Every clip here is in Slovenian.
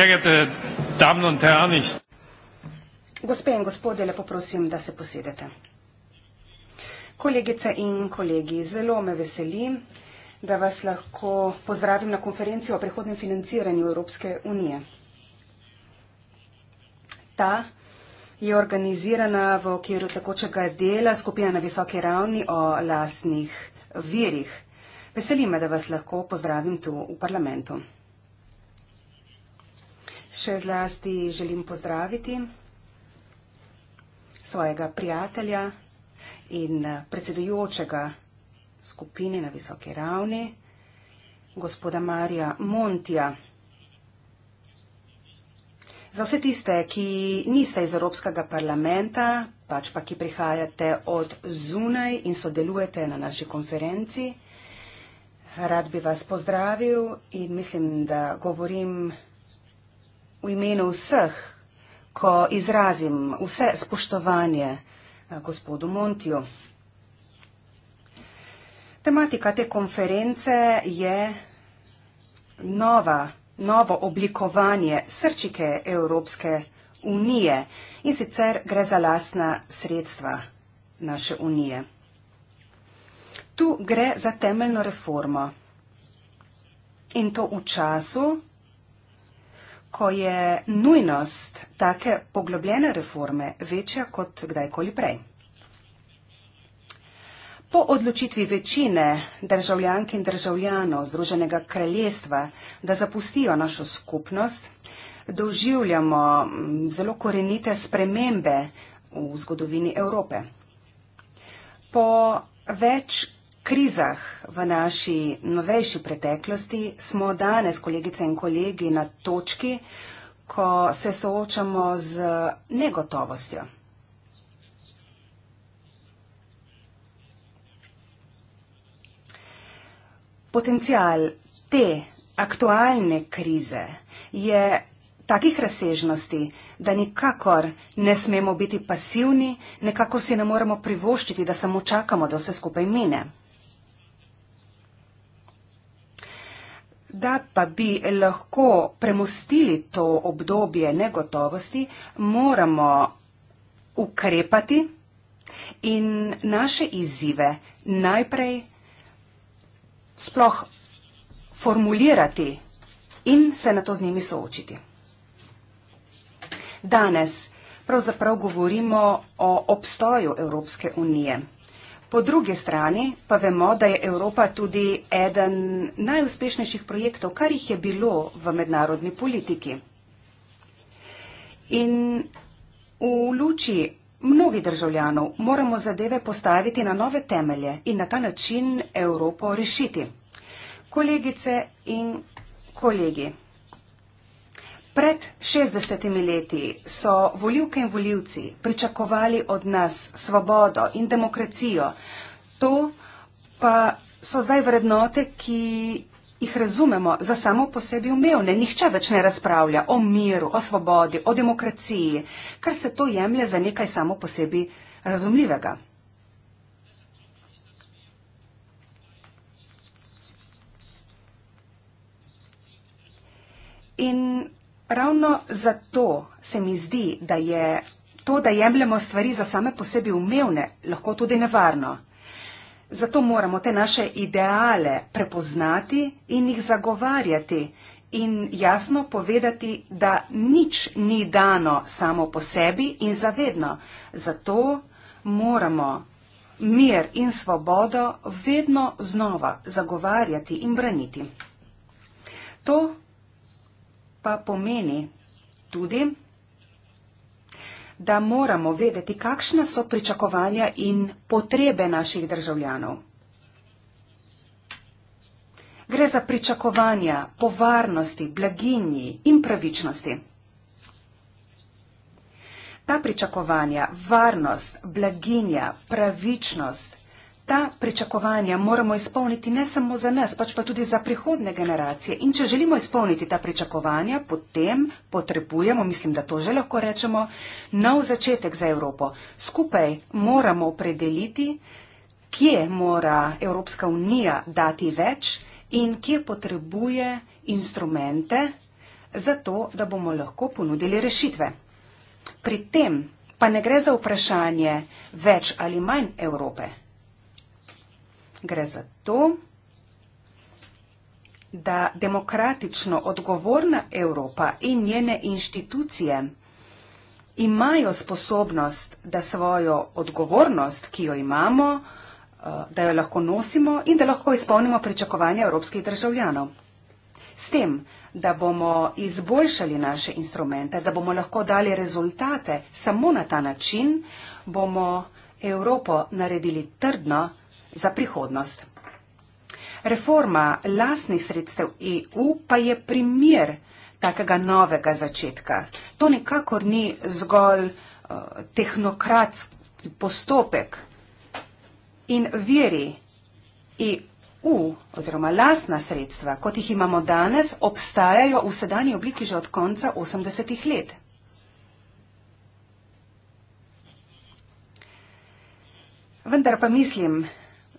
sehr geehrte Damen und Herren, ich. Gospe in gospode, lepo prosim, da se posedete. Kolegice in kolegi, zelo me veseli, da vas lahko pozdravim na konferenci o prehodnem financiranju Evropske unije. Ta je organizirana v okviru takočega dela skupina na visoki ravni o lastnih virih. Veseli me, da vas lahko pozdravim tu v parlamentu še zlasti želim pozdraviti svojega prijatelja in eh, predsedujočega skupine na visoki ravni, gospoda Marija Montija. Za vse tiste, ki niste iz Evropskega parlamenta, pač pa ki prihajate od zunaj in sodelujete na naši konferenci, rad bi vas pozdravil in mislim, da govorim v imenu vseh, ko izrazim vse spoštovanje eh, gospodu Montiju. Tematika te konference je nova, novo oblikovanje srčike Evropske unije in sicer gre za lastna sredstva naše unije. Tu gre za temeljno reformo in to v času, ko je nujnost take poglobljene reforme večja kot kdajkoli prej. Po odločitvi večine državljank in državljanov Združenega kraljestva, da zapustijo našo skupnost, doživljamo mm, zelo korenite spremembe v zgodovini Evrope. Po več krizah v naši novejši preteklosti smo danes, kolegice in kolegi, na točki, ko se soočamo z negotovostjo. Potencial te aktualne krize je takih razsežnosti, da nikakor ne smemo biti pasivni, nekako si ne moremo privoščiti, da samo čakamo, da vse skupaj mine. Da pa bi lahko premustili to obdobje negotovosti, moramo ukrepati in naše izzive najprej sploh formulirati in se na to z njimi soočiti. Danes pravzaprav govorimo o obstoju Evropske unije. Po drugi strani pa vemo, da je Evropa tudi eden najuspešnejših projektov, kar jih je bilo v mednarodni politiki. In v luči mnogih državljanov moramo zadeve postaviti na nove temelje in na ta način Evropo rešiti. Kolegice in kolegi. Pred 60 leti so voljivke in voljivci pričakovali od nas svobodo in demokracijo. To pa so zdaj vrednote, ki jih razumemo za samo po sebi umevne. Nihče več ne razpravlja o miru, o svobodi, o demokraciji, ker se to jemlje za nekaj samo po sebi razumljivega. In Ravno zato se mi zdi, da je to, da jemljemo stvari za same po sebi umevne, lahko tudi nevarno. Zato moramo te naše ideale prepoznati in jih zagovarjati in jasno povedati, da nič ni dano samo po sebi in zavedno. Zato moramo mir in svobodo vedno znova zagovarjati in braniti. To pa pomeni tudi, da moramo vedeti, kakšna so pričakovanja in potrebe naših državljanov. Gre za pričakovanja po varnosti, blaginji in pravičnosti. Ta pričakovanja, varnost, blaginja, pravičnost ta pričakovanja moramo izpolniti ne samo za nas, pač pa tudi za prihodne generacije. In če želimo izpolniti ta pričakovanja, potem potrebujemo, mislim, da to že lahko rečemo, nov začetek za Evropo. Skupaj moramo opredeliti, kje mora Evropska unija dati več in kje potrebuje instrumente za to, da bomo lahko ponudili rešitve. Pri tem pa ne gre za vprašanje več ali manj Evrope gre za to, da demokratično odgovorna Evropa in njene inštitucije imajo sposobnost, da svojo odgovornost, ki jo imamo, eh, da jo lahko nosimo in da lahko izpolnimo pričakovanja evropskih državljanov. S tem, da bomo izboljšali naše instrumente, da bomo lahko dali rezultate samo na ta način, bomo Evropo naredili trdno, za prihodnost. Reforma lastnih sredstev EU pa je primer takega novega začetka. To nikakor ni zgolj uh, tehnokratski postopek in veri EU oziroma lastna sredstva, kot jih imamo danes, obstajajo v sedanji obliki že od konca 80-ih let. Vendar pa mislim,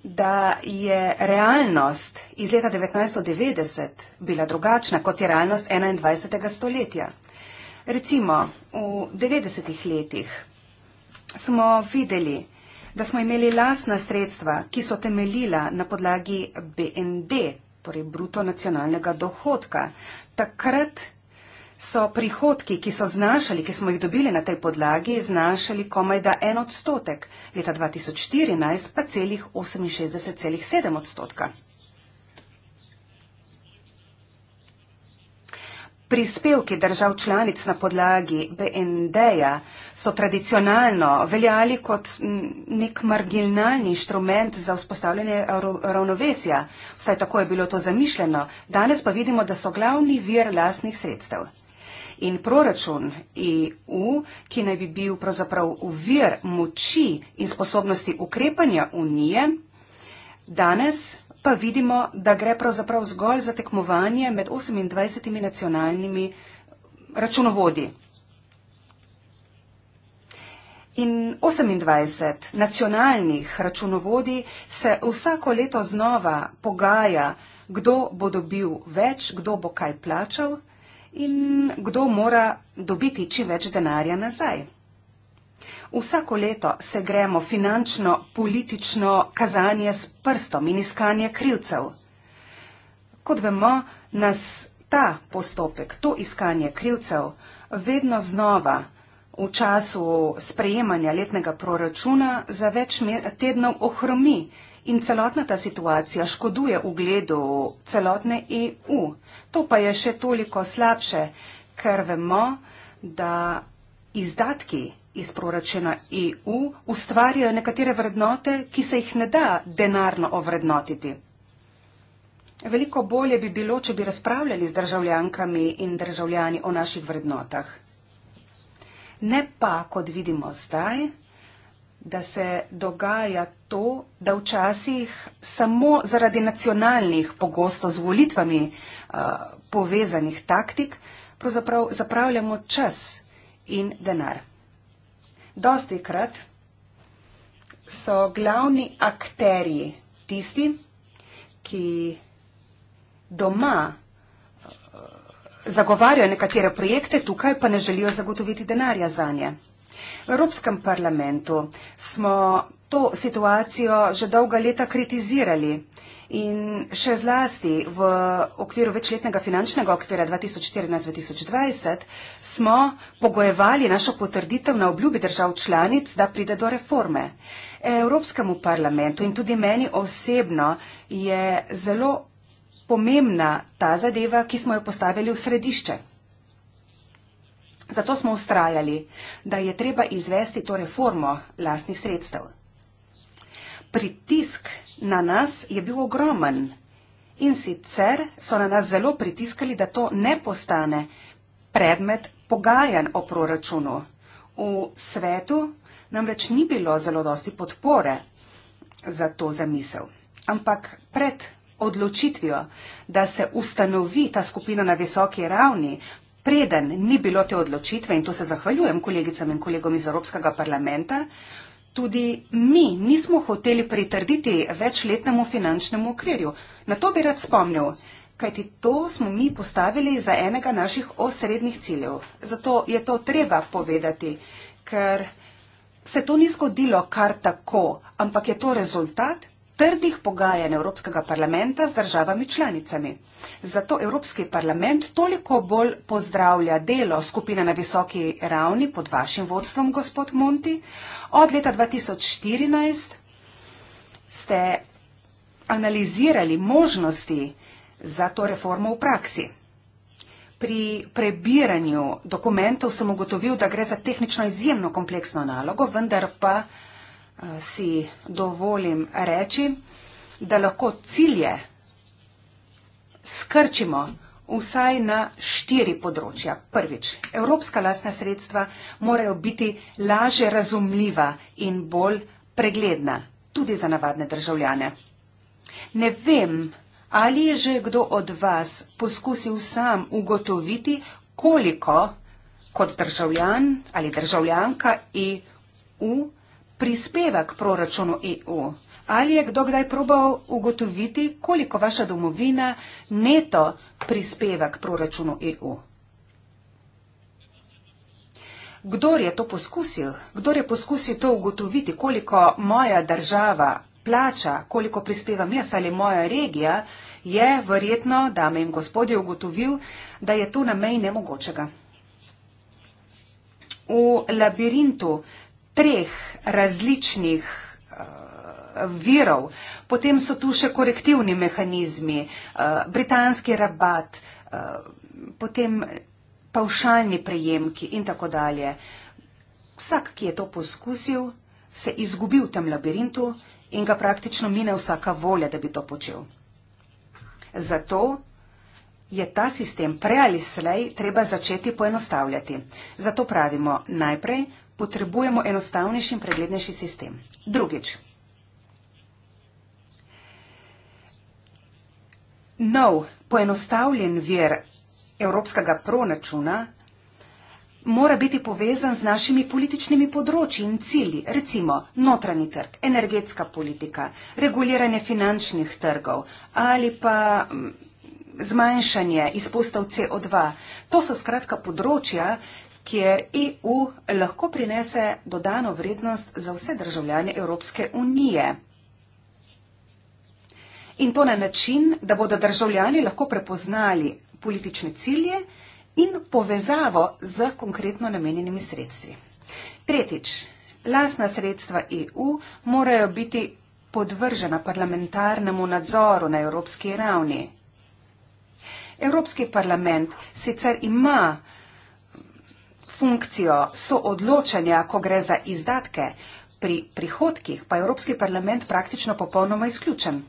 da je realnost iz leta 1990 bila drugačna kot je realnost 21. stoletja. Recimo, v 90-ih letih smo videli, da smo imeli lasna sredstva, ki so temeljila na podlagi BND, torej bruto nacionalnega dohodka. Takrat so prihodki, ki so znašali, ki smo jih dobili na tej podlagi, znašali komaj da en odstotek, leta 2014 pa celih 68,7 odstotka. Prispevki držav članic na podlagi BND-ja so tradicionalno veljali kot nek marginalni inštrument za vzpostavljanje ravnovesja. Vsaj tako je bilo to zamišljeno. Danes pa vidimo, da so glavni vir lasnih sredstev. In proračun EU, ki naj bi bil pravzaprav uvir moči in sposobnosti ukrepanja unije, danes pa vidimo, da gre pravzaprav zgolj za tekmovanje med 28 nacionalnimi računovodji. In 28 nacionalnih računovodij se vsako leto znova pogaja, kdo bo dobil več, kdo bo kaj plačal in kdo mora dobiti čim več denarja nazaj. Vsako leto se gremo finančno, politično kazanje s prstom in iskanje krivcev. Kot vemo, nas ta postopek, to iskanje krivcev, vedno znova v času sprejemanja letnega proračuna za več tednov ohromi in celotna ta situacija škoduje ugledu celotne EU. To pa je še toliko slabše, ker vemo, da izdatki iz proračuna EU ustvarjajo nekatere vrednote, ki se jih ne da denarno ovrednotiti. Veliko bolje bi bilo, če bi razpravljali z državljankami in državljani o naših vrednotah. Ne pa, kot vidimo zdaj, da se dogaja to, da včasih samo zaradi nacionalnih, pogosto z volitvami uh, povezanih taktik, pravzaprav zapravljamo čas in denar. Dosti krat so glavni akterji tisti, ki doma uh, zagovarjajo nekatere projekte, tukaj pa ne želijo zagotoviti denarja za nje. V Evropskem parlamentu smo to situacijo že dolga leta kritizirali in še zlasti v okviru večletnega finančnega okvira 2014-2020 smo pogojevali našo potrditev na obljubi držav članic, da pride do reforme. Evropskemu parlamentu in tudi meni osebno je zelo pomembna ta zadeva, ki smo jo postavili v središče. Zato smo ustrajali, da je treba izvesti to reformo lastnih sredstev. Pritisk na nas je bil ogromen in sicer so na nas zelo pritiskali, da to ne postane predmet pogajanj o proračunu. V svetu namreč ni bilo zelo dosti podpore za to zamisel. Ampak pred odločitvijo, da se ustanovi ta skupina na visoki ravni, preden ni bilo te odločitve, in to se zahvaljujem kolegicam in kolegom iz Evropskega parlamenta, tudi mi nismo hoteli pritrditi večletnemu finančnemu okvirju. Na to bi rad spomnil, kajti to smo mi postavili za enega naših osrednjih ciljev. Zato je to treba povedati, ker se to ni zgodilo kar tako, ampak je to rezultat trdih pogajanj Evropskega parlamenta z državami članicami. Zato Evropski parlament toliko bolj pozdravlja delo skupine na visoki ravni pod vašim vodstvom, gospod Monti. Od leta 2014 ste analizirali možnosti za to reformo v praksi. Pri prebiranju dokumentov sem ugotovil, da gre za tehnično izjemno kompleksno nalogo, vendar pa si dovolim reči, da lahko cilje skrčimo vsaj na štiri področja. Prvič, evropska lastna sredstva morajo biti laže razumljiva in bolj pregledna, tudi za navadne državljane. Ne vem, ali je že kdo od vas poskusil sam ugotoviti, koliko kot državljan ali državljanka EU prispeva k proračunu EU? Ali je kdo kdaj probal ugotoviti, koliko vaša domovina neto prispeva k proračunu EU? Kdor je to poskusil, kdor je poskusil to ugotoviti, koliko moja država plača, koliko prispevam jaz ali moja regija, je verjetno, dame in gospodje, ugotovil, da je to na meji nemogočega. V labirintu treh različnih eh, virov. Potem so tu še korektivni mehanizmi, eh, britanski rabat, eh, potem pavšalni prejemki in tako dalje. Vsak, ki je to poskusil, se izgubil v tem labirintu in ga praktično mine vsaka volja, da bi to počel. Zato je ta sistem prej ali slej treba začeti poenostavljati. Zato pravimo najprej, potrebujemo enostavnejši in preglednejši sistem. Drugič. Nov poenostavljen vir evropskega proračuna mora biti povezan z našimi političnimi področji in cilji, recimo notranji trg, energetska politika, reguliranje finančnih trgov ali pa mm, zmanjšanje izpustov CO2. To so skratka področja, kjer EU lahko prinese dodano vrednost za vse državljane Evropske unije. In to na način, da bodo državljani lahko prepoznali politične cilje in povezavo z konkretno namenjenimi sredstvi. Tretjič, lastna sredstva EU morajo biti podvržena parlamentarnemu nadzoru na evropski ravni. Evropski parlament sicer ima funkcijo soodločanja, ko gre za izdatke, pri prihodkih pa je Evropski parlament praktično popolnoma izključen.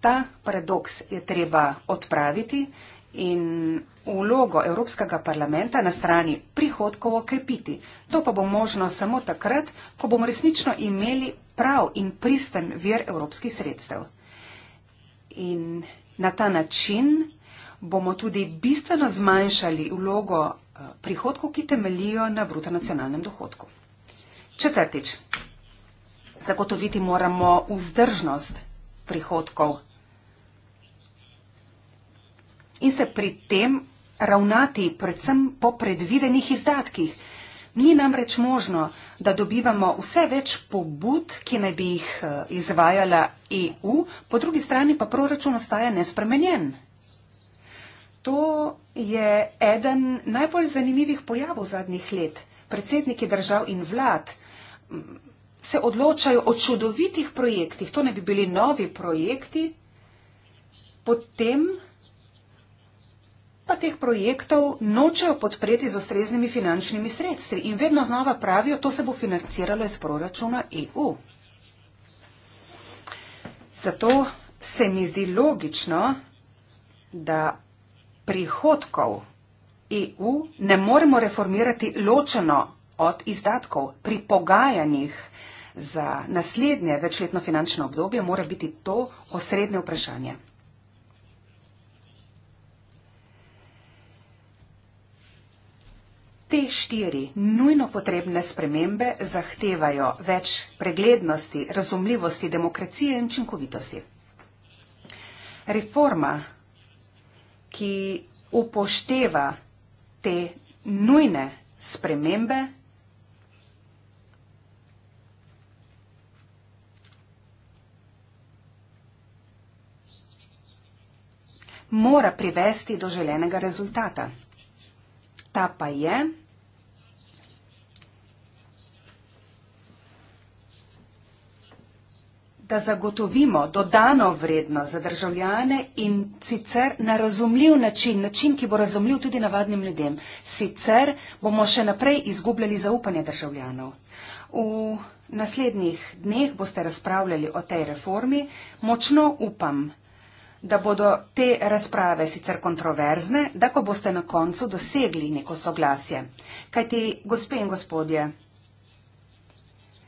Ta paradoks je treba odpraviti in vlogo Evropskega parlamenta na strani prihodkov okrepiti. To pa bo možno samo takrat, ko bomo resnično imeli prav in pristen vir evropskih sredstev. In na ta način bomo tudi bistveno zmanjšali vlogo Eh, prihodkov, ki temelijo na bruto nacionalnem dohodku. Četrtič, zagotoviti moramo vzdržnost prihodkov in se pri tem ravnati predvsem po predvidenih izdatkih. Ni namreč možno, da dobivamo vse več pobud, ki naj bi jih eh, izvajala EU, po drugi strani pa proračun ostaja nespremenjen. To je eden najbolj zanimivih pojavov zadnjih let. Predsedniki držav in vlad mm, se odločajo o čudovitih projektih, to ne bi bili novi projekti, potem pa teh projektov nočejo podpreti z ustreznimi finančnimi sredstvi in vedno znova pravijo, to se bo financiralo iz proračuna EU. Zato se mi zdi logično, da prihodkov EU ne moremo reformirati ločeno od izdatkov. Pri pogajanjih za naslednje večletno finančno obdobje mora biti to osrednje vprašanje. Te štiri nujno potrebne spremembe zahtevajo več preglednosti, razumljivosti, demokracije in činkovitosti. Reforma ki upošteva te nujne spremembe, mora privesti do željenega rezultata. Ta pa je, da zagotovimo dodano vrednost za državljane in sicer na razumljiv način, način, ki bo razumljiv tudi navadnim ljudem. Sicer bomo še naprej izgubljali zaupanje državljanov. V naslednjih dneh boste razpravljali o tej reformi. Močno upam, da bodo te razprave sicer kontroverzne, da pa boste na koncu dosegli neko soglasje. Kajti, gospe in gospodje,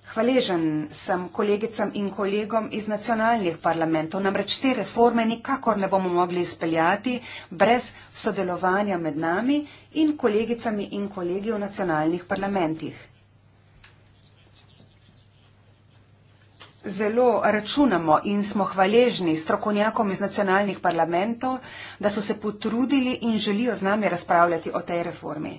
Hvaležen sem kolegicam in kolegom iz nacionalnih parlamentov, namreč te reforme nikakor ne bomo mogli izpeljati brez sodelovanja med nami in kolegicami in kolegi v nacionalnih parlamentih. Zelo računamo in smo hvaležni strokovnjakom iz nacionalnih parlamentov, da so se potrudili in želijo z nami razpravljati o tej reformi.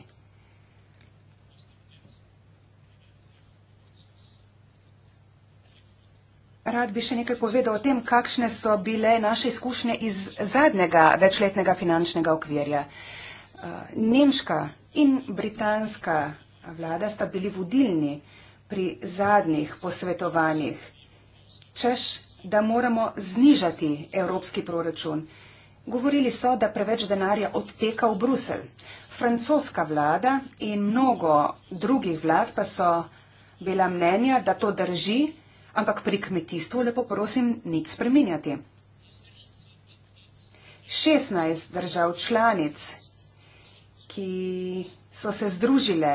Rad bi še nekaj povedal o tem, kakšne so bile naše izkušnje iz zadnjega večletnega finančnega okvirja. Eh, nemška in britanska vlada sta bili vodilni pri zadnjih posvetovanjih, češ, da moramo znižati evropski proračun. Govorili so, da preveč denarja odteka v Brusel. Francoska vlada in mnogo drugih vlad pa so bila mnenja, da to drži ampak pri kmetijstvu lepo prosim nič spreminjati. 16 držav članic, ki so se združile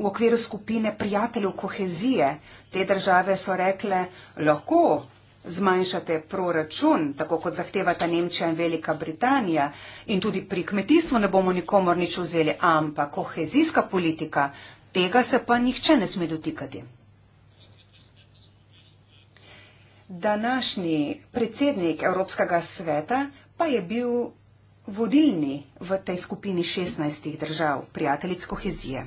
v okviru skupine prijateljev kohezije, te države so rekle, lahko zmanjšate proračun, tako kot zahtevata Nemčija in Velika Britanija in tudi pri kmetijstvu ne bomo nikomor nič vzeli, ampak kohezijska politika, tega se pa nihče ne sme dotikati. današnji predsednik Evropskega sveta pa je bil vodilni v tej skupini 16 držav prijateljic kohezije.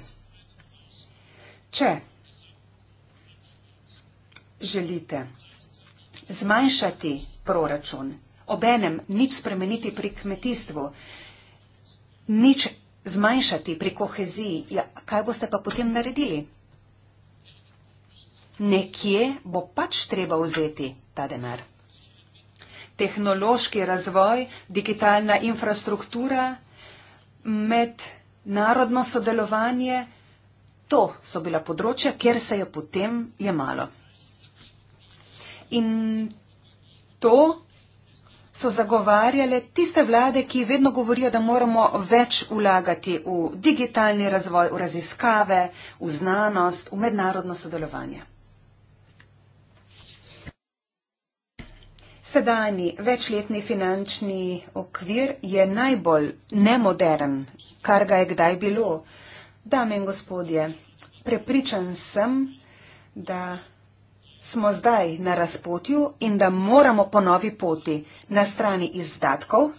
Če želite zmanjšati proračun, obenem nič spremeniti pri kmetijstvu, nič zmanjšati pri koheziji, ja, kaj boste pa potem naredili? Nekje bo pač treba vzeti ta denar. Tehnološki razvoj, digitalna infrastruktura, mednarodno sodelovanje, to so bila področja, kjer se je potem jemalo. In to so zagovarjale tiste vlade, ki vedno govorijo, da moramo več ulagati v digitalni razvoj, v raziskave, v znanost, v mednarodno sodelovanje. Sedajni večletni finančni okvir je najbolj nemodern, kar ga je kdaj bilo. Dame in gospodje, prepričan sem, da smo zdaj na razpotju in da moramo po novi poti na strani izdatkov,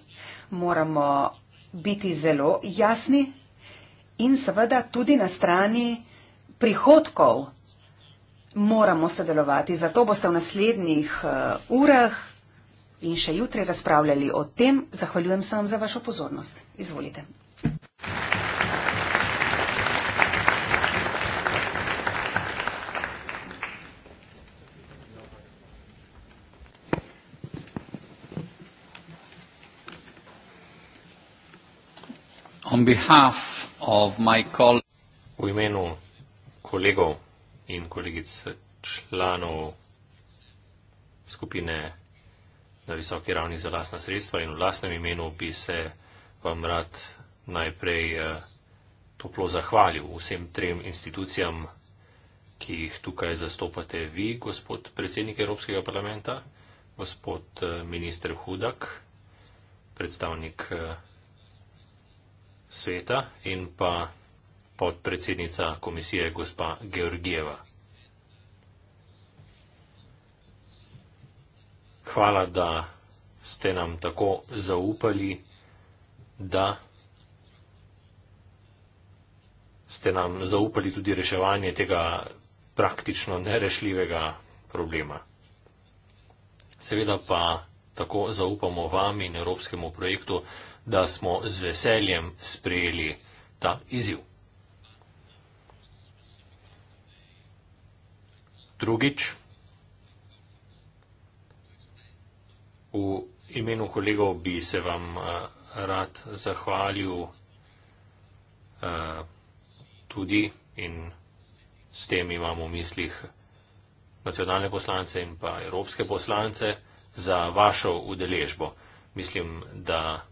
moramo biti zelo jasni in seveda tudi na strani prihodkov moramo sodelovati. Zato boste v naslednjih uh, urah in še jutri razpravljali o tem. Zahvaljujem se vam za vašo pozornost. Izvolite. V imenu kolegov in kolegic članov skupine na visoki ravni za lastna sredstva in v lastnem imenu bi se vam rad najprej eh, toplo zahvalil vsem trem institucijam, ki jih tukaj zastopate vi, gospod predsednik Evropskega parlamenta, gospod eh, minister Hudak, predstavnik eh, sveta in pa podpredsednica komisije gospa Georgijeva. Hvala, da ste nam tako zaupali, da ste nam zaupali tudi reševanje tega praktično nerešljivega problema. Seveda pa tako zaupamo vam in evropskemu projektu, da smo z veseljem sprejeli ta izziv. Drugič. V imenu kolegov bi se vam eh, rad zahvalil eh, tudi in s tem imam v mislih nacionalne poslance in pa evropske poslance za vašo udeležbo. Mislim, da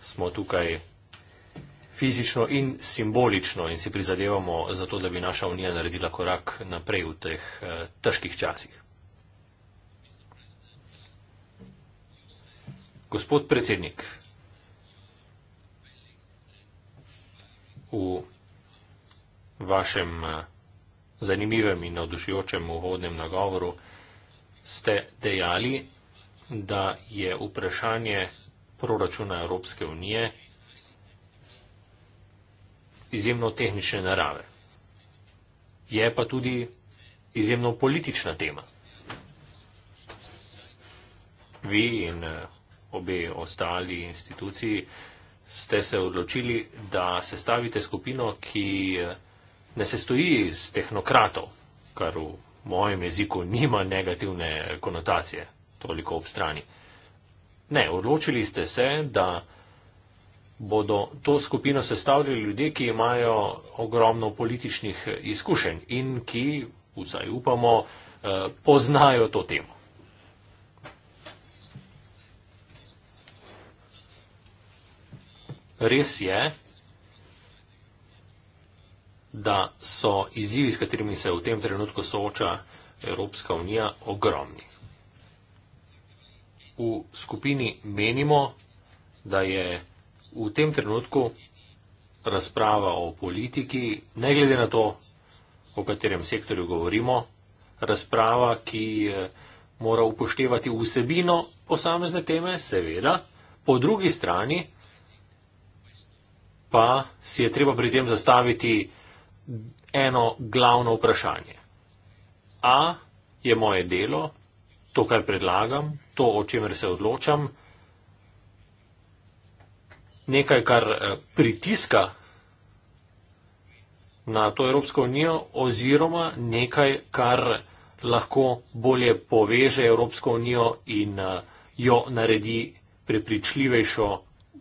smo tukaj fizično in simbolično in si prizadevamo za to, da bi naša unija naredila korak naprej v teh eh, težkih časih. Gospod predsednik, v vašem eh, zanimivem in navdušujočem uvodnem nagovoru ste dejali, da je vprašanje proračuna Evropske unije izjemno tehnične narave. Je pa tudi izjemno politična tema. Vi in eh, obe ostali instituciji, ste se odločili, da sestavite skupino, ki ne sestoji iz tehnokratov, kar v mojem jeziku nima negativne konotacije, toliko ob strani. Ne, odločili ste se, da bodo to skupino sestavljali ljudje, ki imajo ogromno političnih izkušenj in ki, vsaj upamo, eh, poznajo to temo. Res je, da so izzivi, s katerimi se v tem trenutku sooča Evropska unija, ogromni. V skupini menimo, da je v tem trenutku razprava o politiki, ne glede na to, o katerem sektorju govorimo, razprava, ki eh, mora upoštevati vsebino posamezne teme, seveda, po drugi strani, pa si je treba pri tem zastaviti eno glavno vprašanje. A je moje delo, to, kar predlagam, to, o čemer se odločam, nekaj, kar eh, pritiska na to Evropsko unijo oziroma nekaj, kar lahko bolje poveže Evropsko unijo in eh, jo naredi prepričljivejšo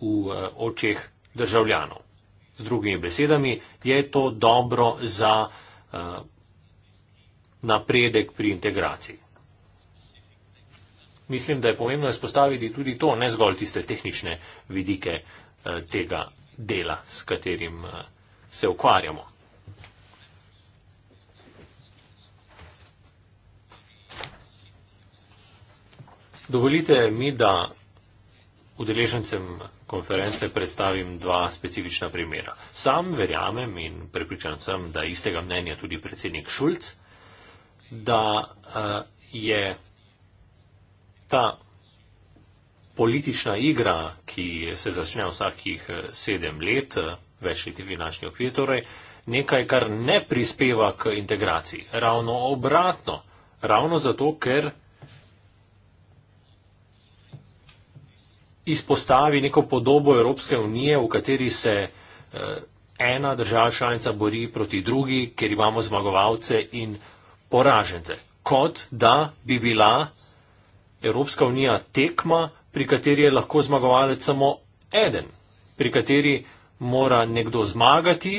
v eh, očeh državljanov. Z drugimi besedami, je to dobro za uh, napredek pri integraciji. Mislim, da je pomembno izpostaviti tudi to, ne zgolj tiste tehnične vidike uh, tega dela, s katerim uh, se ukvarjamo. Dovolite mi, da udeležencem konference predstavim dva specifična primera. Sam verjamem in prepričan sem, da istega mnenja tudi predsednik Šulc, da uh, je ta politična igra, ki se začne vsakih eh, sedem let, eh, večleti finančni okvir, torej nekaj, kar ne prispeva k integraciji. Ravno obratno, ravno zato, ker izpostavi neko podobo Evropske unije, v kateri se eh, ena država članica bori proti drugi, ker imamo zmagovalce in poražence. Kot da bi bila Evropska unija tekma, pri kateri je lahko zmagovalec samo eden, pri kateri mora nekdo zmagati,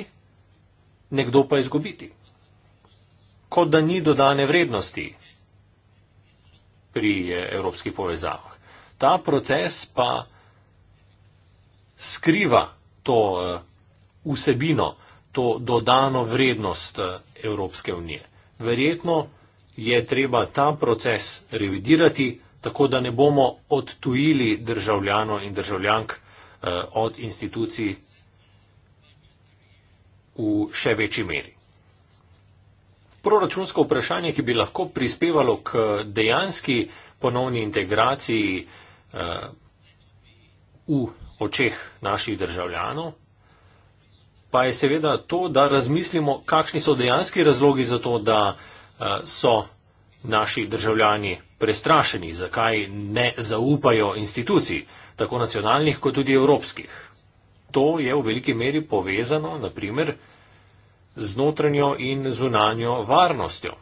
nekdo pa izgubiti. Kot da ni dodane vrednosti pri eh, evropskih povezavah ta proces pa skriva to eh, vsebino, to dodano vrednost eh, Evropske unije. Verjetno je treba ta proces revidirati, tako da ne bomo odtujili državljano in državljank eh, od institucij v še večji meri. Proračunsko vprašanje, ki bi lahko prispevalo k dejanski ponovni integraciji Eh, v očeh naših državljanov, pa je seveda to, da razmislimo, kakšni so dejanski razlogi za to, da eh, so naši državljani prestrašeni, zakaj ne zaupajo institucij, tako nacionalnih kot tudi evropskih. To je v veliki meri povezano, naprimer, z notranjo in zunanjo varnostjo.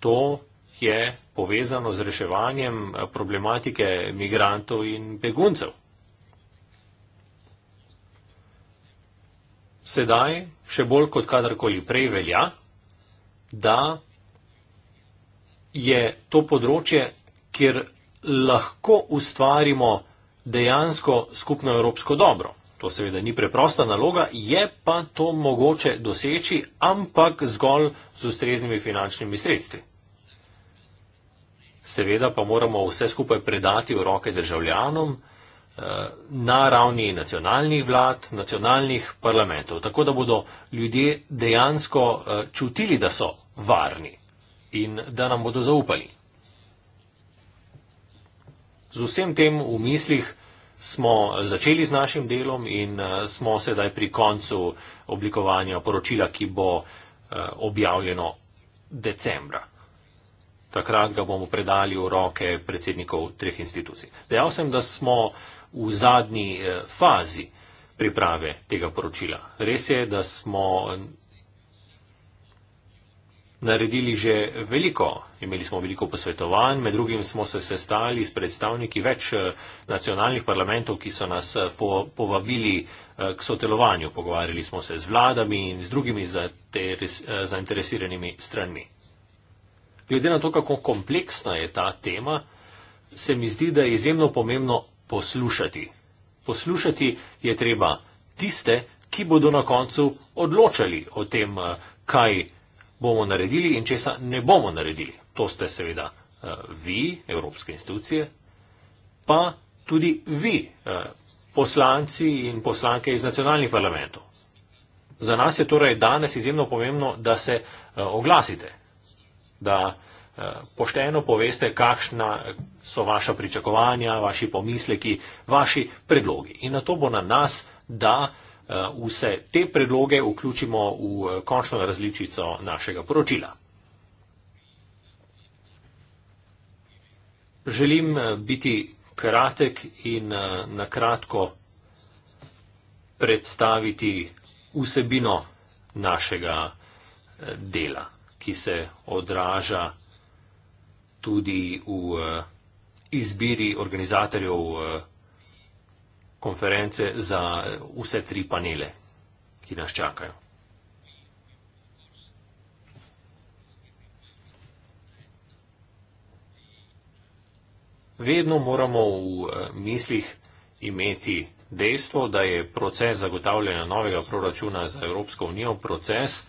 To je povezano z reševanjem eh, problematike migrantov in beguncev. Sedaj, še bolj kot kadarkoli prej velja, da je to področje, kjer lahko ustvarimo dejansko skupno evropsko dobro. To seveda ni preprosta naloga, je pa to mogoče doseči, ampak zgolj z ustreznimi finančnimi sredstvi seveda pa moramo vse skupaj predati v roke državljanom eh, na ravni nacionalnih vlad, nacionalnih parlamentov, tako da bodo ljudje dejansko eh, čutili, da so varni in da nam bodo zaupali. Z vsem tem v mislih smo začeli z našim delom in eh, smo sedaj pri koncu oblikovanja poročila, ki bo objavljeno decembra takrat ga bomo predali v roke predsednikov treh institucij. Dejal sem, da smo v zadnji eh, fazi priprave tega poročila. Res je, da smo naredili že veliko, imeli smo veliko posvetovanj, med drugim smo se sestali s predstavniki več eh, nacionalnih parlamentov, ki so nas eh, povabili k sotelovanju. Pogovarjali smo se z vladami in z drugimi zainteresiranimi stranmi glede na to, kako kompleksna je ta tema, se mi zdi, da je izjemno pomembno poslušati. Poslušati je treba tiste, ki bodo na koncu odločali o tem, eh, kaj bomo naredili in česa ne bomo naredili. To ste seveda eh, vi, evropske institucije, pa tudi vi, eh, poslanci in poslanke iz nacionalnih parlamentov. Za nas je torej danes izjemno pomembno, da se oglasite da eh, pošteno poveste, kakšna so vaša pričakovanja, vaši pomisleki, vaši predlogi. In na to bo na nas, da eh, vse te predloge vključimo v eh, končno različico našega poročila. Želim biti kratek in na kratko predstaviti vsebino našega dela ki se odraža tudi v eh, izbiri organizatorjev eh, konference za vse tri panele, ki nas čakajo. Vedno moramo v eh, mislih imeti dejstvo, da je proces zagotavljanja novega proračuna za Evropsko unijo proces,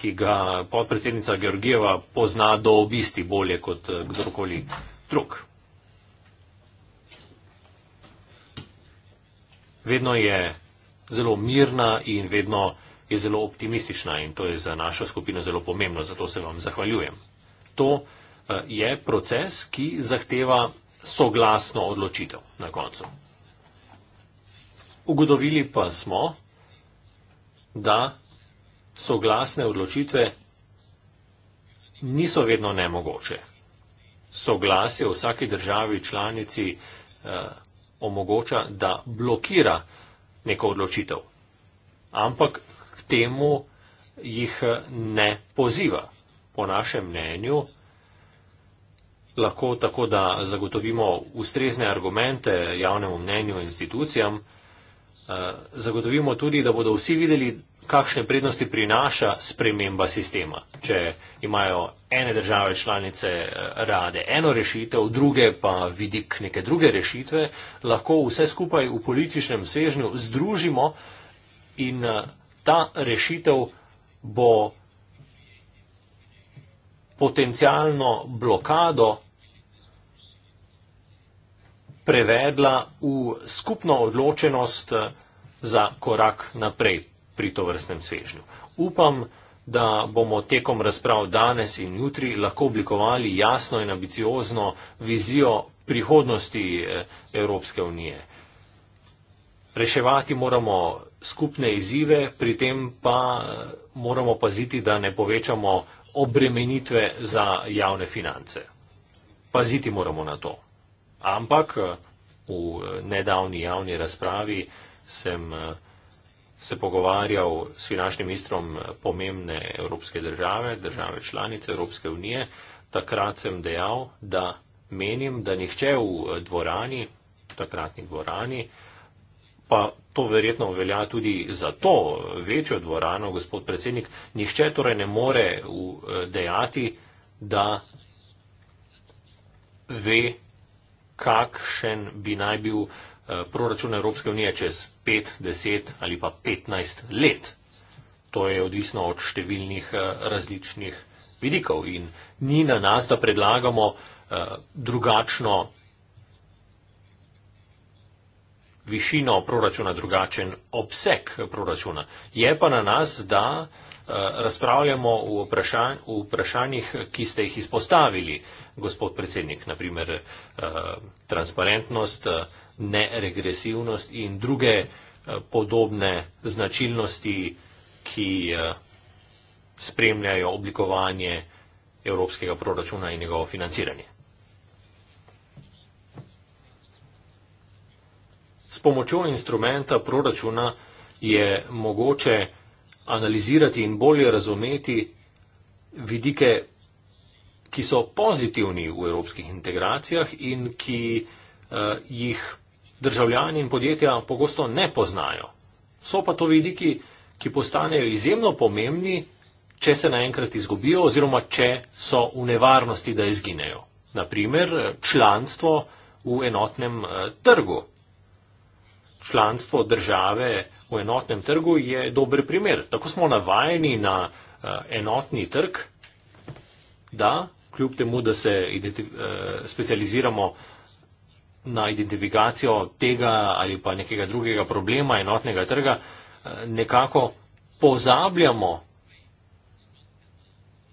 ki ga podpredsednica Georgijeva pozna do obisti bolje kot eh, kdorkoli drug. Vedno je zelo mirna in vedno je zelo optimistična in to je za našo skupino zelo pomembno, zato se vam zahvaljujem. To eh, je proces, ki zahteva soglasno odločitev na koncu. Ugodovili pa smo, da Soglasne odločitve niso vedno nemogoče. Soglasje v vsaki državi članici eh, omogoča, da blokira neko odločitev, ampak k temu jih eh, ne poziva. Po našem mnenju lahko tako, da zagotovimo ustrezne argumente javnemu mnenju institucijam, eh, zagotovimo tudi, da bodo vsi videli, kakšne prednosti prinaša sprememba sistema, če imajo ene države članice eh, rade eno rešitev, druge pa vidik neke druge rešitve, lahko vse skupaj v političnem sežnju združimo in eh, ta rešitev bo potencijalno blokado prevedla v skupno odločenost eh, za korak naprej pri to vrstnem svežnju. Upam, da bomo tekom razprav danes in jutri lahko oblikovali jasno in ambiciozno vizijo prihodnosti eh, Evropske unije. Reševati moramo skupne izzive, pri tem pa eh, moramo paziti, da ne povečamo obremenitve za javne finance. Paziti moramo na to. Ampak eh, v nedavni javni razpravi sem. Uh, se pogovarjal s finančnim ministrom pomembne evropske države, države članice Evropske unije, takrat sem dejal, da menim, da nihče v eh, dvorani, takratni dvorani, pa to verjetno velja tudi za to večjo dvorano, gospod predsednik, nihče torej ne more eh, dejati, da ve, kakšen bi naj bil eh, proračun Evropske unije čez 5, 10 ali pa 15 let. To je odvisno od številnih eh, različnih vidikov in ni na nas, da predlagamo eh, drugačno višino proračuna, drugačen obseg proračuna. Je pa na nas, da eh, razpravljamo v, vprašanj, v vprašanjih, ki ste jih izpostavili, gospod predsednik, naprimer transparentnost, neregresivnost in druge eh, podobne značilnosti, ki eh, spremljajo oblikovanje evropskega proračuna in njegovo financiranje. S pomočjo instrumenta proračuna je mogoče analizirati in bolje razumeti vidike, ki so pozitivni v evropskih integracijah in ki uh, jih državljani in podjetja pogosto ne poznajo. So pa to vidiki, ki postanejo izjemno pomembni, če se naenkrat izgubijo oziroma če so v nevarnosti, da izginejo. Naprimer, članstvo v enotnem eh, trgu. Članstvo države v enotnem trgu je dober primer. Tako smo navajeni na eh, enotni trg, da kljub temu, da se eh, specializiramo na identifikacijo tega ali pa nekega drugega problema enotnega trga, eh, nekako pozabljamo,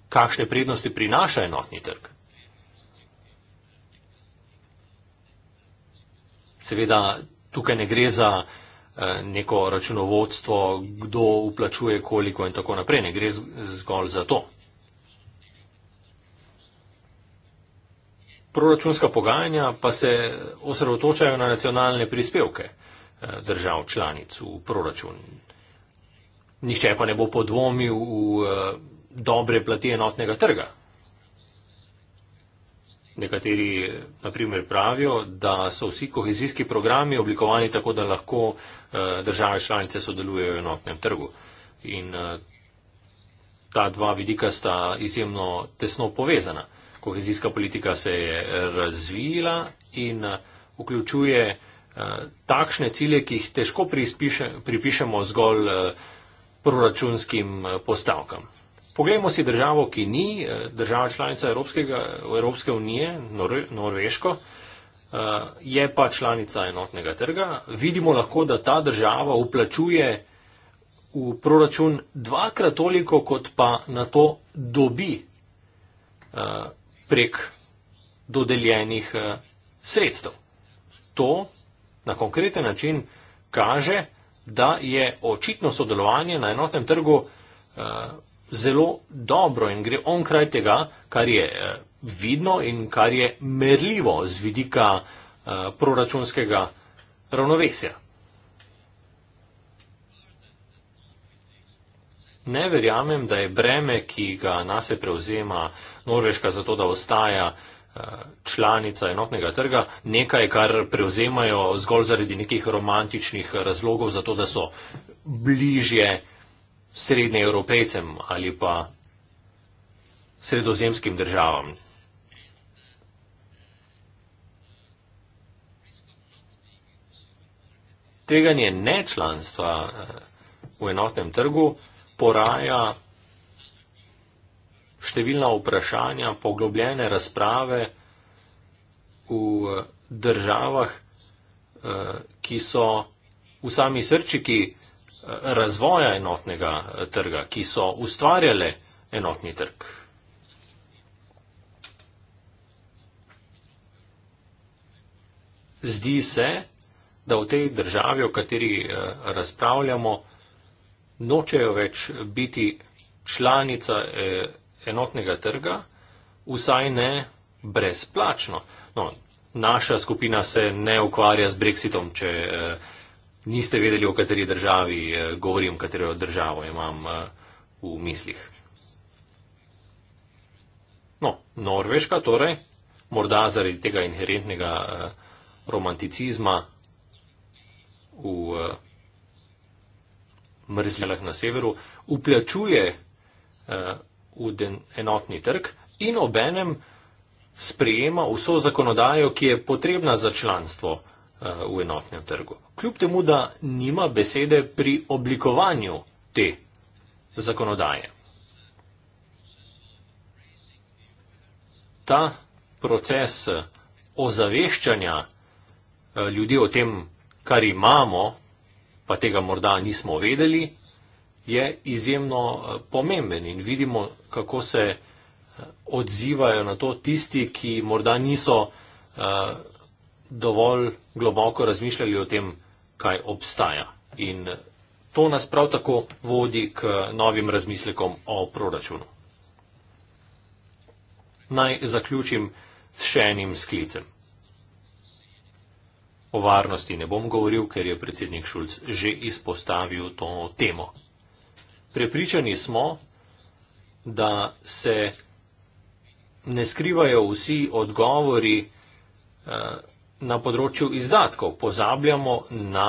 kakšne prednosti prinaša enotni trg. Seveda, tukaj ne gre za eh, neko računovodstvo, kdo uplačuje koliko in tako naprej, ne gre zgolj za to. proračunska pogajanja pa se osredotočajo na nacionalne prispevke eh, držav članic v proračun. Nihče pa ne bo podvomil v eh, dobre plati enotnega trga. Nekateri, eh, naprimer, pravijo, da so vsi kohezijski programi oblikovani tako, da lahko države članice sodelujejo v enotnem trgu. In ta dva vidika sta izjemno tesno povezana kohezijska politika se je razvila in eh, vključuje eh, takšne cilje, ki jih težko pripišemo zgolj eh, proračunskim postavkam. Poglejmo si državo, ki ni država članica Evropskega, Evropske unije, Nor Norveško, je pa članica enotnega trga. Vidimo lahko, da ta država uplačuje v proračun dvakrat toliko, kot pa na to dobi prek dodeljenih eh, sredstev. To na konkreten način kaže, da je očitno sodelovanje na enotnem trgu eh, zelo dobro in gre onkraj tega, kar je eh, vidno in kar je merljivo z vidika proračunskega ravnovesja. ne verjamem, da je breme, ki ga nas je prevzema Norveška zato, da ostaja eh, članica enotnega trga, nekaj, kar prevzemajo zgolj zaradi nekih romantičnih razlogov, zato da so bližje srednje evropejcem ali pa sredozemskim državam. Tveganje nečlanstva eh, v enotnem trgu poraja številna vprašanja, poglobljene razprave v državah, eh, ki so v sami srčiki eh, razvoja enotnega eh, trga, ki so ustvarjale enotni trg. Zdi se, da v tej državi, o kateri razpravljamo, nočejo več biti članica eh, enotnega trga, vsaj ne brezplačno. No, naša skupina se ne ukvarja z brexitom, če eh, niste vedeli, o kateri državi eh, govorim, katero državo imam v mislih. No, Norveška torej, morda zaradi tega inherentnega romanticizma v mrzlinah na severu, uplačuje eh, v enotni trg in obenem sprejema vso zakonodajo, ki je potrebna za članstvo eh, v enotnem trgu. Kljub temu, da nima besede pri oblikovanju te zakonodaje. Ta proces eh, ozaveščanja ljudi o tem, kar imamo, pa tega morda nismo vedeli, je izjemno eh, pomemben in vidimo, kako se eh, odzivajo na to tisti, ki morda niso eh, dovolj globoko razmišljali o tem, kaj obstaja. In to nas prav tako vodi k novim razmislekom o proračunu. Naj zaključim s še enim sklicem. O varnosti ne bom govoril, ker je predsednik Šulc že izpostavil to temo. Prepričani smo, da se ne skrivajo vsi odgovori eh, na področju izdatkov. Pozabljamo na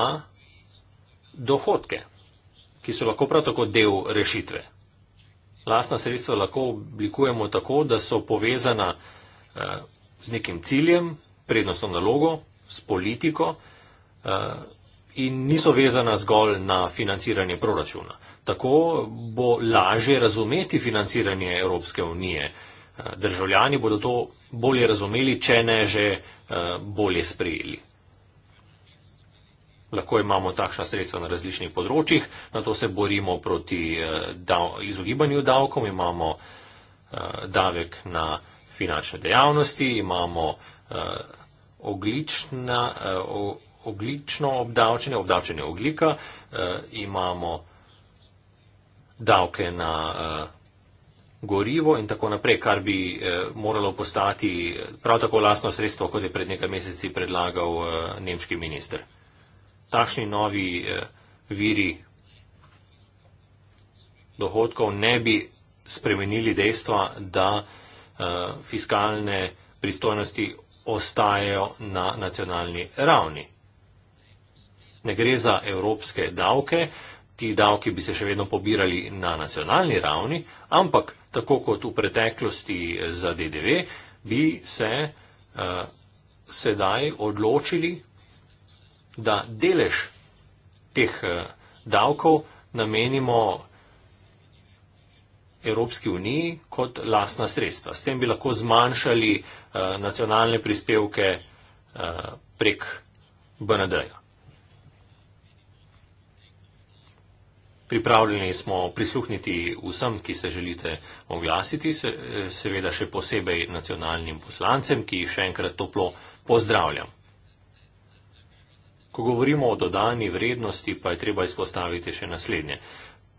dohodke, ki so lahko prav tako del rešitve. Lastna sredstva lahko oblikujemo tako, da so povezana eh, z nekim ciljem, prednostno nalogo s politiko eh, in niso vezana zgolj na financiranje proračuna. Tako bo lažje razumeti financiranje Evropske unije. Eh, državljani bodo to bolje razumeli, če ne že eh, bolje sprejeli. Lahko imamo takšna sredstva na različnih področjih, na to se borimo proti izogibanju davkom, imamo davek na finančne dejavnosti, imamo ogljična, eh, oglično obdavčenje, obdavčenje oglika, eh, imamo davke na eh, gorivo in tako naprej, kar bi moralo postati prav tako lastno sredstvo, kot je pred nekaj meseci predlagal nemški minister. Takšni novi viri dohodkov ne bi spremenili dejstva, da fiskalne pristojnosti ostajajo na nacionalni ravni. Ne gre za evropske davke, ti davki bi se še vedno pobirali na nacionalni ravni, ampak tako kot v preteklosti za DDV, bi se uh, sedaj odločili, da delež teh uh, davkov namenimo Evropski uniji kot lasna sredstva. S tem bi lahko zmanjšali eh, nacionalne prispevke eh, prek BND-ja. Pripravljeni smo prisluhniti vsem, ki se želite oglasiti, se, eh, seveda še posebej nacionalnim poslancem, ki jih še enkrat toplo pozdravljam. Ko govorimo o dodani vrednosti, pa je treba izpostaviti še naslednje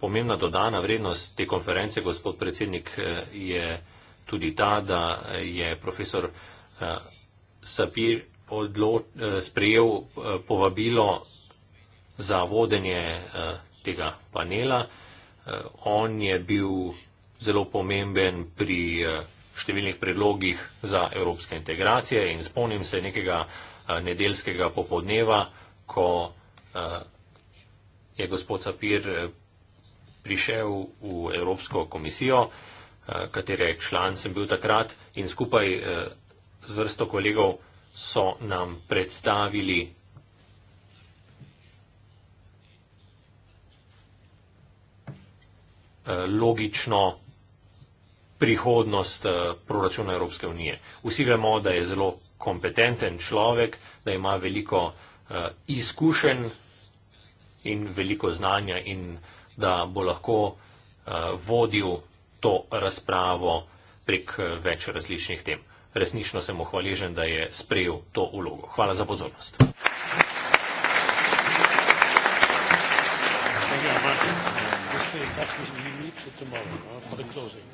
pomembna dodana vrednost te konference, gospod predsednik, eh, je tudi ta, da je profesor eh, Sapir eh, sprejel povabilo za vodenje tega panela. On je bil zelo pomemben pri številnih predlogih za evropske integracije in spomnim se nekega nedelskega popodneva, ko je gospod Sapir prišel v Evropsko komisijo, eh, katere član sem bil takrat in skupaj eh, z vrsto kolegov so nam predstavili eh, logično prihodnost proračuna Evropske unije. Vsi vemo, da je zelo kompetenten človek, da ima veliko izkušenj in veliko znanja in uh, da bo lahko uh, vodil to razpravo prek eh, več različnih tem. Resnično sem mu hvaležen, da je sprejel to ulogo. Hvala za pozornost. Gospod, kakšno je bilo, če to malo, predložim.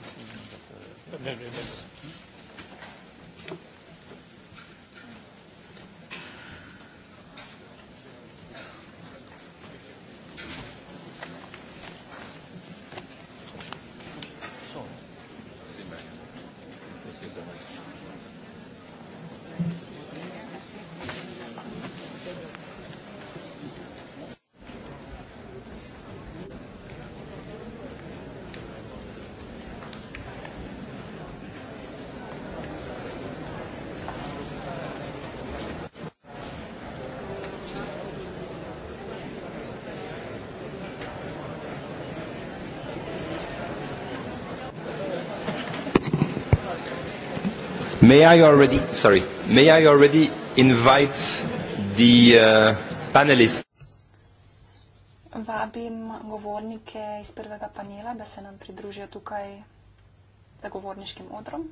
Ne, ne, ne. May I already, sorry, may I already invite the uh, panelists? Vabim govornike iz prvega panela, da se nam pridružijo tukaj za govorniškim odrom.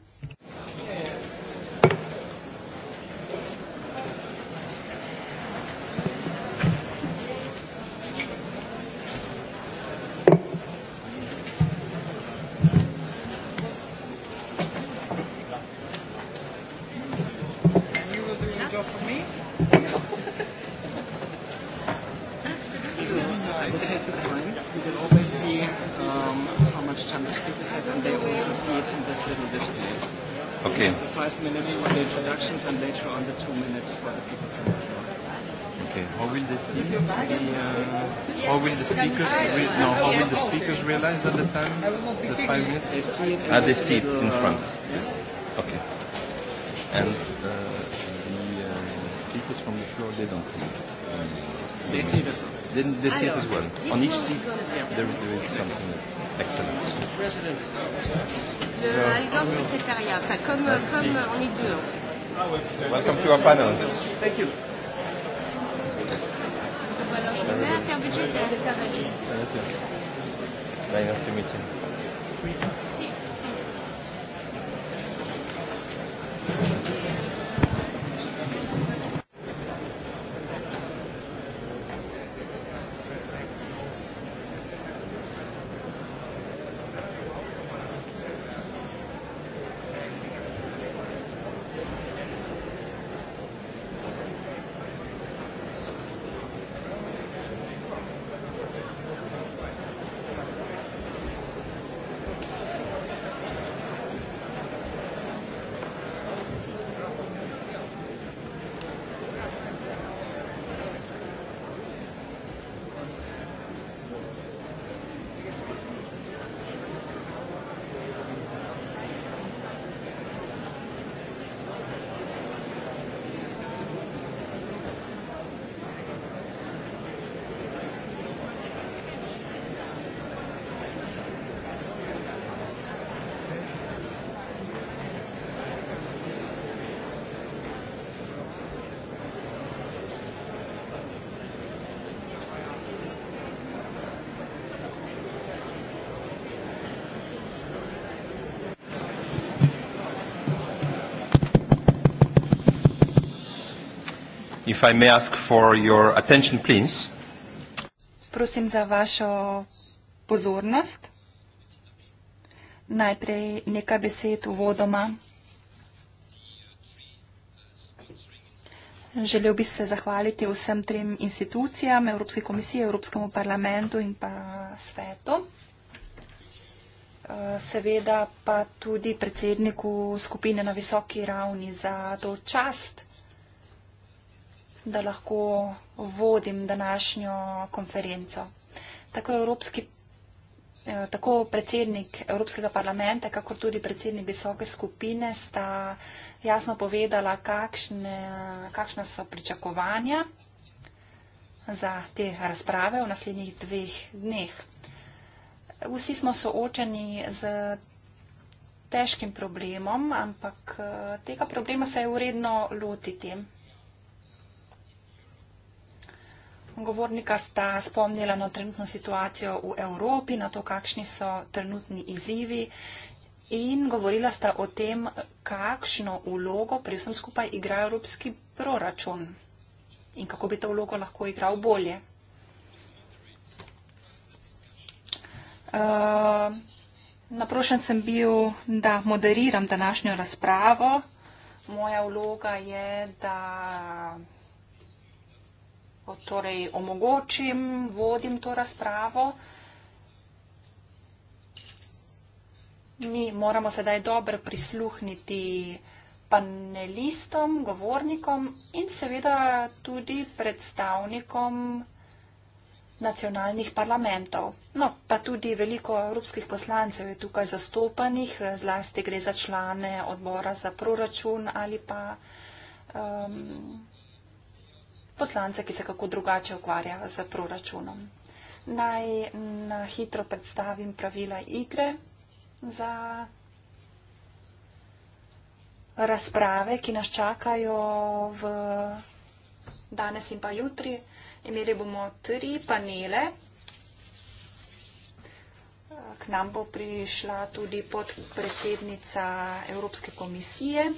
speakers, re- no, how will the speakers realize at the time? The five minutes? They see it at the seat in front. Yes. Okay. And uh, the uh, speakers from the floor, they don't see it. Um, they see it as well. They, they see it as well. On each seat, there, there is something. Excellent. Le Alger Secretariat, enfin, comme, comme on est deux. Welcome to our panel. Thank you. quelqu'un de Jeter. Jeter. Là, il va se limiter. Oui. Si. I may ask for your attention, please. Prosim za vašo pozornost. Najprej nekaj besed uvodoma. Želel bi se zahvaliti vsem trem institucijam, Evropske komisije, Evropskemu parlamentu in pa svetu. Eh, seveda pa tudi predsedniku skupine na visoki ravni za to čast, da lahko vodim današnjo konferenco. Tako, Evropski, eh, tako predsednik Evropskega parlamenta, kakor tudi predsednik visoke skupine sta jasno povedala, kakšne, kakšna so pričakovanja za te razprave v naslednjih dveh dneh. Vsi smo soočeni z težkim problemom, ampak eh, tega problema se je uredno lotiti. govornika sta spomnila na trenutno situacijo v Evropi, na to, kakšni so trenutni izzivi in govorila sta o tem, kakšno vlogo pri vsem skupaj igra evropski proračun in kako bi to vlogo lahko igral bolje. Uh, naprošen sem bil, da moderiram današnjo razpravo. Moja vloga je, da torej omogočim, vodim to razpravo. Mi moramo sedaj dobro prisluhniti panelistom, govornikom in seveda tudi predstavnikom nacionalnih parlamentov. No, pa tudi veliko evropskih poslancev je tukaj zastopanih, zlasti gre za člane odbora za proračun ali pa um, poslance, ki se kako drugače ukvarja z proračunom. Naj na hitro predstavim pravila igre za razprave, ki nas čakajo v danes in pa jutri. Imeli bomo tri panele. K nam bo prišla tudi podpredsednica Evropske komisije,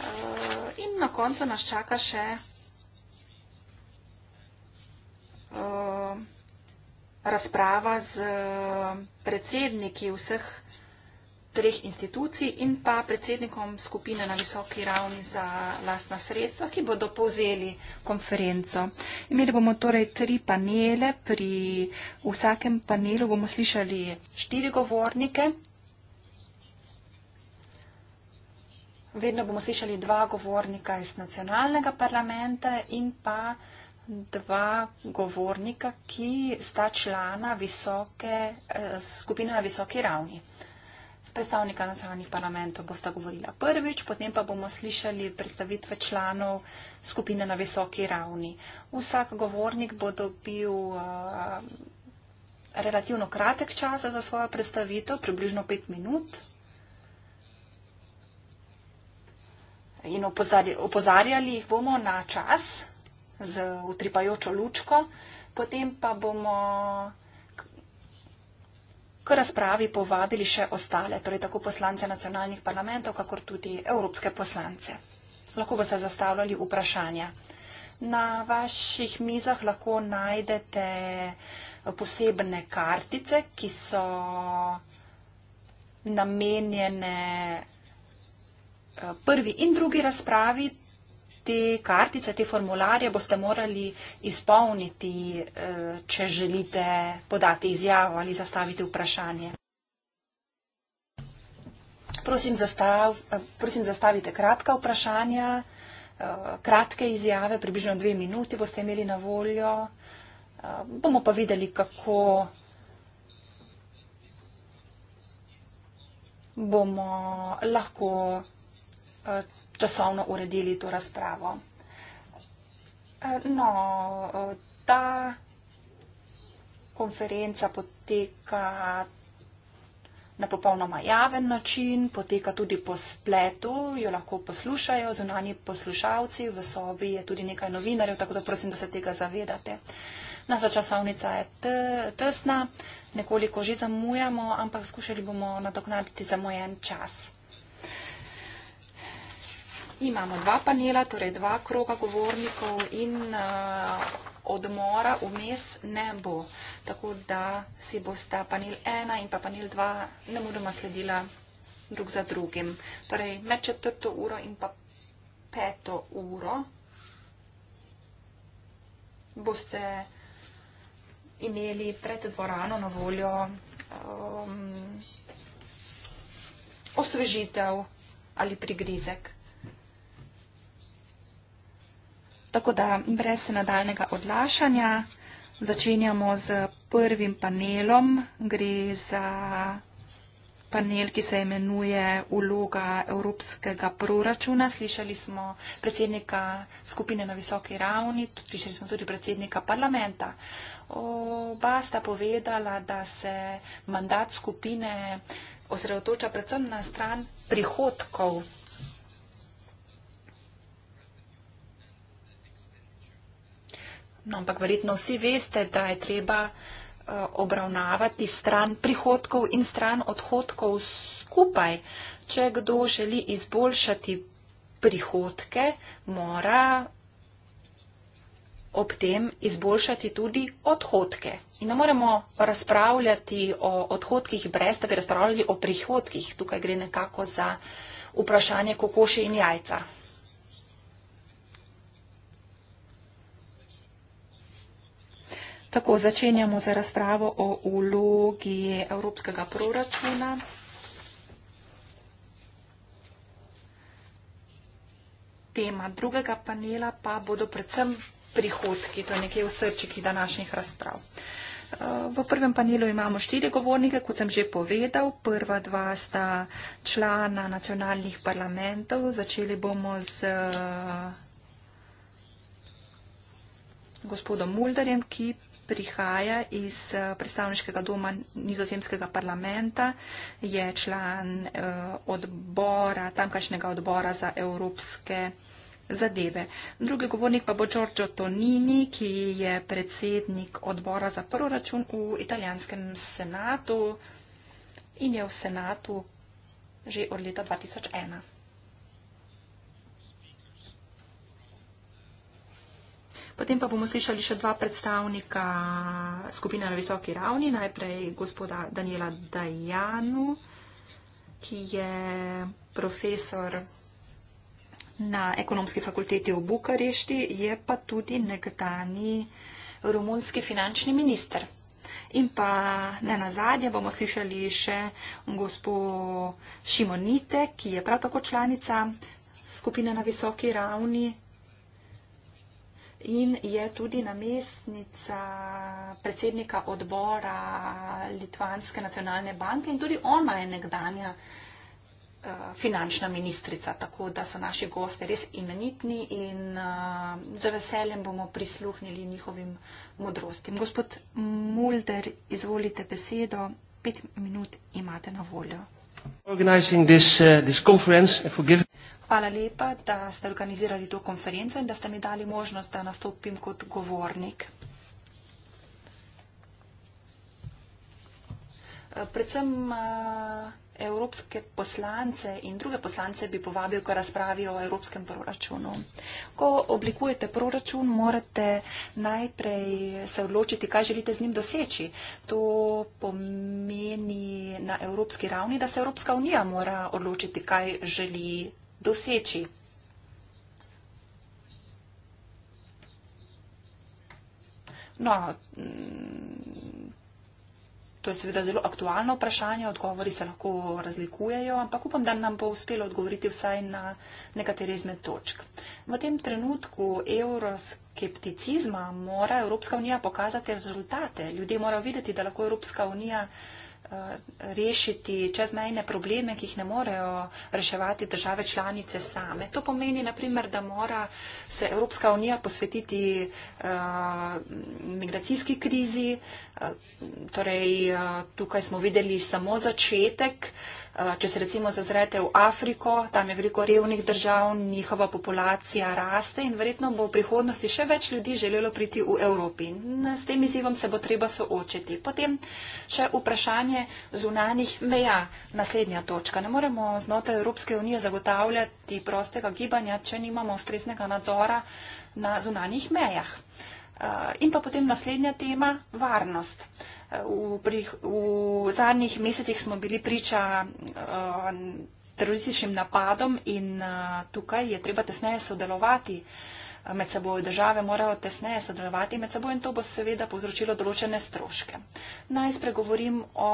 Eh, in na koncu nas čaka še uh, razprava z predsedniki vseh treh institucij in pa predsednikom skupine na visoki ravni za lastna sredstva, ki bodo povzeli konferenco. Imeli bomo torej tri panele, pri vsakem panelu bomo slišali štiri govornike, Vedno bomo slišali dva govornika iz nacionalnega parlamenta in pa dva govornika, ki sta člana visoke, eh, skupine na visoki ravni. Predstavnika nacionalnih parlamentov bosta govorila prvič, potem pa bomo slišali predstavitve članov skupine na visoki ravni. Vsak govornik bo dobil eh, relativno kratek čas za svojo predstavitev, približno pet minut, in opozarjali, opozarjali jih bomo na čas z utripajočo lučko, potem pa bomo k razpravi povabili še ostale, torej tako poslance nacionalnih parlamentov, kakor tudi evropske poslance. Lahko boste zastavljali vprašanja. Na vaših mizah lahko najdete posebne kartice, ki so namenjene prvi in drugi razpravi te kartice, te formularje boste morali izpolniti, eh, če želite podati izjavo ali zastaviti vprašanje. Prosim, zastav, eh, prosim zastavite kratka vprašanja, eh, kratke izjave, približno dve minuti boste imeli na voljo. Bomo pa videli, kako bomo lahko Eh, časovno uredili to razpravo. Eh, no, eh, ta konferenca poteka na popolnoma javen način, poteka tudi po spletu, jo lahko poslušajo zunani poslušalci, v sobi je tudi nekaj novinarjev, tako da prosim, da se tega zavedate. Naša časovnica je tesna, nekoliko že zamujamo, ampak skušali bomo nadoknaditi zamujen čas. Imamo dva panela, torej dva kroga govornikov in uh, odmora vmes ne bo. Tako da si bosta panel ena in pa panel dva ne mudoma sledila drug za drugim. Torej med četrto uro in pa peto uro boste imeli pred dvorano na voljo um, osvežitev ali prigrizek. Tako da brez nadaljnega odlašanja začenjamo z prvim panelom. Gre za panel, ki se imenuje Uloga evropskega proračuna. Slišali smo predsednika skupine na visoki ravni, slišali smo tudi predsednika parlamenta. Oba sta povedala, da se mandat skupine osredotoča predvsem na stran prihodkov No, ampak verjetno vsi veste, da je treba eh, obravnavati stran prihodkov in stran odhodkov skupaj. Če kdo želi izboljšati prihodke, mora ob tem izboljšati tudi odhodke. In ne moremo razpravljati o odhodkih brez, da bi razpravljali o prihodkih. Tukaj gre nekako za vprašanje kokoši in jajca. Tako začenjamo z razpravo o vlogi evropskega proračuna. Tema drugega panela pa bodo predvsem prihodki, to je nekje v srčiki današnjih razprav. V prvem panelu imamo štiri govornike, kot sem že povedal. Prva dva sta člana nacionalnih parlamentov. Začeli bomo z eh, gospodom Mulderjem, ki prihaja iz eh, predstavniškega doma nizozemskega parlamenta, je član eh, odbora, tamkajšnjega odbora za evropske zadeve. Drugi govornik pa bo Giorgio Tonini, ki je predsednik odbora za proračun v italijanskem senatu in je v senatu že od leta 2001. Potem pa bomo slišali še dva predstavnika skupine na visoki ravni. Najprej gospoda Daniela Dajanu, ki je profesor na ekonomski fakulteti v Bukarešti, je pa tudi nekdani romunski finančni minister. In pa ne nazadnje bomo slišali še gospo Šimonite, ki je prav tako članica skupine na visoki ravni in je tudi namestnica predsednika odbora Litvanske nacionalne banke in tudi ona je nekdanja eh, finančna ministrica, tako da so naši gosti res imenitni in uh, eh, za veseljem bomo prisluhnili njihovim modrostim. Gospod Mulder, izvolite besedo, pet minut imate na voljo. Organizing this, uh, this conference, forgive Hvala lepa, da ste organizirali to konferenco in da ste mi dali možnost, da nastopim kot govornik. Predvsem eh, evropske poslance in druge poslance bi povabil, ko razpravijo o evropskem proračunu. Ko oblikujete proračun, morate najprej se odločiti, kaj želite z njim doseči. To pomeni na evropski ravni, da se Evropska unija mora odločiti, kaj želi doseči. No, mm, to je seveda zelo aktualno vprašanje, odgovori se lahko razlikujejo, ampak upam, da nam bo uspelo odgovoriti vsaj na nekatere izmed točk. V tem trenutku euroskepticizma mora Evropska unija pokazati rezultate. Ljudje morajo videti, da lahko Evropska unija Eh, rešiti čezmejne probleme, ki jih ne morejo reševati države članice same. To pomeni, naprimer, da mora se Evropska unija posvetiti uh, migracijski krizi. Uh, torej, uh, tukaj smo videli samo začetek uh, Eh, če se recimo zazrete v Afriko, tam je veliko revnih držav, njihova populacija raste in verjetno bo v prihodnosti še več ljudi želelo priti v Evropi. S tem izzivom se bo treba soočiti. Potem še vprašanje zunanih meja, naslednja točka. Ne moremo znotraj Evropske unije zagotavljati prostega gibanja, če nimamo ustreznega nadzora na zunanih mejah. Eh, in pa potem naslednja tema, varnost. Eh, v, pri, v zadnjih mesecih smo bili priča eh, terorističnim napadom in tukaj je treba tesneje sodelovati med seboj. Države morajo tesneje sodelovati med seboj in to bo seveda povzročilo določene stroške. Naj spregovorim o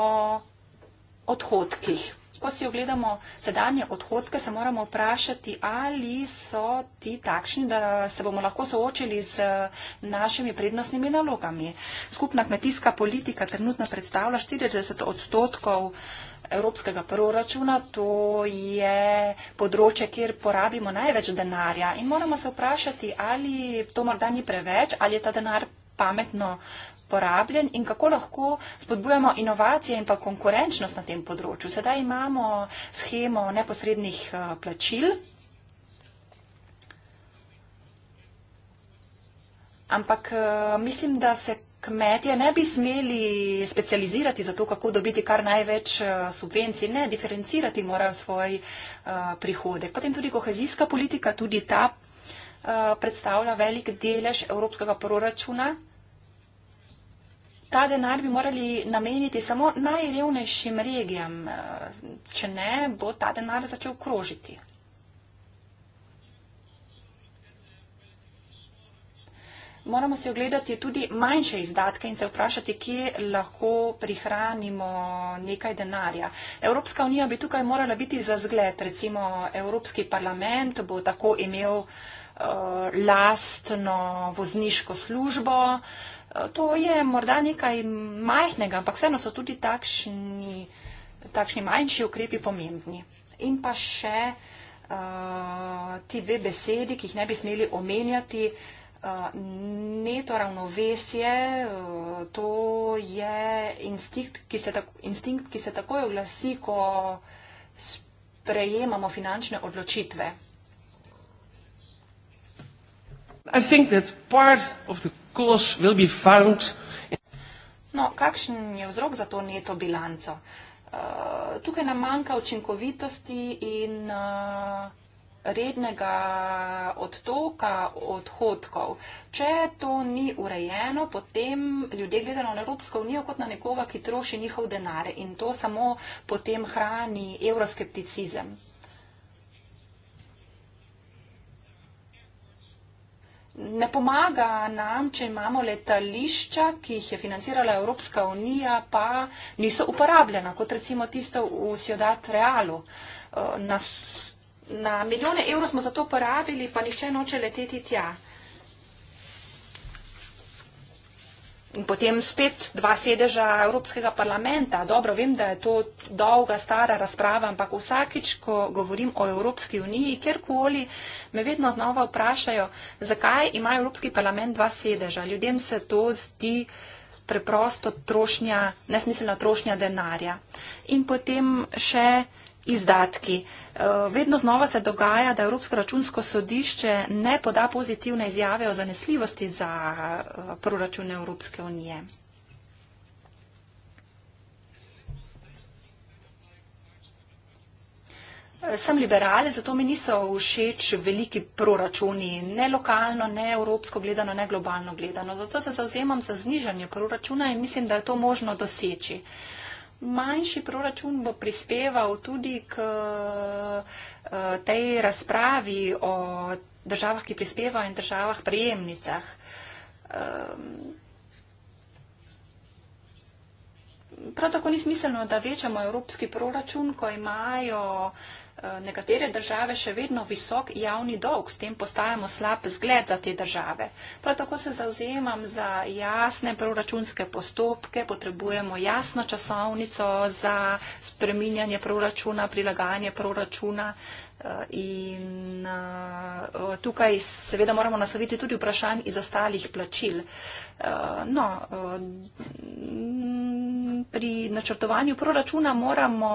odhodkih. Ko si ogledamo sedanje odhodke, se moramo vprašati, ali so ti takšni, da se bomo lahko soočili z našimi prednostnimi nalogami. Skupna kmetijska politika trenutno predstavlja 40 odstotkov evropskega proračuna, to je področje, kjer porabimo največ denarja. In moramo se vprašati, ali to morda ni preveč, ali je ta denar pametno porabljen in kako lahko spodbujamo inovacije in pa konkurenčnost na tem področju. Sedaj imamo schemo neposrednih eh, plačil. Ampak eh, mislim, da se kmetje ne bi smeli specializirati za to, kako dobiti kar največ eh, subvencij, ne diferencirati morajo svoj prihodek. Potem tudi kohezijska politika, tudi ta predstavlja velik delež evropskega proračuna ta denar bi morali nameniti samo najrevnejšim regijam. Če ne, bo ta denar začel krožiti. Moramo se ogledati tudi manjše izdatke in se vprašati, kje lahko prihranimo nekaj denarja. Evropska unija bi tukaj morala biti za zgled. Recimo Evropski parlament bo tako imel uh, lastno vozniško službo. Uh, to je morda nekaj majhnega, ampak vseeno so tudi takšni, takšni manjši ukrepi pomembni. In pa še uh, ti dve besedi, ki jih ne bi smeli omenjati, uh, neto ravnovesje, uh, to je instinkt ki, se tako, instinkt, ki se takoj oglasi, ko sprejemamo finančne odločitve. I think that's part of the No, kakšen je vzrok za to neto bilanco? Eh, tukaj nam manjka učinkovitosti in eh, rednega odtoka odhodkov. Če to ni urejeno, potem ljudje gledajo na Evropsko unijo kot na nekoga, ki troši njihov denar in to samo potem hrani evroskepticizem. ne pomaga nam, če imamo letališča, ki jih je financirala Evropska unija, pa niso uporabljena, kot recimo tisto v Sjodat Realu. Eh, na, na milijone evrov smo za to porabili, pa nišče noče leteti tja. In potem spet dva sedeža Evropskega parlamenta. Dobro, vem, da je to dolga, stara razprava, ampak vsakič, ko govorim o Evropski uniji, kjerkoli, me vedno znova vprašajo, zakaj ima Evropski parlament dva sedeža. Ljudem se to zdi preprosto trošnja, nesmiselna trošnja denarja. In potem še izdatki. Eh, vedno znova se dogaja, da Evropsko računsko sodišče ne poda pozitivne izjave o zanesljivosti za eh, proračune Evropske unije. Eh, sem liberale, zato mi niso všeč veliki proračuni, ne lokalno, ne evropsko gledano, ne globalno gledano. Zato se zauzemam za znižanje proračuna in mislim, da je to možno doseči. Uh, manjši proračun bo prispeval tudi k eh, tej razpravi o državah, ki prispevajo in državah prejemnicah. Ehm, prav tako ni smiselno, da večamo evropski proračun, ko imajo Eh, nekatere države še vedno visok javni dolg, s tem postajamo slab zgled za te države. Prav tako se zauzemam za jasne proračunske postopke, potrebujemo jasno časovnico za spreminjanje proračuna, prilagajanje proračuna Eh, in eh, tukaj seveda moramo nasloviti tudi vprašanje iz ostalih plačil. Eh, no, pri načrtovanju proračuna moramo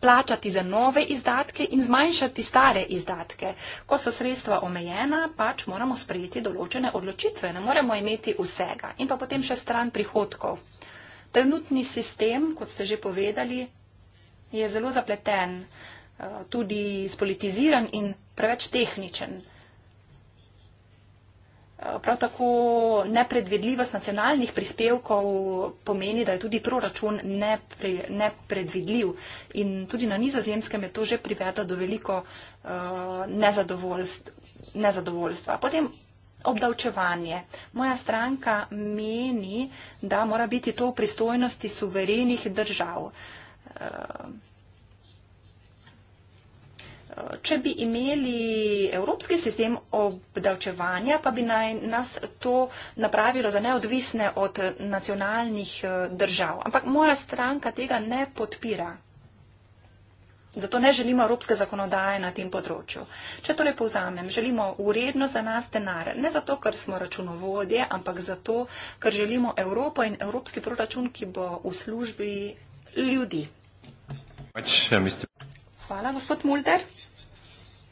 plačati za nove izdatke in zmanjšati stare izdatke. Ko so sredstva omejena, pač moramo sprejeti določene odločitve. Ne moremo imeti vsega. In pa potem še stran prihodkov. Trenutni sistem, kot ste že povedali, je zelo zapleten tudi spolitiziran in preveč tehničen. Prav tako nepredvidljivost nacionalnih prispevkov pomeni, da je tudi proračun nepre, nepredvidljiv in tudi na nizozemskem je to že privedlo do veliko uh, eh, nezadovoljstva. nezadovoljstva. Potem obdavčevanje. Moja stranka meni, da mora biti to v pristojnosti suverenih držav. Uh, Če bi imeli evropski sistem obdavčevanja, pa bi naj nas to napravilo za neodvisne od nacionalnih eh, držav. Ampak moja stranka tega ne podpira. Zato ne želimo evropske zakonodaje na tem področju. Če torej povzamem, želimo uredno za nas denar, ne zato, ker smo računovodje, ampak zato, ker želimo Evropo in evropski proračun, ki bo v službi ljudi. Hvala, gospod Mulder.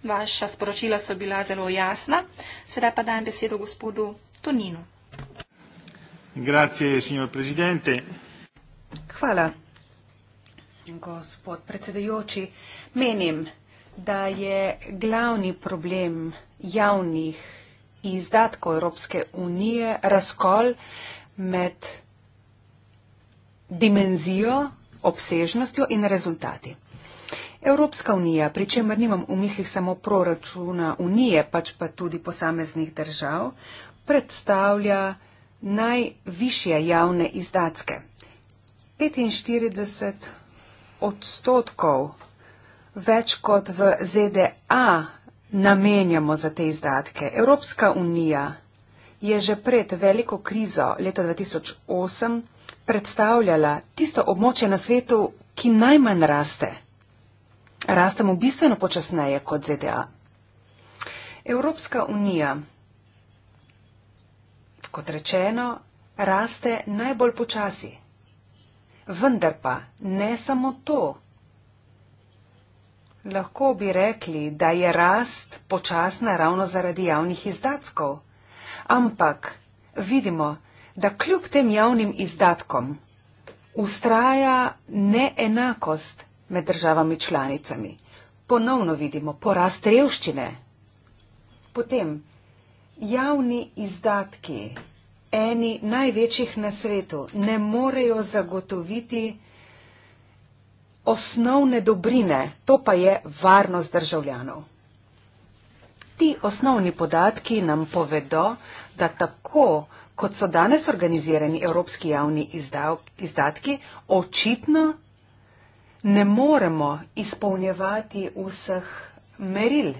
Vaša sporočila so bila zelo jasna. Sedaj pa dajem besedo gospodu Toninu. Grazie, signor presidente. Hvala, gospod predsedujoči. Menim, da je glavni problem javnih izdatkov Evropske unije razkol med dimenzijo, obsežnostjo in rezultati. Evropska unija, pri čemer nimam v mislih samo proračuna unije, pač pa tudi posameznih držav, predstavlja najvišje javne izdatke. 45 odstotkov več kot v ZDA namenjamo za te izdatke. Evropska unija je že pred veliko krizo leta 2008 predstavljala tisto območje na svetu, ki najmanj raste rastemo bistveno počasneje kot ZDA. Evropska unija, kot rečeno, raste najbolj počasi. Vendar pa ne samo to. Lahko bi rekli, da je rast počasna ravno zaradi javnih izdatkov. Ampak vidimo, da kljub tem javnim izdatkom ustraja neenakost med državami članicami. Ponovno vidimo porast revščine. Potem javni izdatki, eni največjih na svetu, ne morejo zagotoviti osnovne dobrine, to pa je varnost državljanov. Ti osnovni podatki nam povedo, da tako, kot so danes organizirani evropski javni izdatki, očitno ne moremo izpolnjevati vseh meril.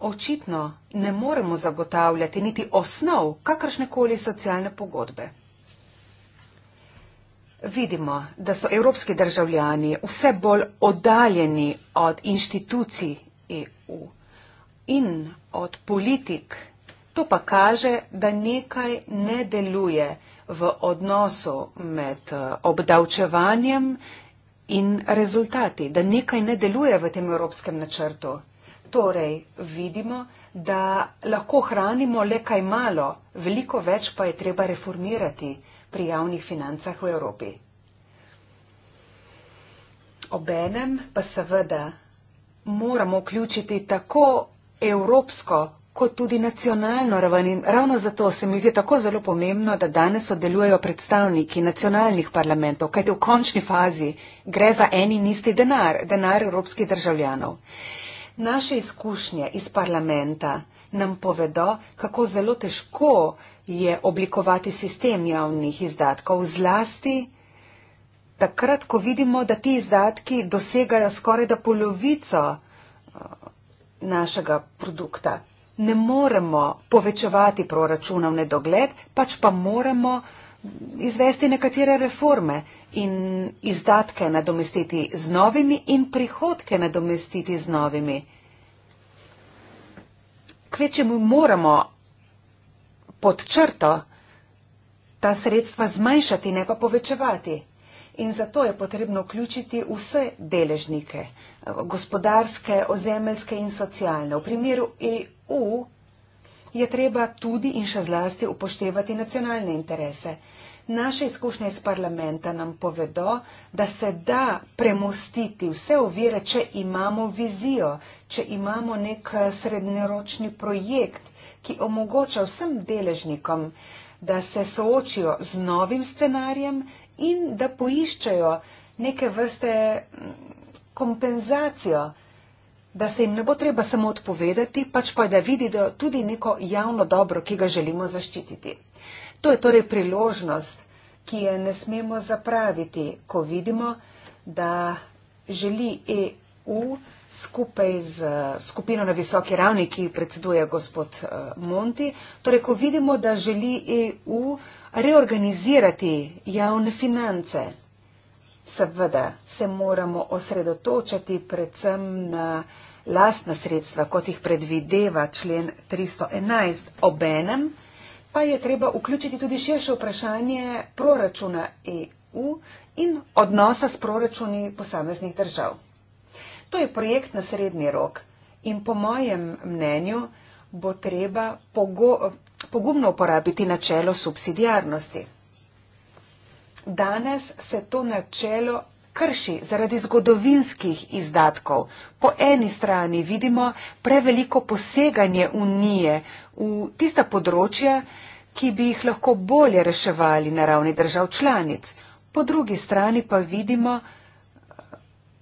Očitno ne moremo zagotavljati niti osnov kakršnekoli socialne pogodbe. Vidimo, da so evropski državljani vse bolj oddaljeni od inštitucij EU in od politik. To pa kaže, da nekaj ne deluje v odnosu med eh, obdavčevanjem in rezultati, da nekaj ne deluje v tem evropskem načrtu. Torej vidimo, da lahko hranimo le kaj malo, veliko več pa je treba reformirati pri javnih financah v Evropi. Obenem pa seveda moramo vključiti tako evropsko kot tudi nacionalno raven. In ravno zato se mi zdi tako zelo pomembno, da danes sodelujejo predstavniki nacionalnih parlamentov, kajte v končni fazi gre za eni in isti denar, denar evropskih državljanov. Naše izkušnje iz parlamenta nam povedo, kako zelo težko je oblikovati sistem javnih izdatkov, zlasti takrat, ko vidimo, da ti izdatki dosegajo skoraj da polovico eh, našega produkta ne moremo povečevati proračuna v nedogled, pač pa moramo izvesti nekatere reforme in izdatke nadomestiti z novimi in prihodke nadomestiti z novimi. Kvečemu moramo pod črto ta sredstva zmanjšati, ne pa povečevati in zato je potrebno vključiti vse deležnike, gospodarske, ozemeljske in socialne. V primeru EU je treba tudi in še zlasti upoštevati nacionalne interese. Naše izkušnje iz parlamenta nam povedo, da se da premostiti vse ovire, če imamo vizijo, če imamo nek eh, srednjeročni projekt, ki omogoča vsem deležnikom, da se soočijo z novim scenarijem in da poiščejo neke vrste mm, kompenzacijo, da se jim ne bo treba samo odpovedati, pač pa da vidijo tudi neko javno dobro, ki ga želimo zaščititi. To je torej priložnost, ki je ne smemo zapraviti, ko vidimo, da želi EU skupaj z skupino na visoki ravni, ki predseduje gospod eh, Monti, torej ko vidimo, da želi EU reorganizirati javne finance. Seveda se moramo osredotočati predvsem na lastna sredstva, kot jih predvideva člen 311 obenem, pa je treba vključiti tudi širše vprašanje proračuna EU in odnosa s proračuni posameznih držav. To je projekt na srednji rok in po mojem mnenju bo treba pogo pogumno uporabiti načelo subsidijarnosti. Danes se to načelo krši zaradi zgodovinskih izdatkov. Po eni strani vidimo preveliko poseganje unije v tista področja, ki bi jih lahko bolje reševali na ravni držav članic. Po drugi strani pa vidimo,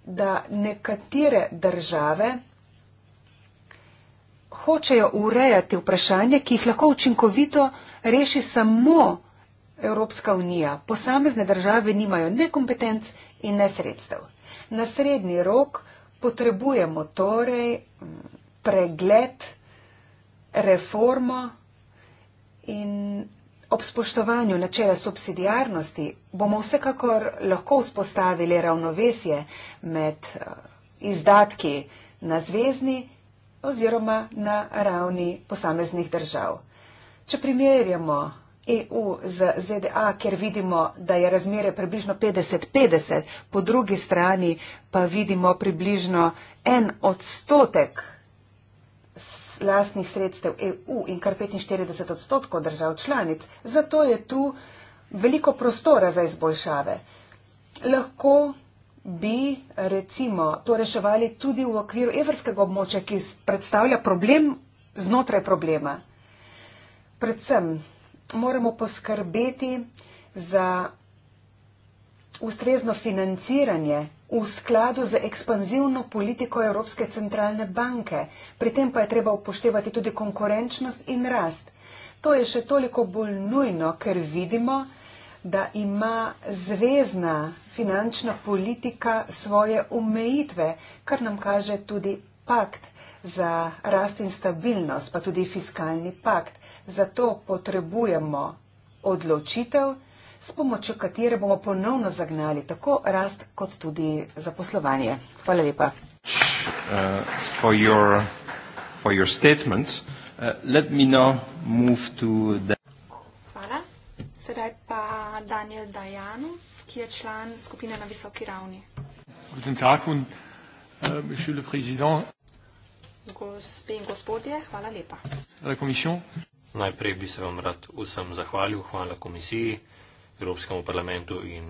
da nekatere države hočejo urejati vprašanje, ki jih lahko učinkovito reši samo Evropska unija. Posamezne države nimajo ne kompetenc in ne sredstev. Na srednji rok potrebujemo torej mm, pregled, reformo in ob spoštovanju načela subsidijarnosti bomo vsekakor lahko vzpostavili ravnovesje med eh, izdatki na zvezdni oziroma na ravni posameznih držav. Če primerjamo EU z ZDA, ker vidimo, da je razmere približno 50-50, po drugi strani pa vidimo približno en odstotek lastnih sredstev EU in kar 45 odstotkov držav članic, zato je tu veliko prostora za izboljšave. Lahko bi recimo to reševali tudi v okviru evrskega območja, ki predstavlja problem znotraj problema. Predvsem moramo poskrbeti za ustrezno financiranje v skladu z ekspanzivno politiko Evropske centralne banke. Pri tem pa je treba upoštevati tudi konkurenčnost in rast. To je še toliko bolj nujno, ker vidimo, da ima zvezdna finančna politika svoje omejitve, kar nam kaže tudi pakt za rast in stabilnost, pa tudi fiskalni pakt. Zato potrebujemo odločitev, s pomočjo katere bomo ponovno zagnali tako rast kot tudi zaposlovanje. Hvala lepa. Uh, for your, for your Sedaj pa Daniel Dajanu, ki je član skupine na visoki ravni. Äh, Gospe in gospodje, hvala lepa. Najprej bi se vam rad vsem zahvalil, hvala komisiji, Evropskemu parlamentu in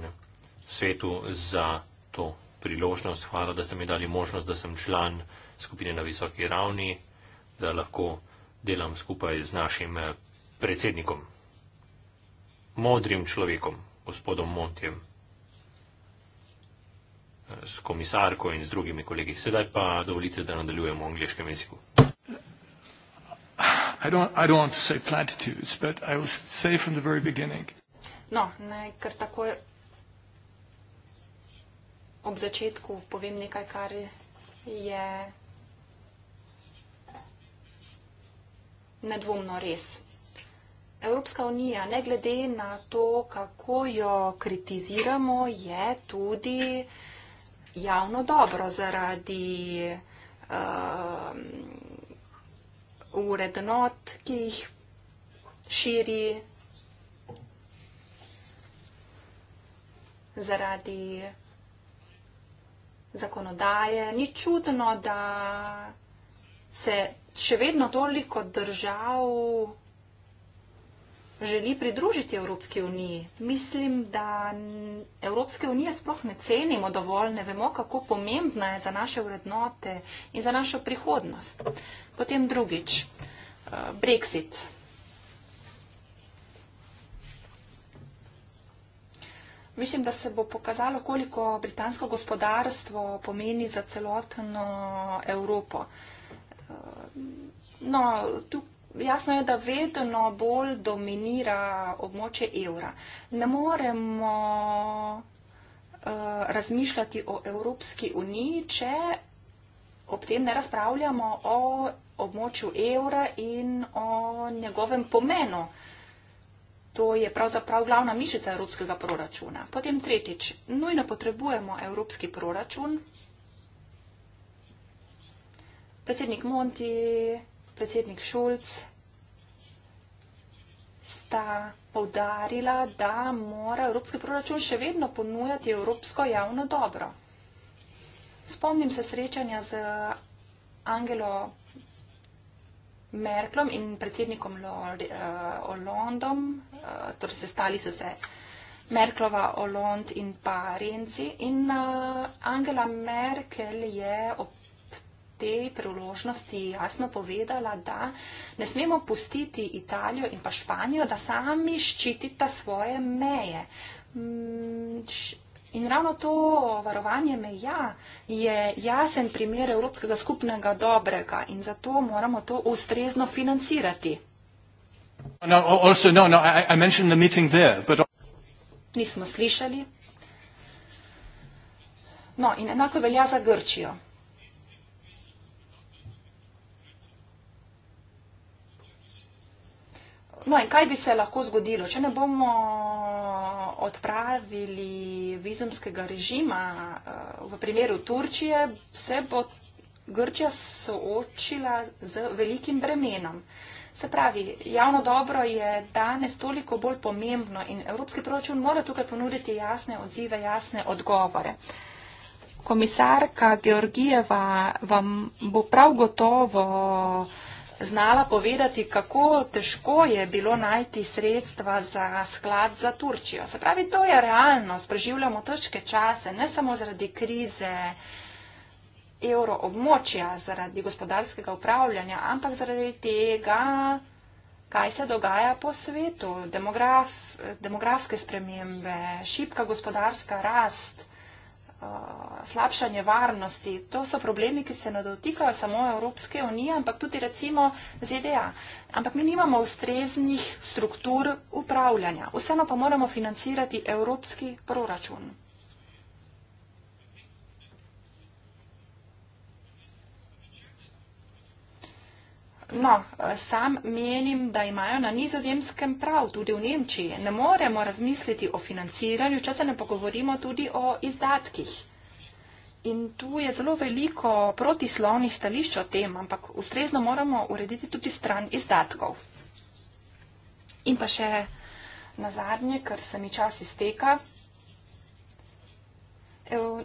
svetu za to priložnost. Hvala, da ste mi dali možnost, da sem član skupine na visoki ravni, da lahko delam skupaj z našim eh, predsednikom modrim človekom, gospodom Montjem, eh, s komisarko in z drugimi kolegi. Sedaj pa dovolite, da nadaljujemo v angliškem jeziku. I don't, I don't want to say platitudes, but I will say from the very beginning. No, ne, ker takoj ob začetku povem nekaj, kar je nedvomno res. Evropska unija, ne glede na to, kako jo kritiziramo, je tudi javno dobro zaradi uh, urednot, ki jih širi, zaradi zakonodaje. Ni čudno, da se še vedno toliko držav želi pridružiti Evropski uniji. Mislim, da Evropske unije sploh ne cenimo dovolj, ne vemo, kako pomembna je za naše vrednote in za našo prihodnost. Potem drugič, eh, Brexit. Mislim, da se bo pokazalo, koliko britansko gospodarstvo pomeni za celotno Evropo. Eh, no, tukaj jasno je, da vedno bolj dominira območje evra. Ne moremo eh, razmišljati o Evropski uniji, če ob tem ne razpravljamo o območju evra in o njegovem pomenu. To je pravzaprav glavna mišica evropskega proračuna. Potem tretjič, nujno potrebujemo evropski proračun. Predsednik Monti predsednik Šulc sta povdarila, da mora evropski proračun še vedno ponujati evropsko javno dobro. Spomnim se srečanja z Angelo Merklom in predsednikom eh, Olondom, eh, torej se stali so se Merklova, Olond in pa Renzi in eh, Angela Merkel je opravila tej priložnosti jasno povedala, da ne smemo pustiti Italijo in pa Španijo, da sami ščitita svoje meje. Mm, in ravno to varovanje meja je jasen primer evropskega skupnega dobrega in zato moramo to ustrezno financirati. No, no, also, no, no, I, I mentioned the meeting there, but... Nismo slišali. No, in enako velja za Grčijo. No in kaj bi se lahko zgodilo, če ne bomo odpravili vizumskega režima eh, v primeru Turčije, se bo Grčija soočila z velikim bremenom. Se pravi, javno dobro je danes toliko bolj pomembno in Evropski proračun mora tukaj ponuditi jasne odzive, jasne odgovore. Komisarka Georgijeva vam bo prav gotovo uh, znala povedati, kako težko je bilo najti sredstva za sklad za Turčijo. Se pravi, to je realnost, preživljamo težke čase, ne samo zaradi krize evroobmočja, zaradi gospodarskega upravljanja, ampak zaradi tega, kaj se dogaja po svetu, demograf, demografske spremembe, šipka gospodarska rast. Eh, slabšanje varnosti. To so problemi, ki se ne dotikajo samo Evropske unije, ampak tudi recimo ZDA. Ampak mi nimamo ustreznih struktur upravljanja. Vseeno pa moramo financirati evropski proračun. No, sam menim, da imajo na nizozemskem prav, tudi v Nemčiji. Ne moremo razmisliti o financiranju, če se ne pogovorimo tudi o izdatkih. In tu je zelo veliko protislovnih stališč o tem, ampak ustrezno moramo urediti tudi stran izdatkov. In pa še na zadnje, ker se mi čas izteka.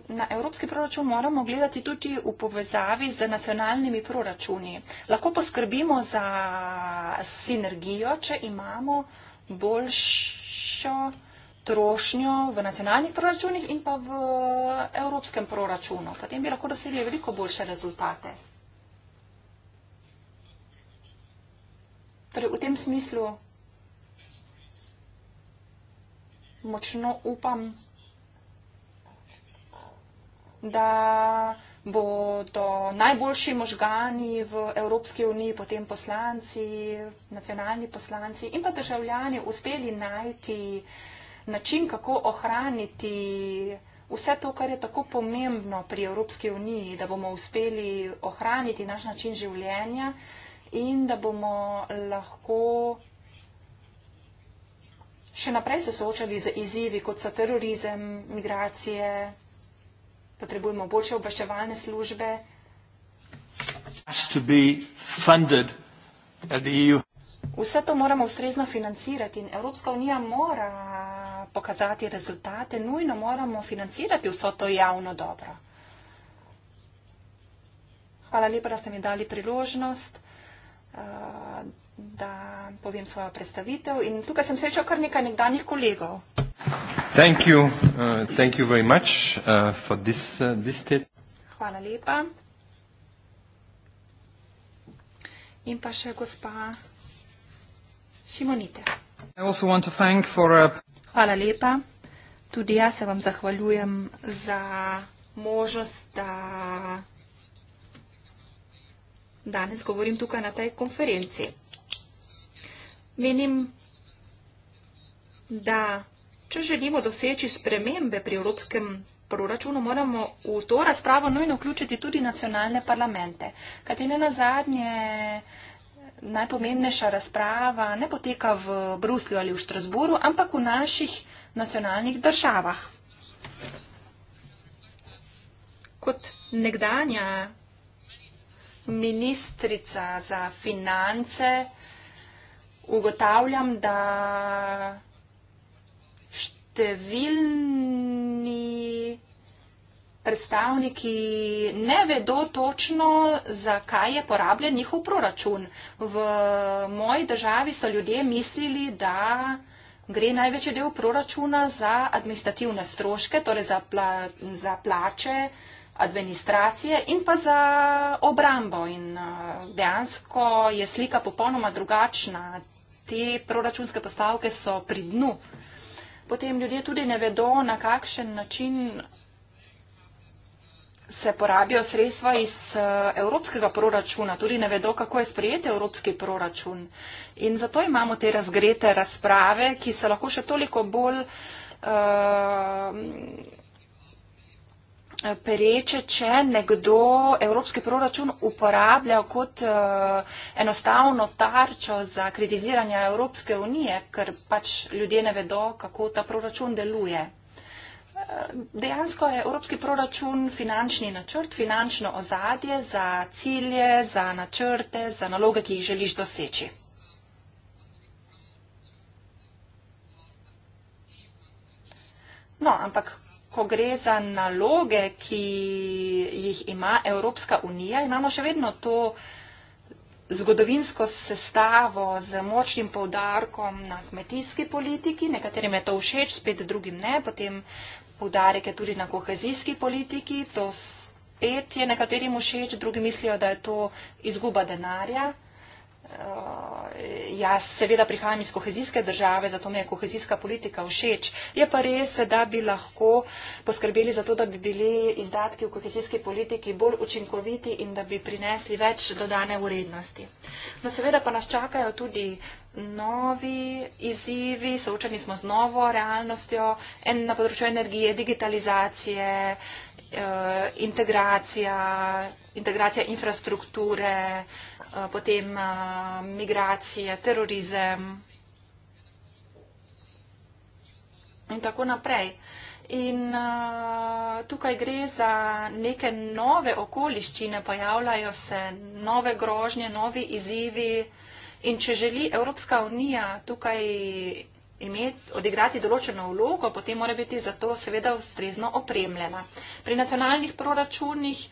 Na evropski proračun moramo gledati tudi v povezavi z nacionalnimi proračuni. Lahko poskrbimo za sinergijo, če imamo boljšo trošnjo v nacionalnih proračunih in pa v evropskem proračunu. Potem bi lahko dosegli veliko boljše rezultate. Torej, v tem smislu močno upam, da da bo to najboljši možgani v Evropski uniji, potem poslanci, nacionalni poslanci in pa državljani uspeli najti način, kako ohraniti vse to, kar je tako pomembno pri Evropski uniji, da bomo uspeli ohraniti naš način življenja in da bomo lahko še naprej se soočali z izzivi, kot so terorizem, migracije, potrebujemo boljše obveščevalne službe. E Vse to moramo ustrezno financirati in Evropska unija mora pokazati rezultate, nujno moramo financirati vso to javno dobro. Hvala lepa, da ste mi dali priložnost, eh, da povem svojo predstavitev. In tukaj sem srečal kar nekaj nekdanjih kolegov. Thank you. Uh, thank you very much uh, for this, uh, this statement. Hvala lepa. In pa še gospa Šimonite. I also want to thank for, uh, Hvala lepa. Tudi jaz se vam zahvaljujem za možnost, da danes govorim tukaj na tej konferenci. Menim, da Če želimo doseči spremembe pri evropskem proračunu, moramo v to razpravo nujno vključiti tudi nacionalne parlamente. Katina na zadnje najpomembnejša razprava ne poteka v Bruslju ali v Štrasburu, ampak v naših nacionalnih državah. Kot nekdanja ministrica za finance ugotavljam, da številni predstavniki ne vedo točno, zakaj je porabljen njihov proračun. V moji državi so ljudje mislili, da gre največji del proračuna za administrativne stroške, torej za, pla za plače administracije in pa za obrambo. In dejansko je slika popolnoma drugačna. Te proračunske postavke so pri dnu. Uh, potem ljudje tudi ne vedo, na kakšen način se porabijo sredstva iz eh, evropskega proračuna, tudi ne vedo, kako je sprejeti evropski proračun. In zato imamo te razgrete razprave, ki so lahko še toliko bolj. Uh, pereče, če nekdo evropski proračun uporablja kot eh, enostavno tarčo za kritiziranje Evropske unije, ker pač ljudje ne vedo, kako ta proračun deluje. Eh, dejansko je evropski proračun finančni načrt, finančno ozadje za cilje, za načrte, za naloge, ki jih želiš doseči. No, ampak ko gre za naloge, ki jih ima Evropska unija, imamo še vedno to zgodovinsko sestavo z močnim poudarkom na kmetijski politiki. Nekaterim je to všeč, spet drugim ne. Potem poudarek je tudi na kohezijski politiki. To spet je nekaterim všeč, drugi mislijo, da je to izguba denarja. Uh, jaz seveda prihajam iz kohezijske države, zato mi je kohezijska politika všeč. Je pa res, da bi lahko poskrbeli za to, da bi bili izdatki v kohezijski politiki bolj učinkoviti in da bi prinesli več dodane vrednosti. No, seveda pa nas čakajo tudi novi izzivi, soočeni smo z novo realnostjo en na področju energije, digitalizacije, uh, integracija, integracija infrastrukture. Eh, potem eh, migracije, terorizem in tako naprej. In eh, tukaj gre za neke nove okoliščine, pojavljajo se nove grožnje, novi izzivi. In če želi Evropska unija tukaj imeti, odigrati določeno vlogo, potem mora biti za to seveda ustrezno opremljena. Pri nacionalnih proračunih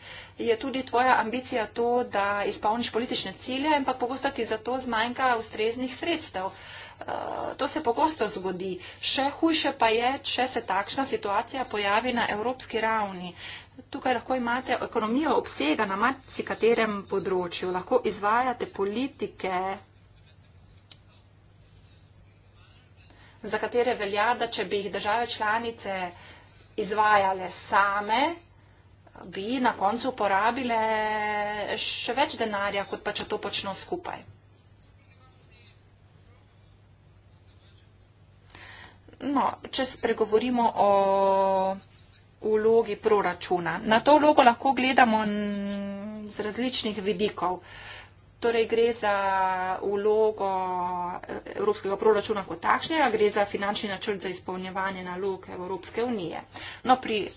je tudi tvoja ambicija to, da izpolniš politične cilje, ampak pogosto ti za to zmanjka ustreznih sredstev. Eh, to se pogosto zgodi. Še hujše pa je, če se takšna situacija pojavi na evropski ravni. Tukaj lahko imate ekonomijo obsega na marsikaterem področju, lahko izvajate politike, za katere velja, da če bi jih države članice izvajale same, bi na koncu porabile še več denarja, kot pa če to počno skupaj. No, če spregovorimo o vlogi proračuna. Na to vlogo lahko gledamo z različnih vidikov. Torej gre za ulogo eh, evropskega proračuna kot takšnega, gre za finančni načrt za izpolnjevanje nalog Evropske unije. No, pri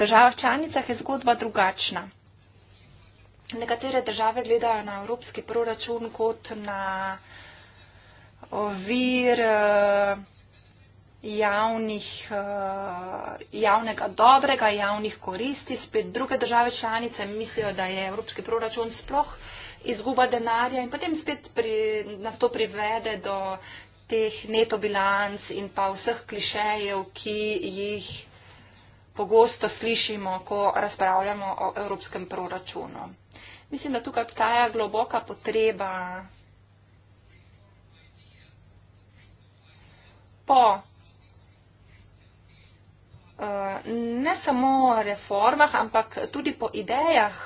državah članicah je zgodba drugačna. Nekatere države gledajo na evropski proračun kot na vir eh, javnih, eh, javnega dobrega, javnih koristi. Spet druge države članice mislijo, da je evropski proračun sploh izguba denarja in potem spet pri, nas to privede do teh netobilanc in pa vseh klišejev, ki jih pogosto slišimo, ko razpravljamo o evropskem proračunu. Mislim, da tukaj obstaja globoka potreba po eh, ne samo reformah, ampak tudi po idejah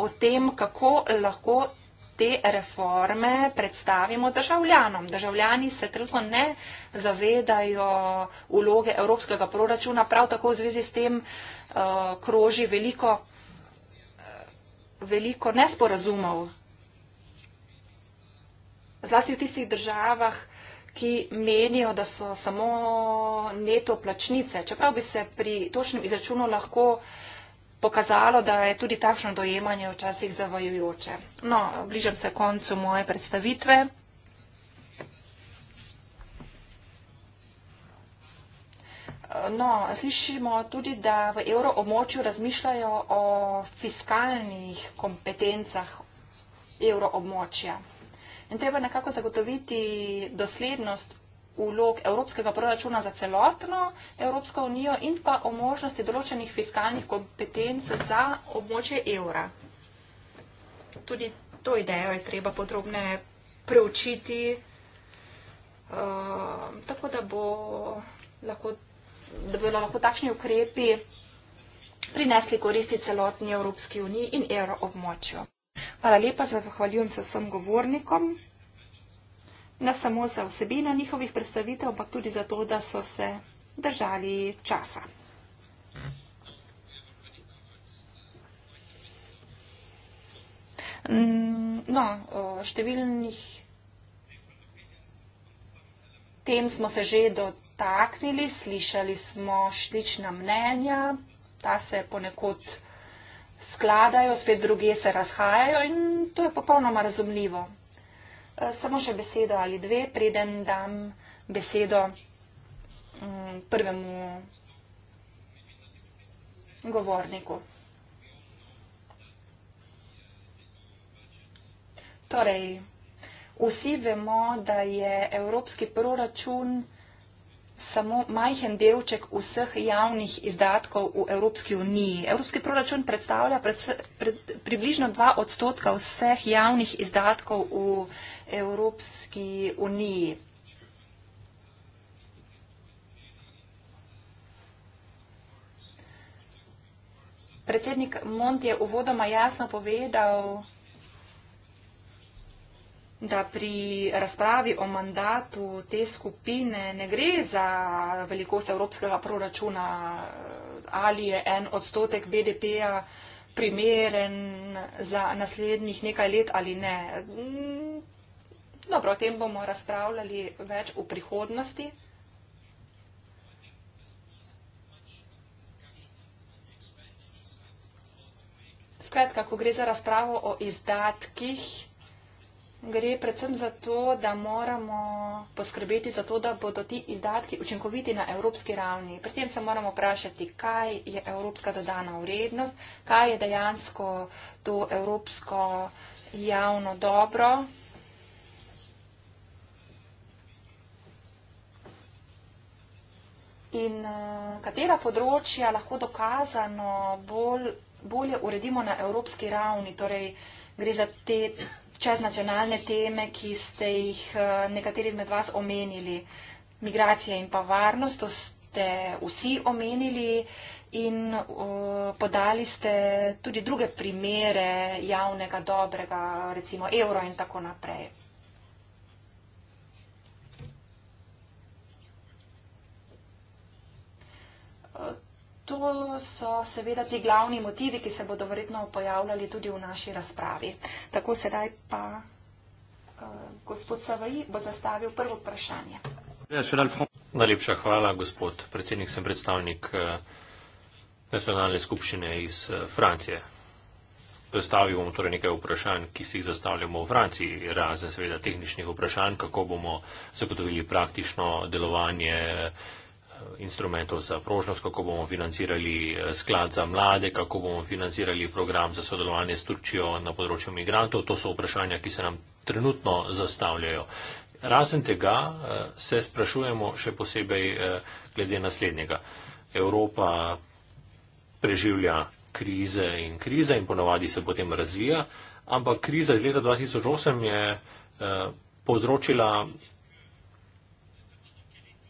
o tem, kako lahko te reforme predstavimo državljanom. Državljani se trenutno ne zavedajo uloge evropskega proračuna, prav tako v zvezi s tem uh, kroži veliko, eh, veliko nesporazumov. Zlasti v tistih državah, ki menijo, da so samo neto plačnice, čeprav bi se pri točnem izračunu lahko uh, pokazalo, da je tudi takšno dojemanje včasih zavajujoče. No, bližam se koncu moje predstavitve. No, slišimo tudi, da v evroobmočju razmišljajo o fiskalnih kompetencah evroobmočja. In treba nekako zagotoviti doslednost vlog evropskega proračuna za celotno Evropsko unijo in pa o možnosti določenih fiskalnih kompetenc za območje evra. Tudi to idejo je treba podrobne preučiti, uh, tako da, bo lahko, da bi lahko takšni ukrepi prinesli koristi celotni Evropski uniji in evro območju. Hvala lepa, zahvaljujem se vsem govornikom ne samo za osebino njihovih predstavitev, ampak tudi za to, da so se držali časa. Mm, no, številnih tem smo se že dotaknili, slišali smo šlična mnenja, ta se ponekod skladajo, spet druge se razhajajo in to je popolnoma razumljivo. Eh, samo še besedo ali dve, preden dam besedo mm, prvemu govorniku. Torej, vsi vemo, da je evropski proračun samo majhen delček vseh javnih izdatkov v Evropski uniji. Evropski proračun predstavlja pred, pred, približno dva odstotka vseh javnih izdatkov v Evropski uniji. Predsednik Mont je uvodoma jasno povedal, da pri razpravi o mandatu te skupine ne gre za velikost evropskega proračuna ali je en odstotek BDP-ja primeren za naslednjih nekaj let ali ne. Dobro, o tem bomo razpravljali več v prihodnosti. Skratka, ko gre za razpravo o izdatkih, gre predvsem za to, da moramo poskrbeti za to, da bodo ti izdatki učinkoviti na evropski ravni. Pri tem se moramo vprašati, kaj je evropska dodana vrednost, kaj je dejansko to evropsko javno dobro, In uh, katera področja lahko dokazano bolj, bolje uredimo na evropski ravni, torej gre za te čeznacionalne teme, ki ste jih uh, nekateri izmed vas omenili, migracije in pa varnost, to ste vsi omenili in uh, podali ste tudi druge primere javnega, dobrega, recimo evro in tako naprej. to so seveda ti glavni motivi, ki se bodo verjetno pojavljali tudi v naši razpravi. Tako sedaj pa uh, gospod Savaji bo zastavil prvo vprašanje. Najlepša hvala, gospod predsednik. Sem predstavnik eh, nacionalne skupščine iz eh, Francije. Zastavil bom torej nekaj vprašanj, ki si jih zastavljamo v Franciji, razen seveda tehničnih vprašanj, kako bomo zagotovili praktično delovanje instrumentov za prožnost, kako bomo financirali eh, sklad za mlade, kako bomo financirali program za sodelovanje s Turčijo na področju migrantov. To so vprašanja, ki se nam trenutno zastavljajo. Razen tega eh, se sprašujemo še posebej eh, glede naslednjega. Evropa preživlja krize in krize in ponovadi se potem razvija, ampak kriza iz leta 2008 je povzročila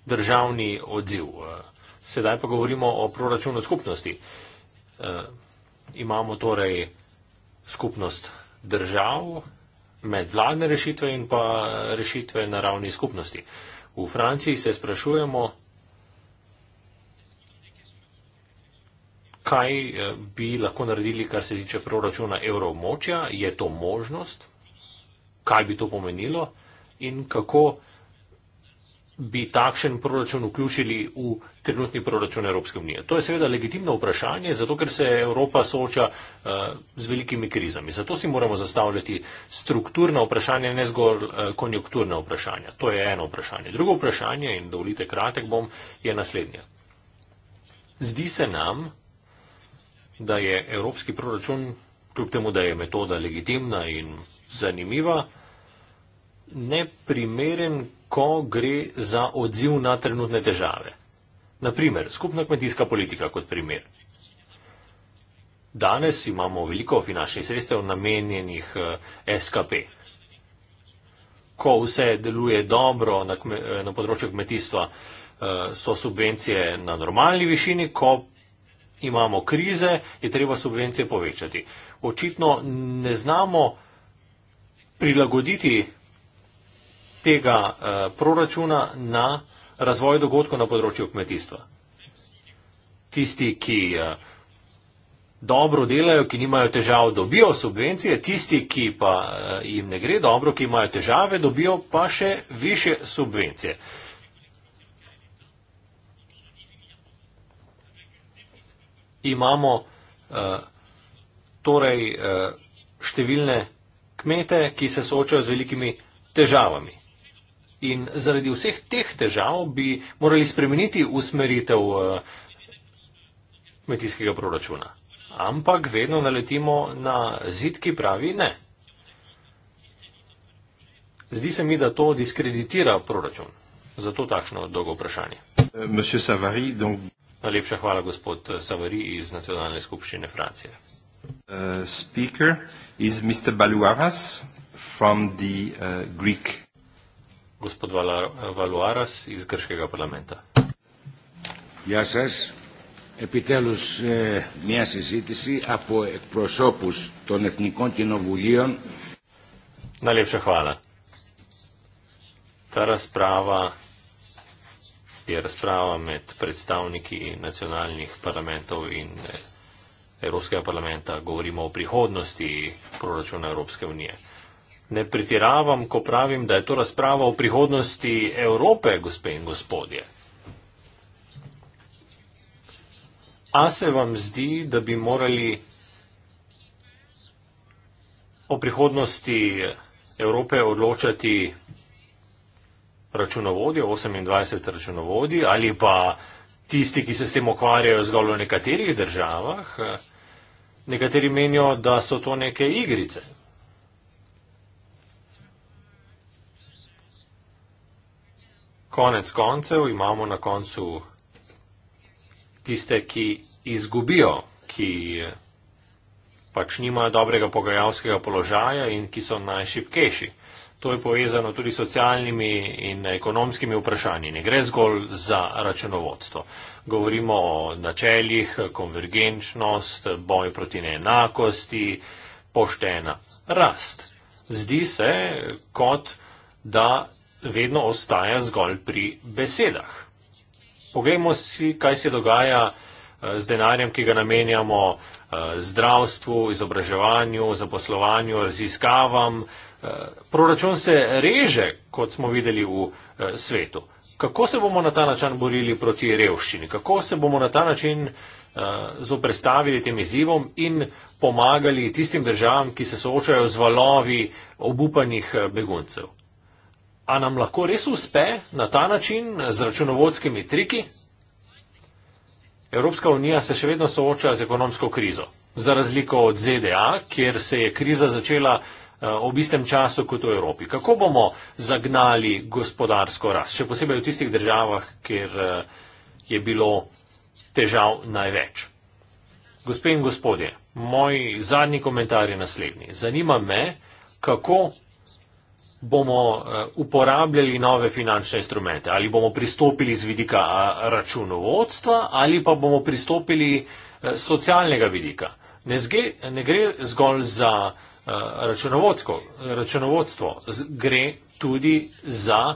državni odziv. Eh, sedaj pa govorimo o proračunu skupnosti. Eh, imamo torej skupnost držav, medvladne rešitve in pa rešitve na ravni skupnosti. V Franciji se sprašujemo, kaj eh, bi lahko naredili, kar se tiče proračuna evromočja, je to možnost, kaj bi to pomenilo in kako naredili, bi takšen proračun vključili v trenutni proračun Evropske unije? To je seveda legitimno vprašanje, zato ker se Evropa sooča uh, z velikimi krizami. Zato si moramo zastavljati strukturna vprašanja, ne zgolj uh, konjunkturna vprašanja. To je eno vprašanje. Drugo vprašanje, in dovolite kratek bom, je naslednje. Zdi se nam, da je evropski proračun, kljub temu, da je metoda legitimna in zanimiva, uh, neprimeren, ko gre za odziv na trenutne težave. Naprimer, skupna kmetijska politika kot primer. Danes imamo veliko finančnih sredstev namenjenih eh, SKP. Ko vse deluje dobro na, kme, eh, na področju kmetijstva, eh, so subvencije na normalni višini, ko imamo krize, je treba subvencije povečati. Očitno ne znamo prilagoditi tega eh, proračuna na razvoj dogodkov na področju kmetijstva. Tisti, ki eh, dobro delajo, ki nimajo težav, dobijo subvencije, tisti, ki pa eh, jim ne gre dobro, ki imajo težave, dobijo pa še više subvencije. Imamo torej številne kmete, ki se soočajo z velikimi težavami. In zaradi vseh teh težav bi morali spremeniti usmeritev eh, kmetijskega proračuna. Ampak vedno naletimo na zid, ki pravi ne. Zdi se mi, da to diskreditira proračun. Zato takšno dolgo vprašanje. Eh, Savary, donc... Najlepša hvala, gospod Savari iz nacionalne skupščine Francije. Uh, gospod eh, Valuaras iz grškega parlamenta. Jasas. Επιτέλους, ε, μια συζήτηση από εκπροσώπους των Εθνικών Κοινοβουλίων. Να λέει ευχαριστώ. Τα ρασπράβα, η ρασπράβα με τα πρεσταύνικοι νασιονάλνιχ παραμέντου in Ευρωσκέα Παραμέντα, γωρίμα ο πριχόδνος της Προρασιών Ευρωπαϊκής Ουνίας ne pretiravam, ko pravim, da je to razprava o prihodnosti Evrope, gospe in gospodje. A se vam zdi, da bi morali o prihodnosti Evrope odločati računovodje, 28 računovodi, ali pa tisti, ki se s tem ukvarjajo zgolj v nekaterih državah? Nekateri menijo, da so to neke igrice. konec koncev imamo na koncu tiste, ki izgubijo, ki eh, pač nimajo dobrega pogajalskega položaja in ki so najšipkejši. To je povezano tudi s socialnimi in ekonomskimi vprašanji. Ne gre zgolj za računovodstvo. Govorimo o načeljih, konvergenčnost, boj proti neenakosti, poštena rast. Zdi se, kot da vedno ostaja zgolj pri besedah. Poglejmo si, kaj se dogaja eh, z denarjem, ki ga namenjamo eh, zdravstvu, izobraževanju, zaposlovanju, raziskavam. Eh, proračun se reže, kot smo videli v svetu. Kako se bomo na ta način borili proti revščini? Kako se bomo na ta način zoprestavili tem izzivom in pomagali tistim državam, ki se soočajo z valovi obupanih beguncev? a nam lahko res uspe na ta način z računovodskimi triki? Evropska unija se še vedno sooča z ekonomsko krizo. Za razliko od ZDA, kjer se je kriza začela eh, ob istem času kot v Evropi. Kako bomo zagnali gospodarsko rast, še posebej v tistih državah, kjer eh, je bilo težav največ? Gospe in gospodje, moj zadnji komentar je naslednji. Zanima me, kako bomo eh, uporabljali nove finančne instrumente, ali bomo pristopili z vidika računovodstva, ali pa bomo pristopili eh, socialnega vidika. Ne, zge, ne gre zgolj za eh, računovodstvo, računovodstvo gre tudi za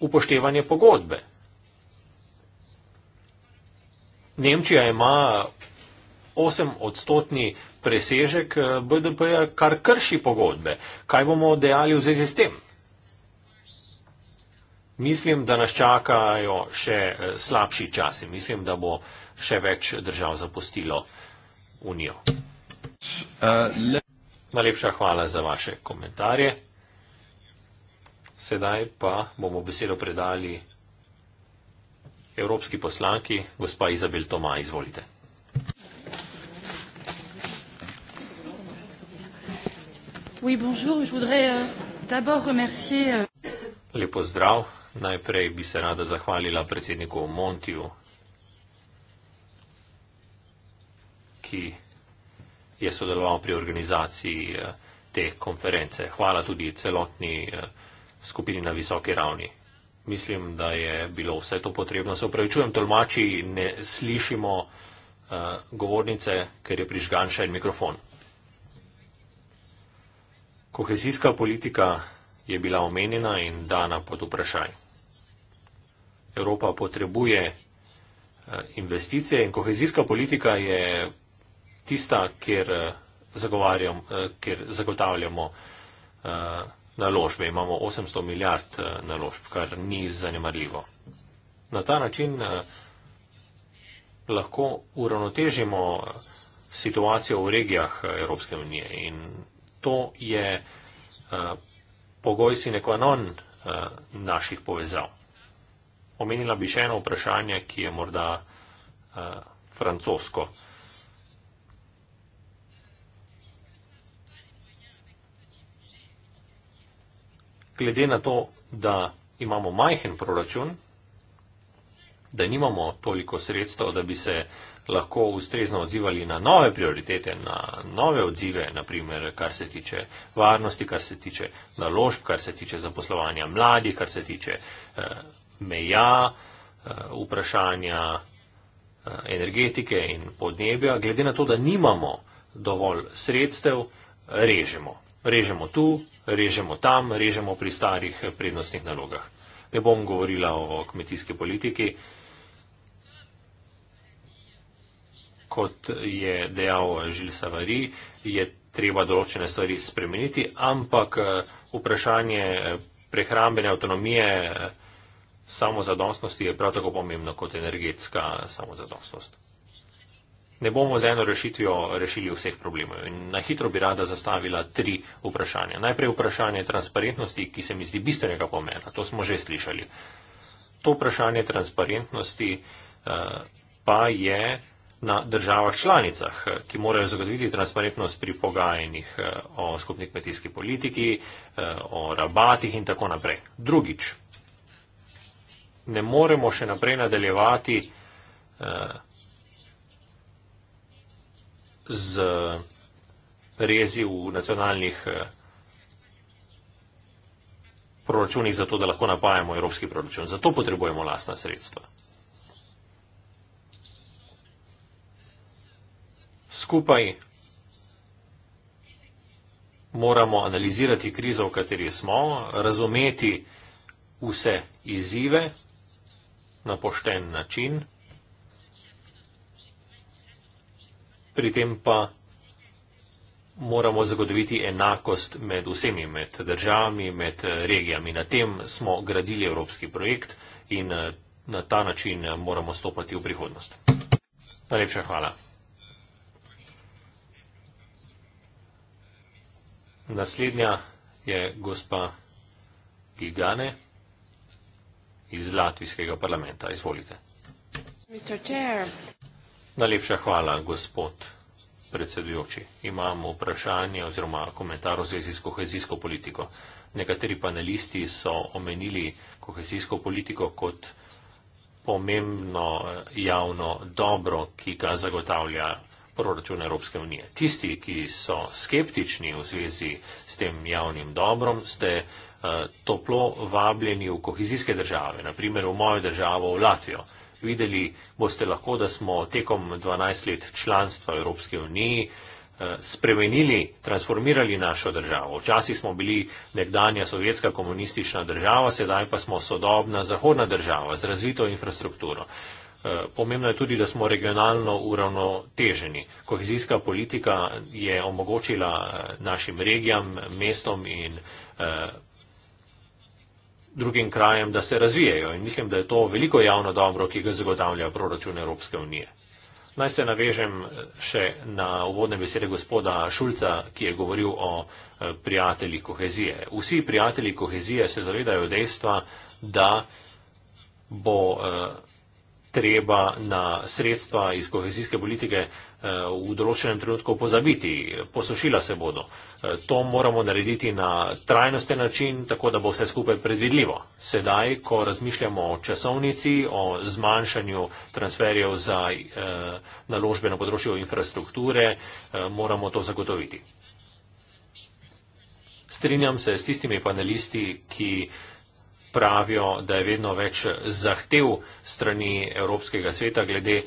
upoštevanje pogodbe. Nemčija ima 8-odstotni presežek eh, BDP-ja, kar krši pogodbe. Kaj bomo dejali v zvezi s tem? Mislim, da nas čakajo še eh, slabši časi. Mislim, da bo še več držav zapustilo Unijo. Najlepša hvala za vaše komentarje. Sedaj pa bomo besedo predali evropski poslanki, gospa Izabel Toma, izvolite. Oui, bonjour. Je voudrais euh, d'abord remercier. Euh, Les pozdrav. Najprej bi se rada zahvalila predsedniku Montiju, ki je sodeloval pri organizaciji eh, te konference. Hvala tudi celotni eh, skupini na visoki ravni. Mislim, da je bilo vse to potrebno. Se upravičujem, tolmači ne slišimo uh, govornice, ker je prižgan še en mikrofon. Kohezijska politika je bila omenjena in dana pod vprašaj. Evropa potrebuje eh, investicije in kohezijska politika je tista, kjer, eh, eh, kjer zagotavljamo naložbe. Imamo 800 milijard naložb, kar ni zanemarljivo. Na ta način lahko uravnotežimo situacijo v regijah Evropske unije in to je eh, pogoj sine qua non eh, naših povezav. Omenila bi še eno vprašanje, ki je morda eh, francosko. Glede na to, da imamo majhen proračun, da nimamo toliko sredstev, da bi se vprašali, lahko ustrezno odzivali na nove prioritete, na nove odzive, naprimer kar se tiče varnosti, kar se tiče naložb, kar se tiče zaposlovanja mladih, kar se tiče eh, meja, eh, vprašanja eh, energetike in podnebja. Glede na to, da nimamo dovolj sredstev, režemo. Režemo tu, režemo tam, režemo pri starih prednostnih nalogah. Ne bom govorila o kmetijski politiki. kot je dejal Žil Savari, je treba določene stvari spremeniti, ampak eh, vprašanje eh, prehrambene avtonomije eh, samozadostnosti je prav tako pomembno kot energetska samozadostnost. Ne bomo z eno rešitvijo rešili vseh problemov. In na hitro bi rada zastavila tri vprašanja. Najprej vprašanje transparentnosti, ki se mi zdi bistvenega pomena. To smo že slišali. To vprašanje transparentnosti uh, pa je na državah članicah, ki morajo zagotoviti transparentnost pri pogajanjih eh, o skupni kmetijski politiki, eh, o rabatih in tako naprej. Drugič, ne moremo še naprej nadaljevati eh, z rezi v nacionalnih proračunih za to, da lahko napajamo evropski proračun. Zato potrebujemo lastna sredstva. skupaj moramo analizirati krizo, v kateri smo, razumeti vse izzive na pošten način, pri tem pa moramo zagotoviti enakost med vsemi, med državami, med regijami. Na tem smo gradili evropski projekt in eh, na ta način eh, moramo stopati v prihodnost. Najlepša hvala. Naslednja je gospa Gigane iz Latvijskega parlamenta. Izvolite. Najlepša hvala, gospod predsedujoči. Imam vprašanje oziroma komentar o zvezi s kohezijsko politiko. Nekateri panelisti so omenili kohezijsko politiko kot pomembno eh, javno dobro, ki ga zagotavlja proračun Evropske unije. Tisti, ki so skeptični v zvezi s tem javnim dobrom, ste eh, toplo vabljeni v kohezijske države, naprimer v mojo državo, v Latvijo. Videli boste lahko, da smo tekom 12 let članstva Evropske unije eh, spremenili, transformirali našo državo. Včasih smo bili nekdanja sovjetska komunistična država, sedaj pa smo sodobna zahodna država z razvito infrastrukturo. Eh, pomembno je tudi, da smo regionalno uravnoteženi. Kohezijska politika je omogočila eh, našim regijam, mestom in eh, drugim krajem, da se razvijajo. In mislim, da je to veliko javno dobro, ki ga zagotavlja proračun Evropske unije. Naj se navežem še na uvodne besede gospoda Šulca, ki je govoril o prijatelji kohezije. Vsi prijatelji kohezije se zavedajo dejstva, da bo treba na sredstva iz kohezijske politike eh, v določenem trenutku pozabiti. Posušila se bodo. Eh, to moramo narediti na trajnosten način, tako da bo vse skupaj predvidljivo. Sedaj, ko razmišljamo o časovnici, o zmanjšanju transferjev za eh, naložbe na področju infrastrukture, moramo to zagotoviti. Strinjam se s tistimi panelisti, ki pravijo, da je vedno več zahtev strani Evropskega sveta glede eh,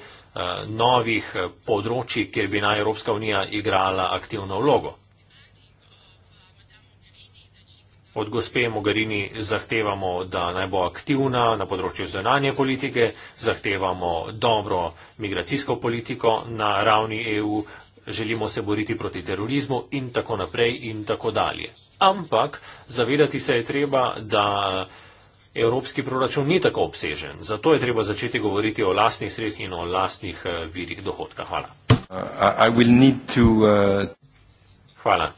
novih eh, področji, kjer bi naj Evropska unija igrala aktivno vlogo. Od gospe Mogarini zahtevamo, da naj bo aktivna na področju zunanje politike, zahtevamo dobro migracijsko politiko na ravni EU, želimo se boriti proti terorizmu in tako naprej in tako dalje. Ampak zavedati se je treba, da evropski proračun ni tako obsežen. Zato je treba začeti govoriti o lastnih sredstvih in o lastnih eh, virih dohodka. Hvala. Uh, uh, Hvala.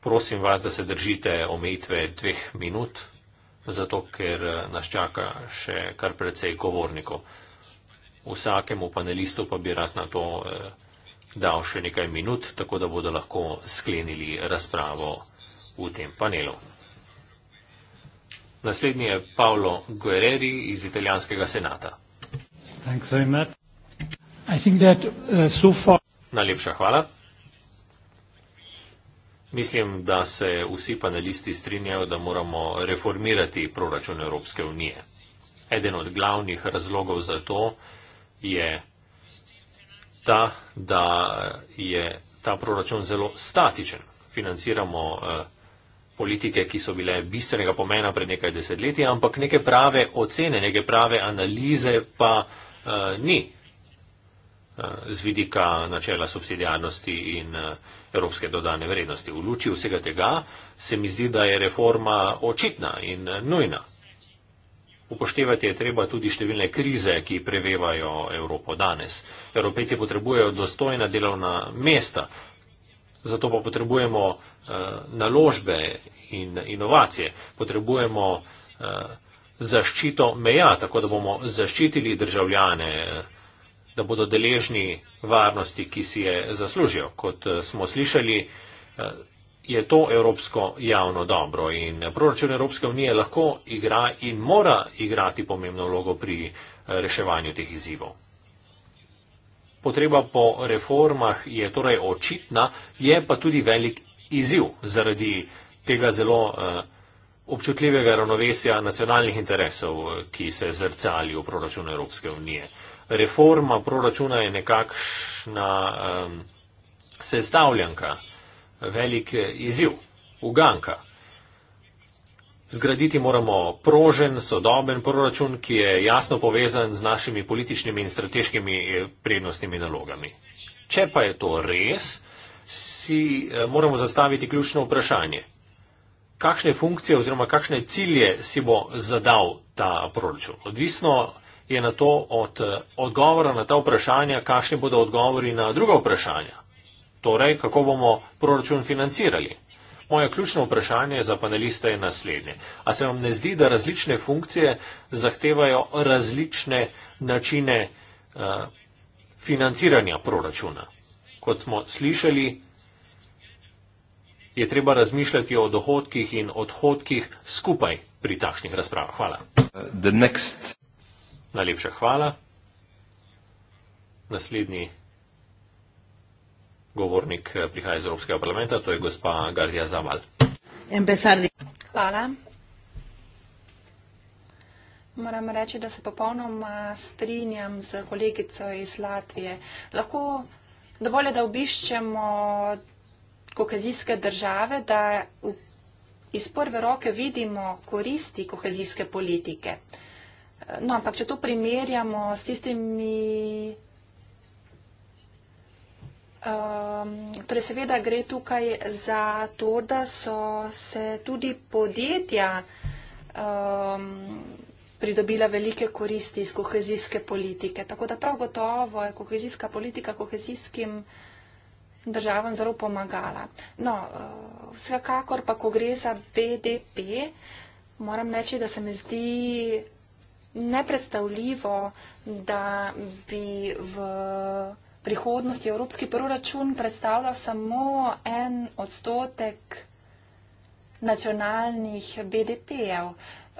Prosim vas, da se držite omejitve dveh minut, zato ker eh, nas čaka še kar precej govornikov. Vsakemu panelistu pa bi rad na to eh, dal še nekaj minut, tako da bodo lahko sklenili razpravo v tem panelu. Naslednji je Paolo Guerreri iz italijanskega senata. That, uh, so far... Najlepša hvala. Mislim, da se vsi panelisti strinjajo, da moramo reformirati proračun Evropske unije. Eden od glavnih razlogov za to je ta, da je ta proračun zelo statičen. Financiramo uh, politike, ki so bile bistvenega pomena pred nekaj desetletji, ampak neke prave ocene, neke prave analize pa uh, ni uh, z vidika načela subsidijarnosti in uh, evropske dodane vrednosti. V luči vsega tega se mi zdi, da je reforma očitna in nujna. Upoštevati je treba tudi številne krize, ki prevevajo Evropo danes. Evropejci potrebujejo dostojna delovna mesta, zato pa potrebujemo Eh, naložbe in inovacije, potrebujemo eh, zaščito meja, tako da bomo zaščitili državljane, eh, da bodo deležni varnosti, ki si je zaslužijo. Kot smo slišali, je to evropsko javno dobro in proračun Evropske unije lahko igra in mora igrati pomembno vlogo pri reševanju teh izzivov. Potreba po reformah je torej očitna, je pa tudi velik izziv zaradi tega zelo eh, občutljivega ravnovesja nacionalnih interesov, eh, ki se zrcali v proračunu Evropske unije. Reforma proračuna je nekakšna sestavljanka, velik eh, izziv, uganka. Zgraditi moramo prožen, sodoben proračun, ki je jasno povezan z našimi političnimi in strateškimi prednostnimi nalogami. Če pa je to res, si eh, moramo zastaviti ključno vprašanje. Kakšne funkcije oziroma kakšne cilje si bo zadal ta proračun? Odvisno je na to od eh, odgovora na ta vprašanja, kakšni bodo odgovori na druga vprašanja. Torej, kako bomo proračun financirali? Moje ključno vprašanje za paneliste je naslednje. A se vam ne zdi, da različne funkcije zahtevajo različne načine uh, financiranja proračuna? Kot smo slišali, je treba razmišljati o dohodkih in odhodkih skupaj pri takšnih razpravah. Hvala. Next... Najlepša hvala. Naslednji govornik eh, prihaja iz Evropskega parlamenta, to je gospa Gardija Zaval. Hvala. Moram reči, da se popolnoma strinjam z kolegico iz Latvije. Lahko dovolj je, da obiščemo kohezijske države, da iz prve roke vidimo koristi kohezijske politike. No, ampak če to primerjamo s tistimi. Um, torej, seveda gre tukaj za to, da so se tudi podjetja um, pridobila velike koristi iz kohezijske politike. Tako da prav gotovo je kohezijska politika kohezijskim uh, državam zelo pomagala. No, eh, vsekakor pa, ko gre za BDP, moram reči, da se mi zdi nepredstavljivo, da bi v prihodnosti evropski proračun predstavljal samo en odstotek nacionalnih BDP-jev.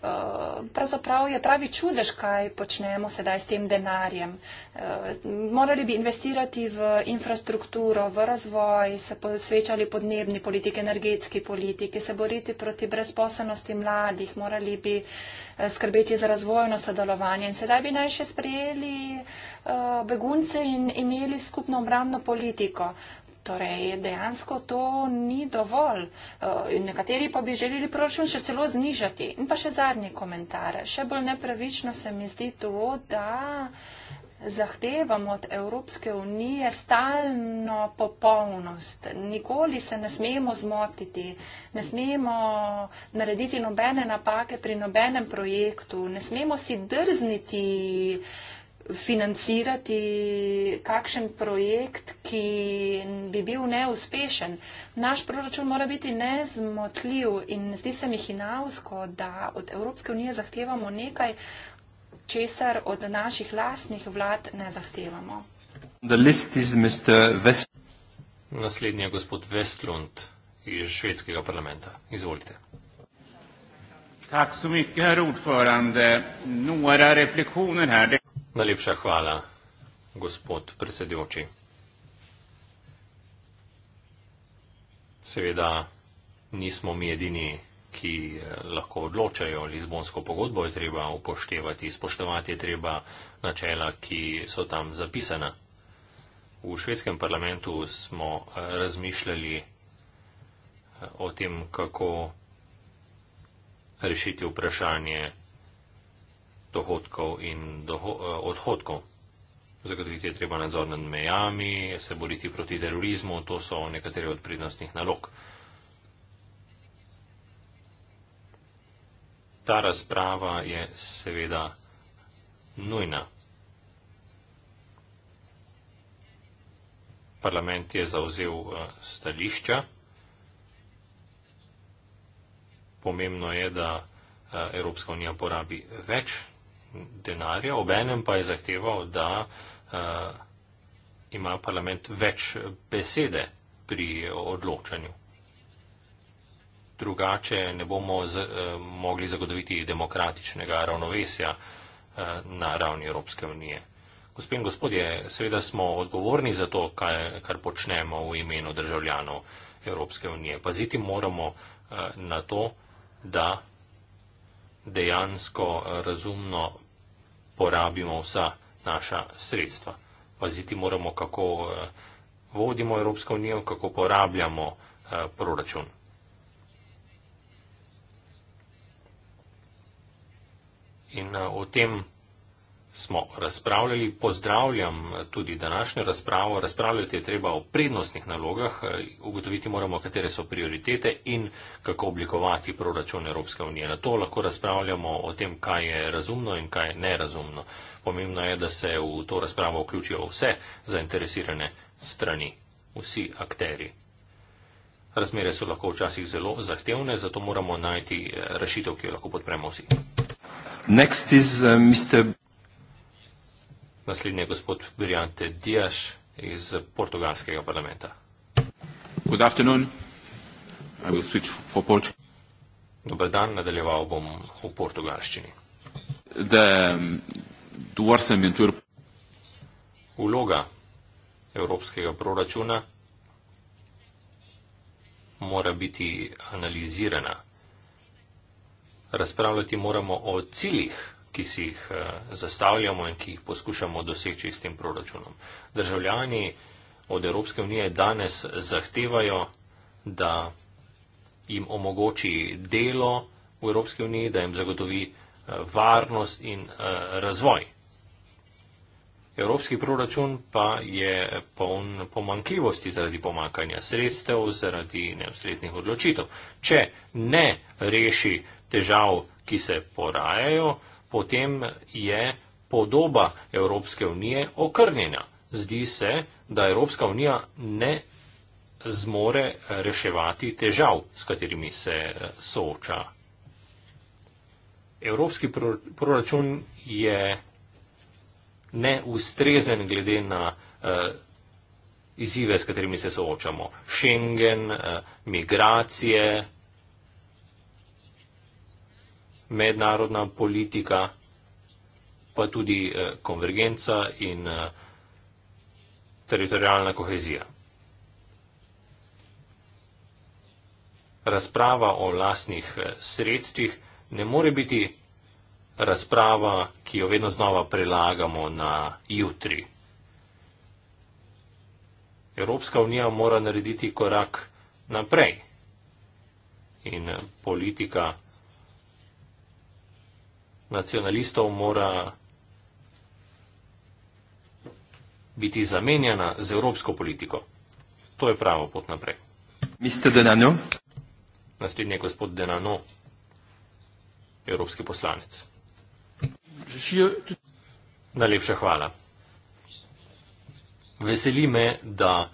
Eh, pravzaprav je pravi čudež, kaj počnemo sedaj s tem denarjem. Eh, morali bi investirati v infrastrukturo, v razvoj, se posvečali podnebni politiki, energetski politiki, se boriti proti brezposobnosti mladih, morali bi eh, skrbeti za razvojno sodelovanje in sedaj bi naj še sprejeli begunce in imeli skupno obramno politiko. Torej, dejansko to ni dovolj. Eh, nekateri pa bi želeli proračun še celo znižati. In pa še zadnji komentar. Še bolj nepravično se mi zdi to, da zahtevamo od Evropske unije stalno popolnost. Nikoli se ne smemo zmotiti, ne smemo narediti nobene napake pri nobenem projektu, ne smemo si drzniti financirati kakšen projekt, ki bi bil neuspešen. Naš proračun mora biti nezmotljiv in zdi se mi hinavsko, da od Evropske unije zahtevamo nekaj, česar od naših lastnih vlad ne zahtevamo. Naslednji je gospod Vestlund iz švedskega parlamenta. Izvolite. Tak so mi, ker odforande, nora refleksioner her. Najlepša hvala, gospod predsedujoči. Seveda nismo mi edini, ki eh, lahko odločajo Lizbonsko pogodbo, je treba upoštevati, spoštovati je treba načela, ki so tam zapisana. V švedskem parlamentu smo eh, razmišljali eh, o tem, kako rešiti vprašanje dohodkov in doho, eh, odhodkov, za katerih je treba nadzor nad mejami, se boriti proti terorizmu, to so nekatere od prednostnih nalog. Ta razprava je seveda nujna. Parlament je zauzel eh, stališča. Pomembno je, da eh, Evropska unija porabi več denarja, obenem pa je zahteval, da uh, ima parlament več besede pri odločanju. Drugače ne bomo z, uh, mogli zagotoviti demokratičnega ravnovesja uh, na ravni Evropske unije. Gospod in gospodje, seveda smo odgovorni za to, kaj, kar počnemo v imenu državljanov Evropske unije. Paziti moramo uh, na to, da dejansko razumno porabimo vsa naša sredstva. Paziti moramo, kako eh, vodimo Evropsko unijo, kako porabljamo eh, proračun. In eh, o tem smo razpravljali. Pozdravljam tudi današnjo razpravo. Razpravljati je treba o prednostnih nalogah, ugotoviti moramo, katere so prioritete in kako oblikovati proračun Evropske unije. Na to lahko razpravljamo o tem, kaj je razumno in kaj je nerazumno. Pomembno je, da se v to razpravo vključijo vse zainteresirane strani, vsi akteri. Razmere so lahko včasih zelo zahtevne, zato moramo najti eh, rešitev, ki jo lahko podpremo vsi. Next is uh, eh, Mr. Naslednji je gospod Briante Dijaš iz portugalskega parlamenta. Dobar dan, nadaljeval bom v portugalščini. Uloga um, evropskega proračuna mora biti analizirana. Razpravljati moramo o ciljih ki si jih eh, zastavljamo in ki jih poskušamo doseči s tem proračunom. Državljani od Evropske unije danes zahtevajo, da jim omogoči delo v Evropski uniji, da jim zagotovi eh, varnost in eh, razvoj. Evropski proračun pa je poln pomankljivosti zaradi pomankanja sredstev, zaradi neustreznih odločitev. Če ne reši težav, ki se porajajo, potem je podoba Evropske unije okrnjena. Zdi se, da Evropska unija ne zmore reševati težav, s katerimi se eh, sooča. Evropski proračun je neustrezen glede na eh, izzive, s katerimi se soočamo. Schengen, eh, migracije, mednarodna politika, pa tudi eh, konvergenca in eh, teritorijalna kohezija. Razprava o lastnih eh, sredstvih ne more biti razprava, ki jo vedno znova prelagamo na jutri. Evropska unija mora narediti korak naprej in politika nacionalistov mora biti zamenjana z evropsko politiko. To je pravo pot naprej. Naslednji je gospod Denano, evropski poslanec. Euh, Najlepša hvala. Veseli me, da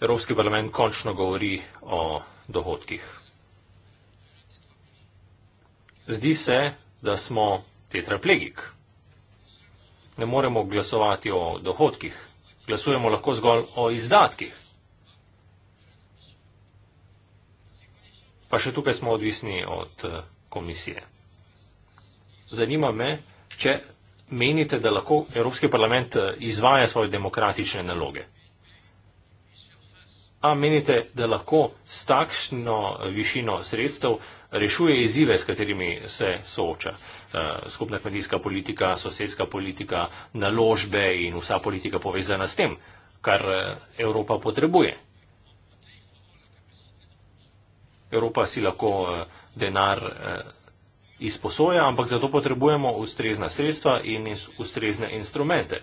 Evropski parlament končno govori o dohodkih. Zdi se, da smo tetraplegik. Ne moremo glasovati o dohodkih, glasujemo lahko zgolj o izdatkih. Pa še tukaj smo odvisni od eh, komisije. Zanima me, če menite, da lahko Evropski parlament eh, izvaja svoje demokratične naloge. A menite, da lahko s takšno eh, višino sredstev rešuje izzive, s katerimi se sooča. Eh, skupna kmetijska politika, sosedska politika, naložbe in vsa politika povezana s tem, kar eh, Evropa potrebuje. Evropa si lahko eh, denar izposoja, ampak zato potrebujemo ustrezna sredstva in ustrezne instrumente.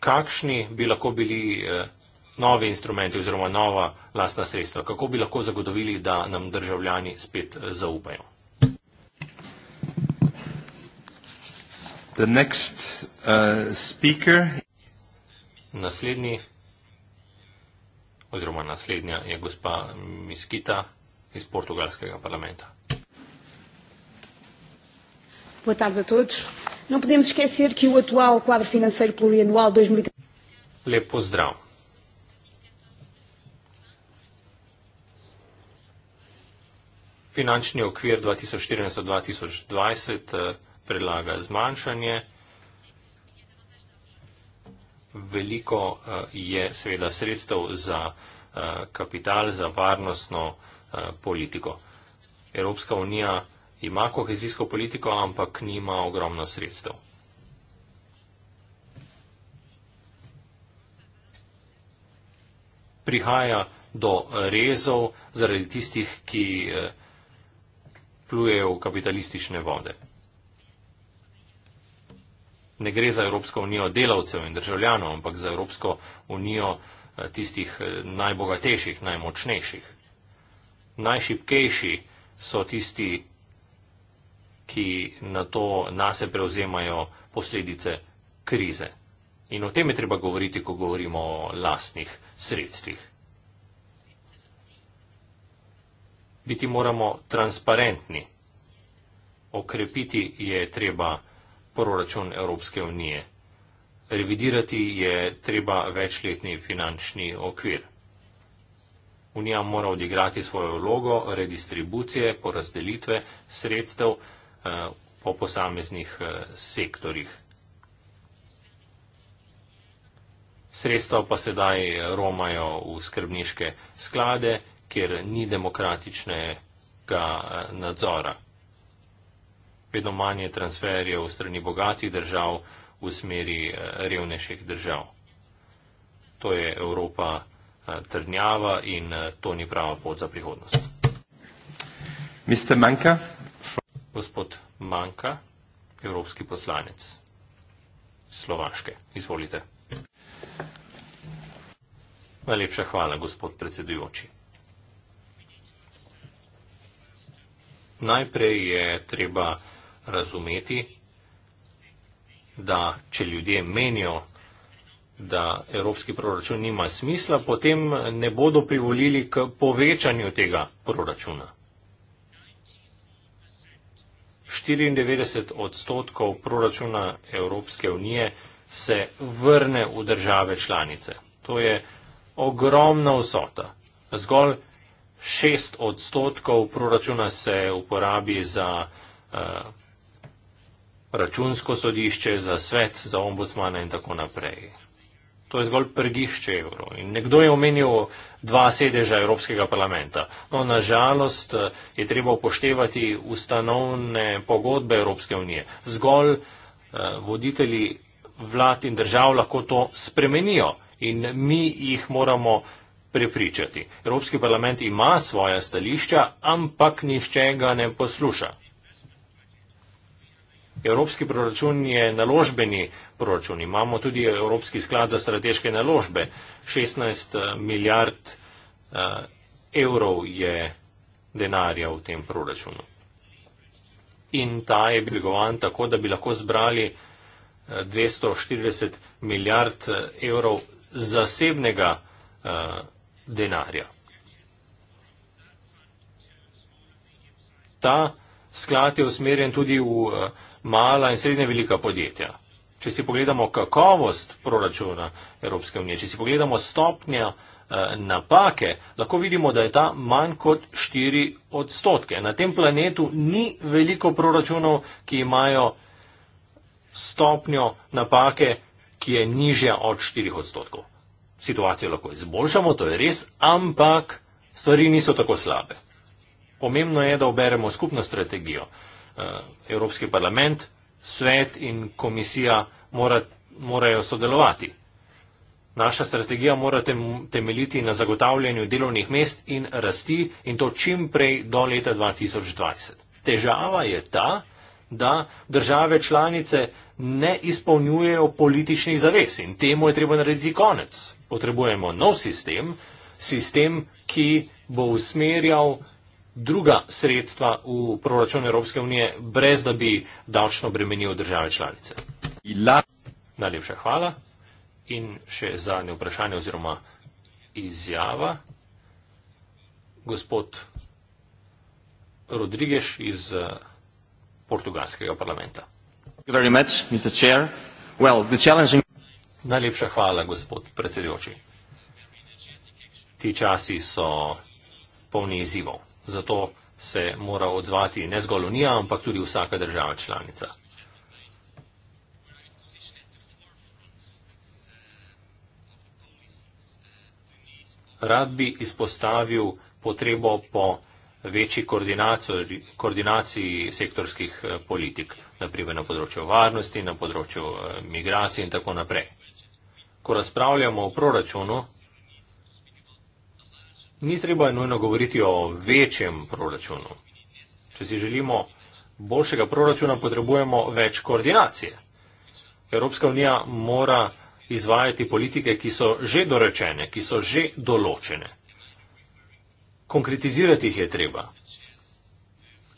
Kakšni bi lahko bili novi instrumenti oziroma nova lastna sredstva? Kako bi lahko zagotovili, da nam državljani spet eh, zaupajo? Next, uh, Naslednji oziroma naslednja je gospa Miskita iz portugalskega parlamenta. Boa tarde a todos. Não podemos esquecer que o atual quadro financeiro plurianual 2013. Lepo zdrav. finančni okvir 2014-2020 eh, predlaga zmanjšanje. Veliko eh, je seveda sredstev za eh, kapital, za varnostno politiko. Evropska unija ima kohezijsko politiko, ampak nima ogromno sredstev. Prihaja do rezov zaradi tistih, ki plujejo v kapitalistične vode. Ne gre za Evropsko unijo delavcev in državljanov, ampak za Evropsko unijo eh, tistih eh, najbogatejših, najmočnejših. Najšipkejši so tisti, ki na to nase prevzemajo posledice krize. In o tem je treba govoriti, ko govorimo o lastnih sredstvih. biti moramo transparentni. Okrepiti je treba proračun Evropske unije. Revidirati je treba večletni finančni okvir. Unija mora odigrati svojo vlogo redistribucije, porazdelitve sredstev eh, po posameznih eh, sektorjih. Sredstva pa sedaj eh, romajo v skrbniške sklade kjer ni demokratičnega eh, nadzora. Vedno manje transferjev strani bogatih držav v smeri eh, revnejših držav. To je Evropa eh, trdnjava in to ni prava pot za prihodnost. Manka, Gospod Manka, evropski poslanec Slovaške. Izvolite. Najlepša hvala, gospod predsedujoči. Najprej je treba razumeti, da če ljudje menijo, da evropski proračun nima smisla, potem ne bodo privolili k povečanju tega proračuna. 94 odstotkov proračuna Evropske unije se vrne v države članice. To je ogromna vsota. Zgolj šest odstotkov proračuna se uporabi za eh, računsko sodišče, za svet, za ombudsmana in tako naprej. To je zgolj prgišče evro. In nekdo je omenil dva sedeža Evropskega parlamenta. No, nažalost eh, je treba upoštevati ustanovne pogodbe Evropske unije. Zgolj eh, voditelji vlad in držav lahko to spremenijo in mi jih moramo prepričati. Evropski parlament ima svoja stališča, ampak nišče ga ne posluša. Evropski proračun je naložbeni proračun. Imamo tudi Evropski sklad za strateške naložbe. 16 eh, milijard eh, evrov je denarja v tem proračunu. In ta je bilgovan tako, da bi lahko zbrali 240 eh, milijard evrov zasebnega denarja. Ta sklad je usmerjen tudi v eh, mala in srednje velika podjetja. Če si pogledamo kakovost proračuna Evropske unije, če si pogledamo stopnja eh, napake, lahko vidimo, da je ta manj kot 4 odstotke. Na tem planetu ni veliko proračunov, ki imajo stopnjo napake, ki je nižja od 4 odstotkov situacijo lahko izboljšamo, to je res, ampak stvari niso tako slabe. Pomembno je, da oberemo skupno strategijo. Eh, Evropski parlament, svet in komisija mora, morajo sodelovati. Naša strategija mora temeljiti na zagotavljanju delovnih mest in rasti in to čim prej do leta 2020. Težava je ta, da države članice ne izpolnjujejo političnih zaves in temu je treba narediti konec potrebujemo nov sistem, sistem, ki bo usmerjal druga sredstva v proračun Evropske unije, brez da bi davčno bremenil države članice. La... Najlepša hvala. In še zadnje vprašanje oziroma izjava. Gospod Rodriguez iz eh, portugalskega parlamenta. Thank you very much, Mr. Chair. Well, the challenging... Najlepša hvala, gospod predsedujoči. Ti časi so polni izzivov, zato se mora odzvati ne zgolj Unija, ampak tudi vsaka država članica. Rad bi izpostavil potrebo po večji koordinaciji sektorskih eh, politik, naprimer na področju varnosti, na področju eh, migracije in tako naprej ko razpravljamo o proračunu, ni treba nujno govoriti o večjem proračunu. Če si želimo boljšega proračuna, potrebujemo več koordinacije. Evropska unija mora izvajati politike, ki so že dorečene, ki so že določene. Konkretizirati jih je treba.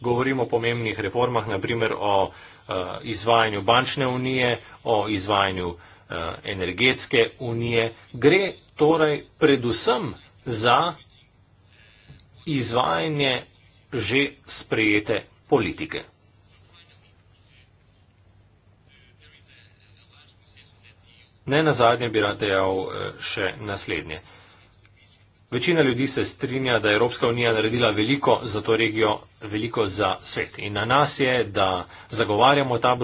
Govorimo o pomembnih reformah, naprimer o uh, izvajanju bančne unije, o izvajanju uh, Eh, energetske unije. Gre torej predvsem za izvajanje že sprejete politike. Ne na zadnje bi rad dejal eh, še naslednje. Večina ljudi se strinja, da je Evropska unija naredila veliko za to regijo, veliko za svet. In na nas je, da zagovarjamo ta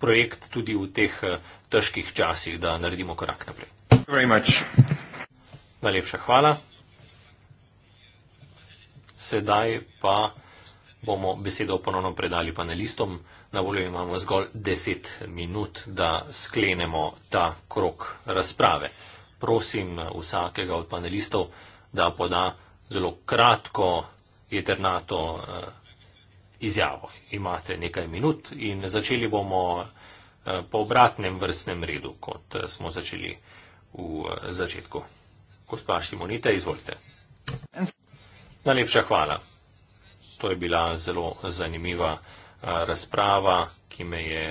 projekt tudi v teh eh, težkih časih, da naredimo korak naprej. Najlepša hvala. Sedaj pa bomo besedo ponovno predali panelistom. Na voljo imamo zgolj deset minut, da sklenemo ta krok razprave. Prosim vsakega od panelistov, da poda zelo kratko, jeternato eh, izjavo. Imate nekaj minut in začeli bomo. Eh, po obratnem vrstnem redu, kot eh, smo začeli v eh, začetku. Gospa Šimonita, izvolite. Najlepša hvala. To je bila zelo zanimiva razprava, ki me je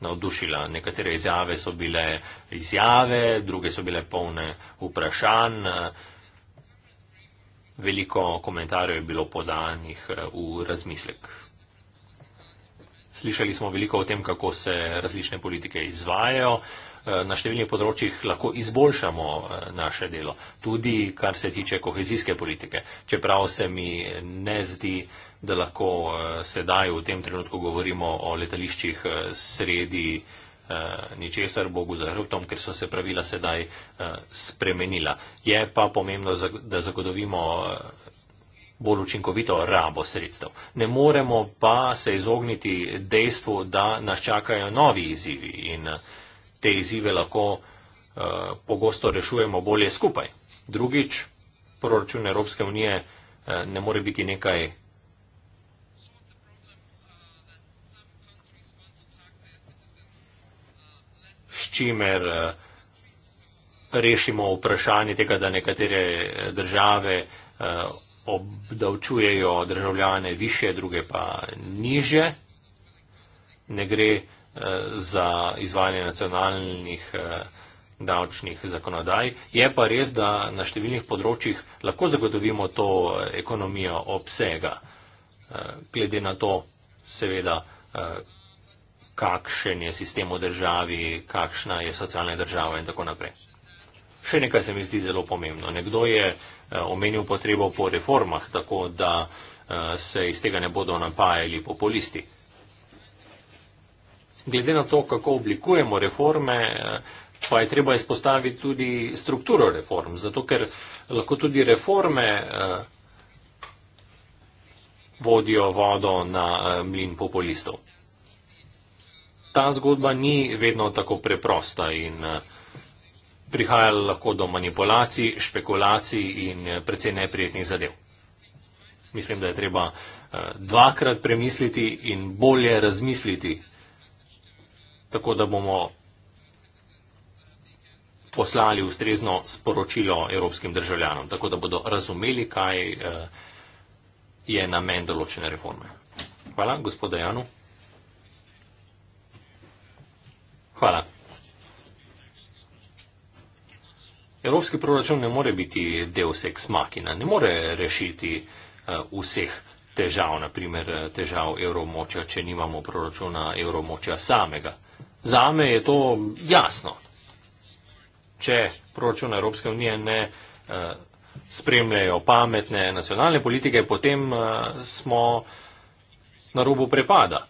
navdušila. Nekatere izjave so bile izjave, druge so bile polne vprašanj. Veliko komentarjev je bilo podanih v razmislek. Slišali smo veliko o tem, kako se različne politike izvajajo. E, na številnih področjih lahko izboljšamo e, naše delo, tudi kar se tiče kohezijske politike. Čeprav se mi ne zdi, da lahko e, sedaj v tem trenutku govorimo o letališčih sredi ničesar Bogu za hrbtom, ker so se pravila sedaj spremenila. Je pa pomembno, da zagotovimo bolj učinkovito rabo sredstev. Ne moremo pa se izogniti dejstvu, da nas čakajo novi izzivi in eh, te izzive lahko uh, pogosto rešujemo bolje skupaj. Drugič, proračun Evropske unije uh, ne more biti nekaj. S čimer rešimo vprašanje tega, da nekatere države obdavčujejo državljane više, druge pa niže. Ne gre eh, za izvajanje nacionalnih eh, davčnih zakonodaj. Je pa res, da na številnih področjih lahko zagotovimo to eh, ekonomijo obsega, eh, glede na to, seveda, eh, kakšen je sistem v državi, kakšna je socialna država in tako naprej. Še nekaj se mi zdi zelo pomembno. Nekdo je eh, Eh, omenil potrebo po reformah, tako da eh, se iz tega ne bodo napajali populisti. Glede na to, kako oblikujemo reforme, eh, pa je treba izpostaviti tudi strukturo reform, zato ker lahko tudi reforme vodijo vodo na mlin populistov. Ta zgodba ni vedno tako preprosta in prihajalo lahko do manipulacij, špekulacij in eh, predvsej neprijetnih zadev. Mislim, da je treba eh, dvakrat premisliti in bolje razmisliti, tako da bomo poslali ustrezno sporočilo evropskim državljanom, tako da bodo razumeli, kaj eh, je namen določene reforme. Hvala, gospod Janu. Hvala. Evropski proračun ne more biti del seks makina, ne more rešiti uh, vseh težav, naprimer eh, težav evromoča, če nimamo proračuna evromoča samega. Za me je to jasno. Če proračuna Evropske unije ne uh, spremljajo pametne nacionalne politike, potem uh, smo na robu prepada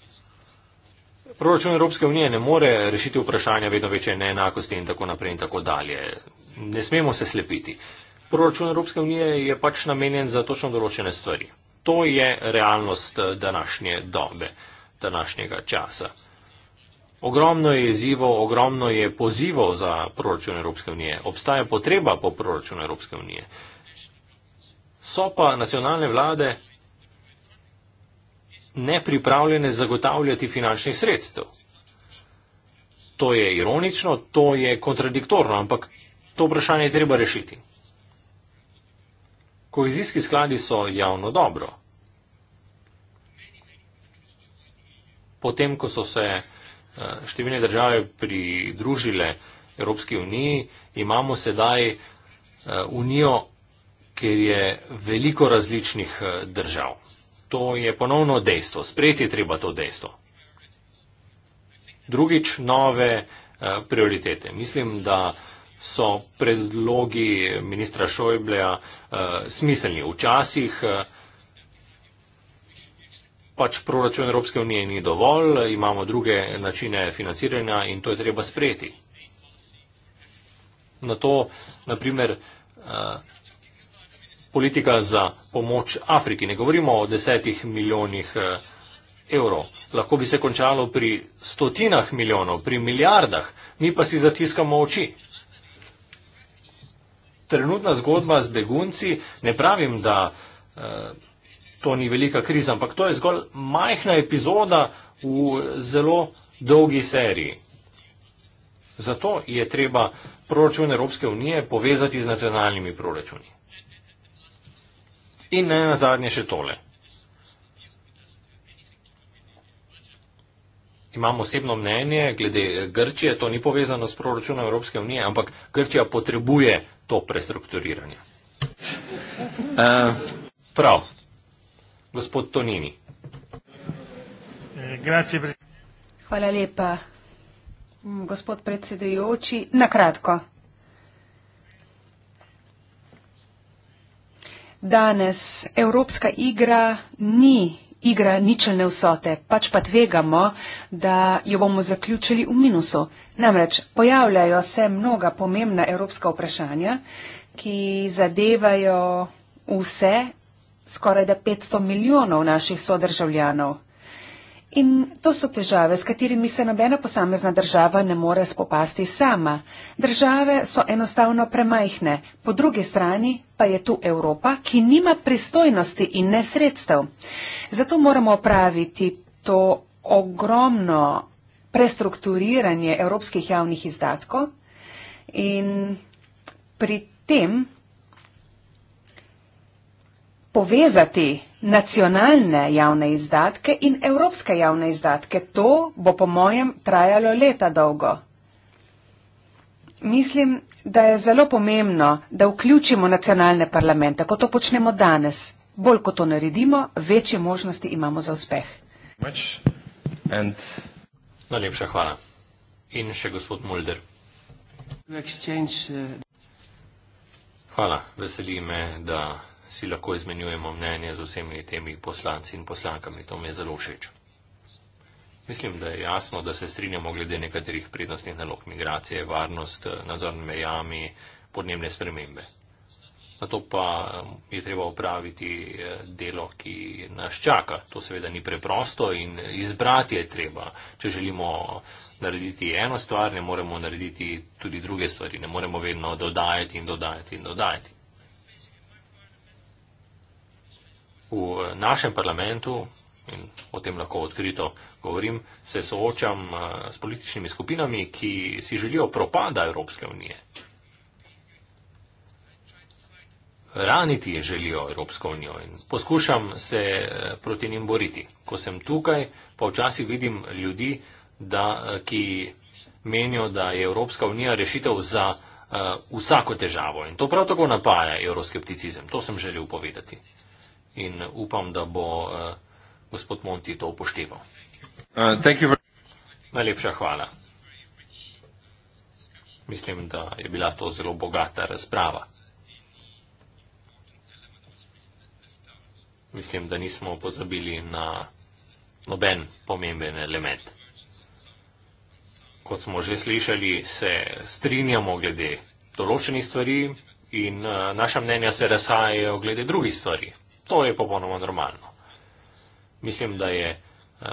proračun Evropske unije ne more rešiti vprašanja vedno večje neenakosti in tako naprej in tako dalje. Ne smemo se slepiti. Proračun Evropske unije je pač namenjen za točno določene stvari. To je realnost eh, današnje dobe, današnjega časa. Ogromno je izzivo, ogromno je pozivo za proračun Evropske unije. Obstaja potreba po proračun Evropske unije. So pa nacionalne vlade nepripravljene zagotavljati finančnih sredstev. To je ironično, to je kontradiktorno, ampak to vprašanje je treba rešiti. Kohezijski skladi so javno dobro. Potem, ko so se eh, številne države pridružile Evropski uniji, imamo sedaj eh, unijo, kjer je veliko različnih eh, držav. To je ponovno dejstvo. Sprejeti je treba to dejstvo. Drugič, nove eh, prioritete. Mislim, da so predlogi ministra Šojbleja eh, smiselni. Včasih eh, pač proračun Evropske unije ni dovolj, imamo druge načine financiranja in to je treba sprejeti. Na to, naprimer, politika za pomoč Afriki. Ne govorimo o desetih milijonih eh, evrov. Lahko bi se končalo pri stotinah milijonov, pri milijardah, mi pa si zatiskamo oči. Trenutna zgodba z begunci, ne pravim, da eh, to ni velika kriza, ampak to je zgolj majhna epizoda v zelo dolgi seriji. Zato je treba proračun Evropske unije povezati z nacionalnimi proračuni. In ne na zadnje še tole. Imam osebno mnenje glede Grčije, to ni povezano s proračunom Evropske unije, ampak Grčija potrebuje to prestrukturiranje. Uh. Prav, gospod Tonini. Eh, Hvala lepa, gospod predsedujoči. Na kratko. Danes Evropska igra ni igra ničelne vsote, pač pa tvegamo, da jo bomo zaključili v minusu. Namreč pojavljajo se mnoga pomembna evropska vprašanja, ki zadevajo vse, skoraj da 500 milijonov naših sodržavljanov. In to so težave, s katerimi se nobena posamezna država ne more spopasti sama. Države so enostavno premajhne, po drugi strani pa je tu Evropa, ki nima pristojnosti in ne sredstev. Zato moramo opraviti to ogromno prestrukturiranje evropskih javnih izdatkov in pri tem povezati nacionalne javne izdatke in evropske javne izdatke. To bo po mojem trajalo leta dolgo. Mislim, da je zelo pomembno, da vključimo nacionalne parlamente, kot to počnemo danes. Bolj kot to naredimo, večje možnosti imamo za uspeh. Najlepša hvala. In še gospod Mulder. Uh, hvala. Veseli me, da si lahko izmenjujemo mnenje z vsemi temi poslanci in poslankami. To mi je zelo všeč. Mislim, da je jasno, da se strinjamo glede nekaterih prednostnih nalog migracije, varnost, nadzor nad mejami, podnebne spremembe. Na to pa um, je treba upraviti eh, delo, ki nas čaka. To seveda ni preprosto in izbrati je treba. Če želimo narediti eno stvar, ne moremo narediti tudi druge stvari. Ne moremo vedno dodajati in dodajati in dodajati. V eh, našem parlamentu, in o tem lahko odkrito govorim, se soočam eh, s političnimi skupinami, ki si želijo propada Evropske unije. Raniti želijo Evropsko unijo in poskušam se eh, proti njim boriti. Ko sem tukaj, pa včasih vidim ljudi, da, ki menijo, da je Evropska unija rešitev za uh, vsako težavo. In to prav tako napaja evroskepticizem. To sem želel povedati in eh, upam, da bo uh, gospod Monti to upošteval. Uh, for... Najlepša hvala. Mislim, da je bila to zelo bogata razprava. Mislim, da nismo pozabili na noben pomemben element. Kot smo že slišali, se strinjamo glede določenih stvari in eh, naša mnenja se razhajajo glede drugih stvari. To je popolnoma normalno. Mislim, da je eh,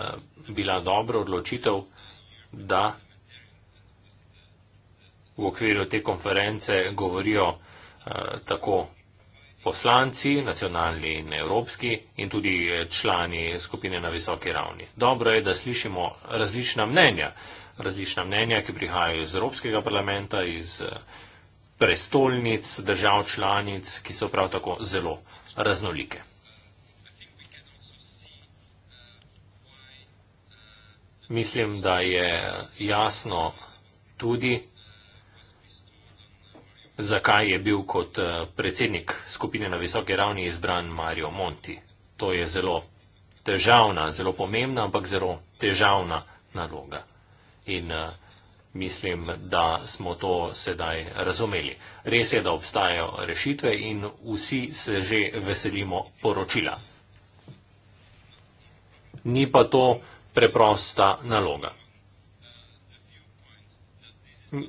bila dobra odločitev, da v okviru te konference govorijo eh, tako poslanci, nacionalni in evropski, in tudi eh, člani skupine na visoki ravni. Dobro je, da slišimo različna mnenja, različna mnenja, ki prihajajo iz Evropskega parlamenta, iz prestolnic, držav članic, ki so prav tako zelo raznolike. Mislim, da je jasno tudi, zakaj je bil kot eh, predsednik skupine na visoki ravni izbran Mario Monti. To je zelo težavna, zelo pomembna, ampak zelo težavna naloga. In eh, Mislim, da smo to sedaj razumeli. Res je, da obstajajo rešitve in vsi se že veselimo poročila. Ni pa to preprosta naloga.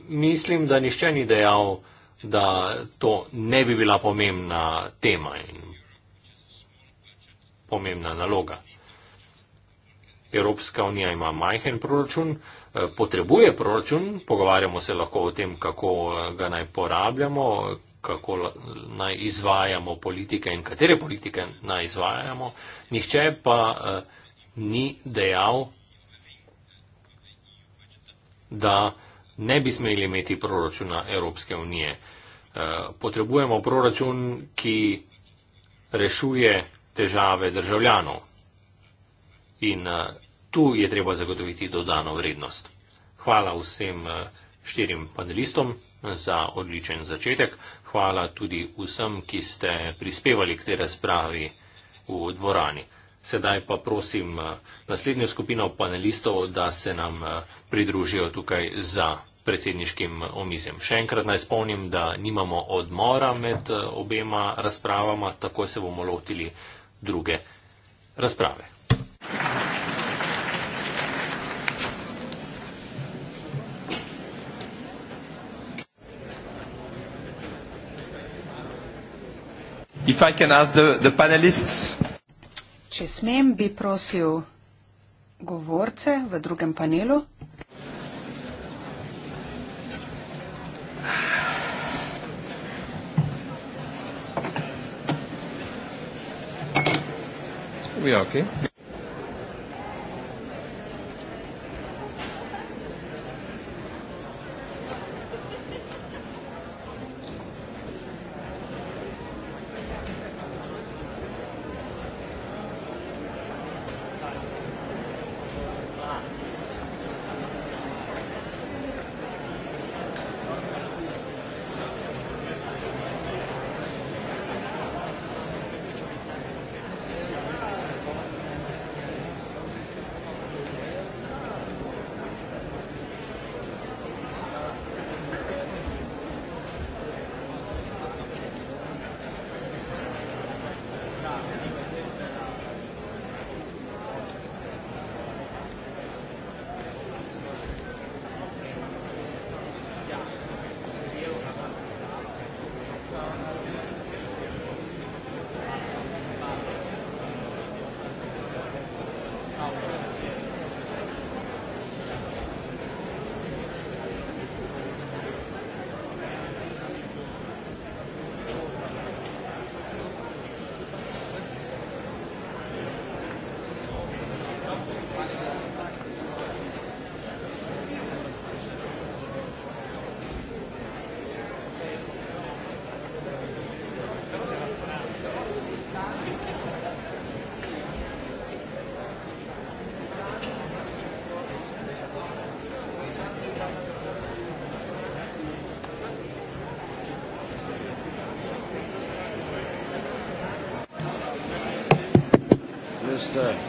Mislim, da nišče ni dejal, da to ne bi bila pomembna tema in pomembna naloga. Evropska unija ima majhen proračun, eh, potrebuje proračun, pogovarjamo se lahko o tem, kako eh, ga naj porabljamo, kako naj izvajamo politike in katere politike naj izvajamo. Nihče pa eh, ni dejal, da ne bi smeli imeti proračuna Evropske unije. Potrebujemo proračun, ki rešuje težave državljanov. In tu je treba zagotoviti dodano vrednost. Hvala vsem eh, štirim panelistom eh, za odličen začetek. Hvala tudi vsem, ki ste prispevali k tej razpravi v dvorani. Sedaj pa prosim eh, naslednjo skupino panelistov, da se nam pridružijo tukaj za predsedniškim omizjem. Še enkrat naj spomnim, da nimamo odmora med obema razpravama, tako se bomo lotili druge razprave. Thank you. If I can ask the, the panelists. Če smem, bi prosil govorce v drugem panelu. We are okay.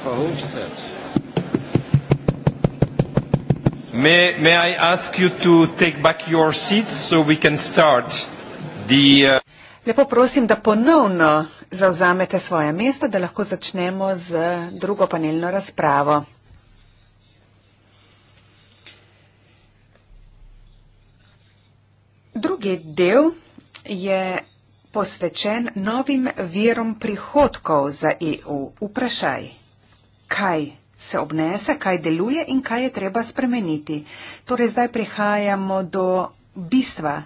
Verhofstadt. May, may I ask you to take back your seats so we can start the. Uh... Lepo prosim, da ponovno zauzamete svoje mesto, da lahko začnemo z drugo panelno razpravo. Drugi del je posvečen novim virom prihodkov za EU. Vprašaj kaj se obnese, kaj deluje in kaj je treba spremeniti. Torej, zdaj prihajamo do bistva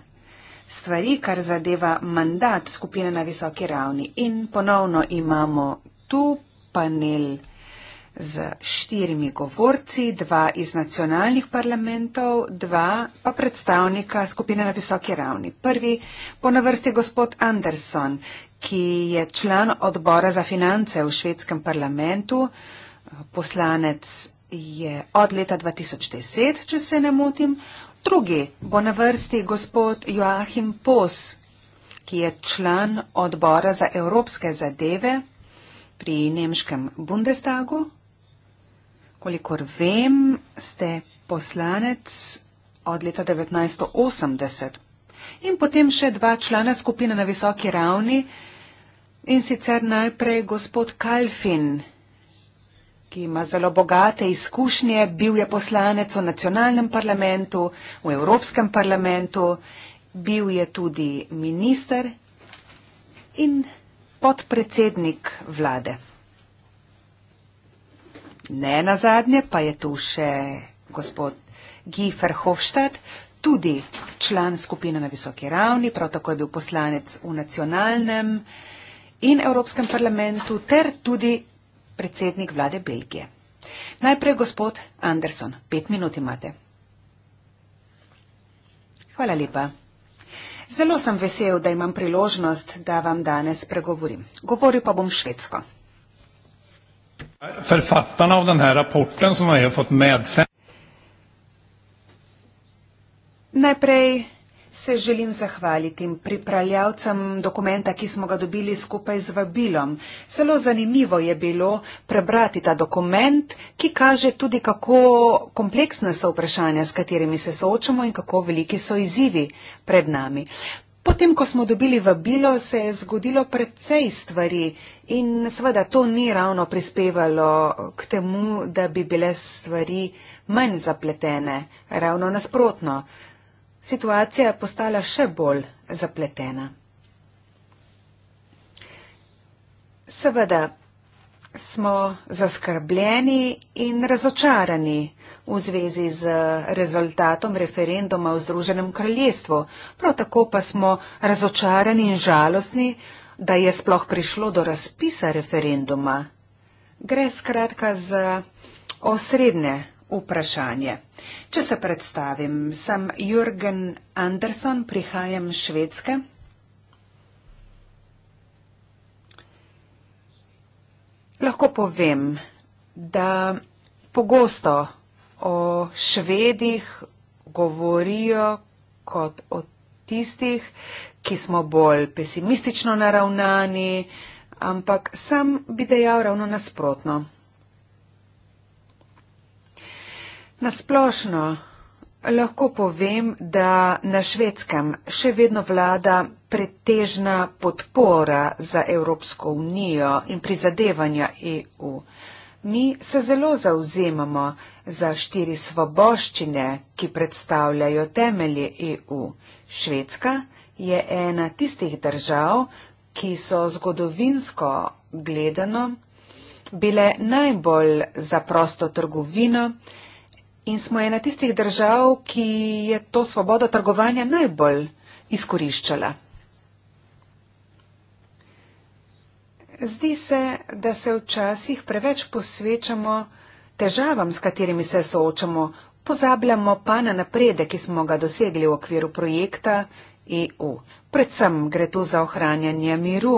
stvari, kar zadeva mandat skupine na visoki ravni. In ponovno imamo tu panel z štirimi govorci, dva iz nacionalnih parlamentov, dva pa predstavnika skupine na visoki ravni. Prvi po navrsti gospod Anderson, ki je član odbora za finance v švedskem parlamentu. Uh, poslanec je od leta 2010, če se ne motim. Drugi bo na vrsti gospod Joachim Pos, ki je član odbora za evropske zadeve pri nemškem Bundestagu. Kolikor vem, ste poslanec od leta 1980. In potem še dva člana skupine na visoki ravni in sicer najprej gospod Kalfin ki ima zelo bogate izkušnje, bil je poslanec v nacionalnem parlamentu, v Evropskem parlamentu, bil je tudi minister in podpredsednik vlade. Ne na zadnje pa je tu še gospod Guy Verhofstadt, tudi član skupine na visoki ravni, prav tako je bil poslanec v nacionalnem in Evropskem parlamentu ter tudi predsednik vlade Belgije. Najprej gospod Anderson, pet minut imate. Hvala lepa. Zelo sem vesel, da imam priložnost, da vam danes pregovorim. Govoril pa bom švedsko. Najprej Se želim zahvaliti pripravljavcem dokumenta, ki smo ga dobili skupaj z vabilom. Zelo zanimivo je bilo prebrati ta dokument, ki kaže tudi, kako kompleksne so vprašanja, s katerimi se soočamo in kako veliki so izzivi pred nami. Potem, ko smo dobili vabilo, se je zgodilo precej stvari in seveda to ni ravno prispevalo k temu, da bi bile stvari manj zapletene, ravno nasprotno situacija postala še bolj zapletena. Seveda smo zaskrbljeni in razočarani v zvezi z rezultatom referenduma v Združenem kraljestvu. Prav tako pa smo razočarani in žalostni, da je sploh prišlo do razpisa referenduma. Gre skratka za osrednje vprašanje. Če se predstavim, sem Jürgen Andersson, prihajam iz Švedske. Lahko povem, da pogosto o švedih govorijo kot o tistih, ki smo bolj pesimistično naravnani, ampak sem bi dejal ravno nasprotno. Nasplošno lahko povem, da na švedskem še vedno vlada pretežna podpora za Evropsko unijo in prizadevanja EU. Mi se zelo zauzemamo za štiri svoboščine, ki predstavljajo temelje EU. Švedska je ena tistih držav, ki so zgodovinsko gledano bile najbolj za prosto trgovino, in smo ena tistih držav, ki je to svobodo trgovanja najbolj izkoriščala. Zdi se, da se včasih preveč posvečamo težavam, s katerimi se soočamo, pozabljamo pa na napredek, ki smo ga dosegli v okviru projekta EU. Predvsem gre tu za ohranjanje miru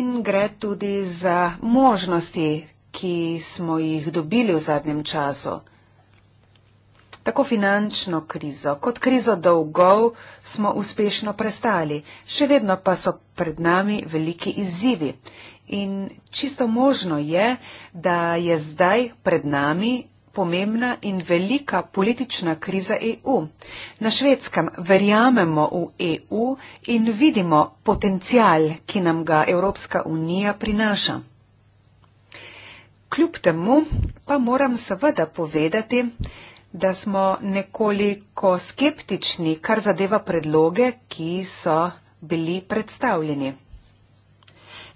in gre tudi za možnosti, ki smo jih dobili v zadnjem času. Tako finančno krizo kot krizo dolgov smo uspešno prestali, še vedno pa so pred nami veliki izzivi. In čisto možno je, da je zdaj pred nami pomembna in velika politična kriza EU. Na švedskem verjamemo v EU in vidimo potencial, ki nam ga Evropska unija prinaša. Kljub temu pa moram seveda povedati, da smo nekoliko skeptični, kar zadeva predloge, ki so bili predstavljeni.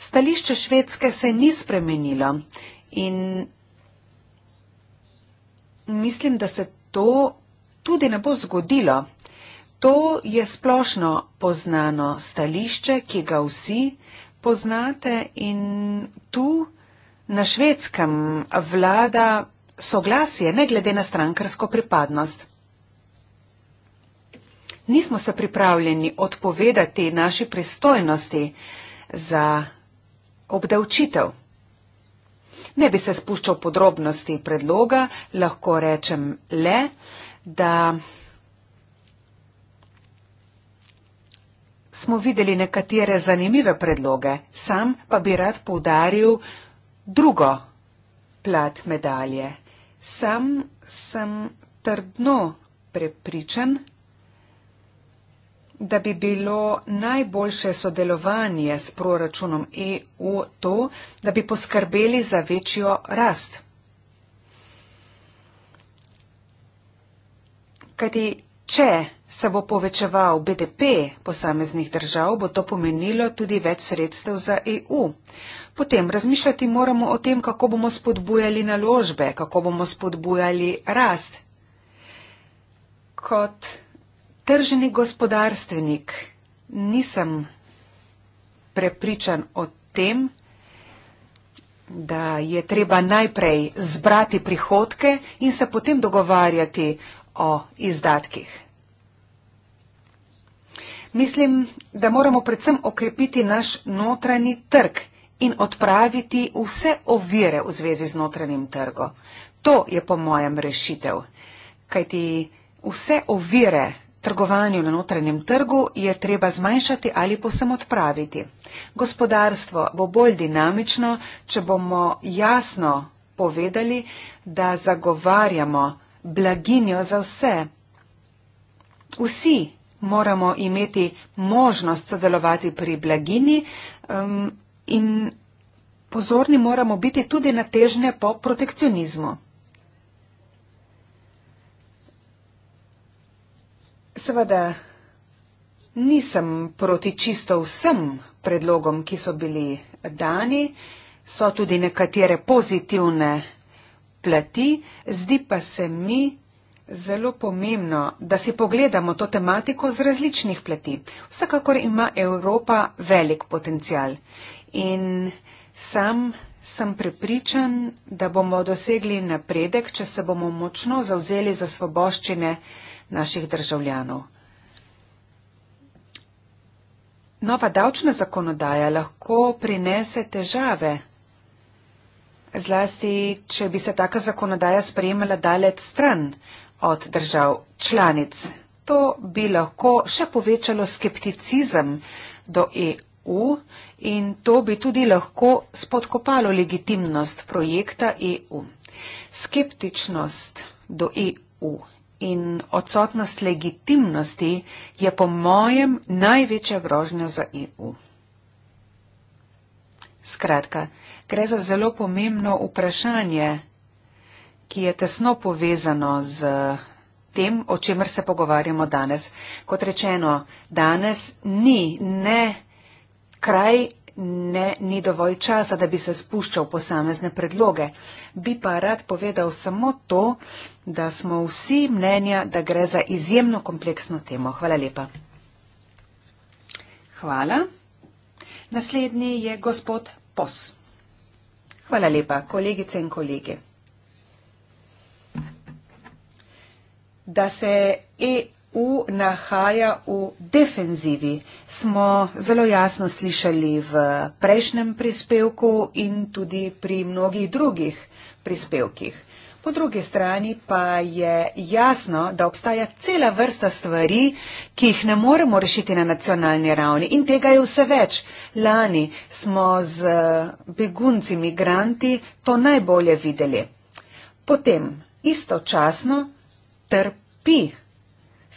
Stališče Švedske se ni spremenilo in mislim, da se to tudi ne bo zgodilo. To je splošno poznano stališče, ki ga vsi poznate in tu na švedskem vlada soglasje ne glede na strankarsko pripadnost. Nismo se pripravljeni odpovedati naši pristojnosti za obdavčitev. Ne bi se spuščal podrobnosti predloga, lahko rečem le, da smo videli nekatere zanimive predloge, sam pa bi rad poudaril drugo plat medalje. Sam sem trdno prepričan, da bi bilo najboljše sodelovanje s proračunom EU to, da bi poskrbeli za večjo rast. Kajti, če se bo povečeval BDP posameznih držav, bo to pomenilo tudi več sredstev za EU. Potem razmišljati moramo o tem, kako bomo spodbujali naložbe, kako bomo spodbujali rast. Kot tržni gospodarstvenik nisem prepričan o tem, da je treba najprej zbrati prihodke in se potem dogovarjati o izdatkih. Mislim, da moramo predvsem okrepiti naš notranji trg in odpraviti vse ovire v zvezi z notranjim trgom. To je po mojem rešitev, kajti vse ovire trgovanju na notranjem trgu je treba zmanjšati ali posem odpraviti. Gospodarstvo bo bolj dinamično, če bomo jasno povedali, da zagovarjamo blaginjo za vse. Vsi moramo imeti možnost sodelovati pri blagini, um, in pozorni moramo biti tudi na težnje po protekcionizmu. Seveda nisem proti čisto vsem predlogom, ki so bili dani, so tudi nekatere pozitivne plati, zdi pa se mi zelo pomembno, da si pogledamo to tematiko z različnih plati. Vsekakor ima Evropa velik potencial in sam sem prepričan, da bomo dosegli napredek, če se bomo močno zauzeli za svoboščine naših državljanov. Nova davčna zakonodaja lahko prinese težave, zlasti, če bi se taka zakonodaja sprejemala dalec stran od držav članic. To bi lahko še povečalo skepticizem do EU in to bi tudi lahko spodkopalo legitimnost projekta EU. Skeptičnost do EU in odsotnost legitimnosti je po mojem največja grožnja za EU. Skratka, gre za zelo pomembno vprašanje, ki je tesno povezano z tem, o čemer se pogovarjamo danes. Kot rečeno, danes ni ne. Kraj ne, ni dovolj časa, da bi se spuščal posamezne predloge. Bi pa rad povedal samo to, da smo vsi mnenja, da gre za izjemno kompleksno temo. Hvala lepa. Hvala. Naslednji je gospod Pos. Hvala lepa, kolegice in kolege. Da se e U nahaja v defenzivi. Smo zelo jasno slišali v prejšnjem prispevku in tudi pri mnogih drugih prispevkih. Po drugi strani pa je jasno, da obstaja cela vrsta stvari, ki jih ne moremo rešiti na nacionalni ravni in tega je vse več. Lani smo z eh, begunci, migranti to najbolje videli. Potem istočasno trpi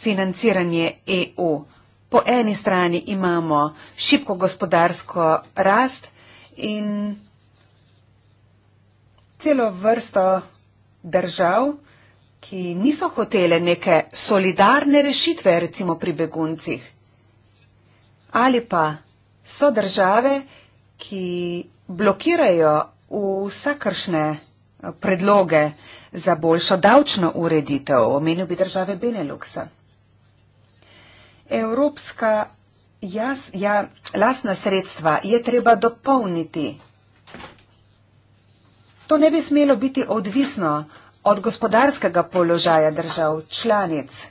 financiranje EU. Po eni strani imamo šibko gospodarsko rast in celo vrsto držav, ki niso hotele neke solidarne rešitve, recimo pri beguncih. Ali pa so države, ki blokirajo vsakršne eh, predloge za boljšo davčno ureditev, omenil bi države Beneluxa evropska jas, ja, lasna sredstva je treba dopolniti. To ne bi smelo biti odvisno od gospodarskega položaja držav članic.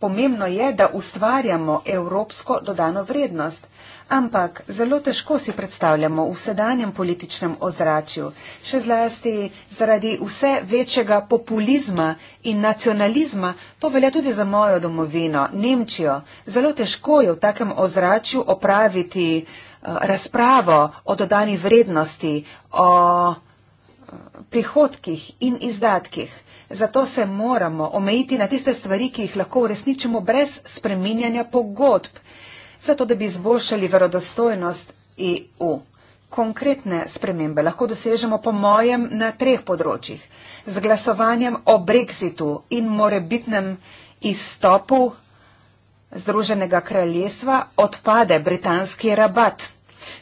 Pomembno je, da ustvarjamo evropsko dodano vrednost. Ampak zelo težko si predstavljamo v sedanjem političnem ozračju, še zlasti zaradi vse večjega populizma in nacionalizma, to velja tudi za mojo domovino, Nemčijo. Zelo težko je v takem ozračju opraviti eh, razpravo o dodani vrednosti, o eh, prihodkih in izdatkih. Zato se moramo omejiti na tiste stvari, ki jih lahko uresničimo brez spreminjanja pogodb zato da bi izboljšali verodostojnost EU. Konkretne spremembe lahko dosežemo po mojem na treh področjih. Z glasovanjem o brexitu in morebitnem izstopu Združenega kraljestva odpade britanski rabat.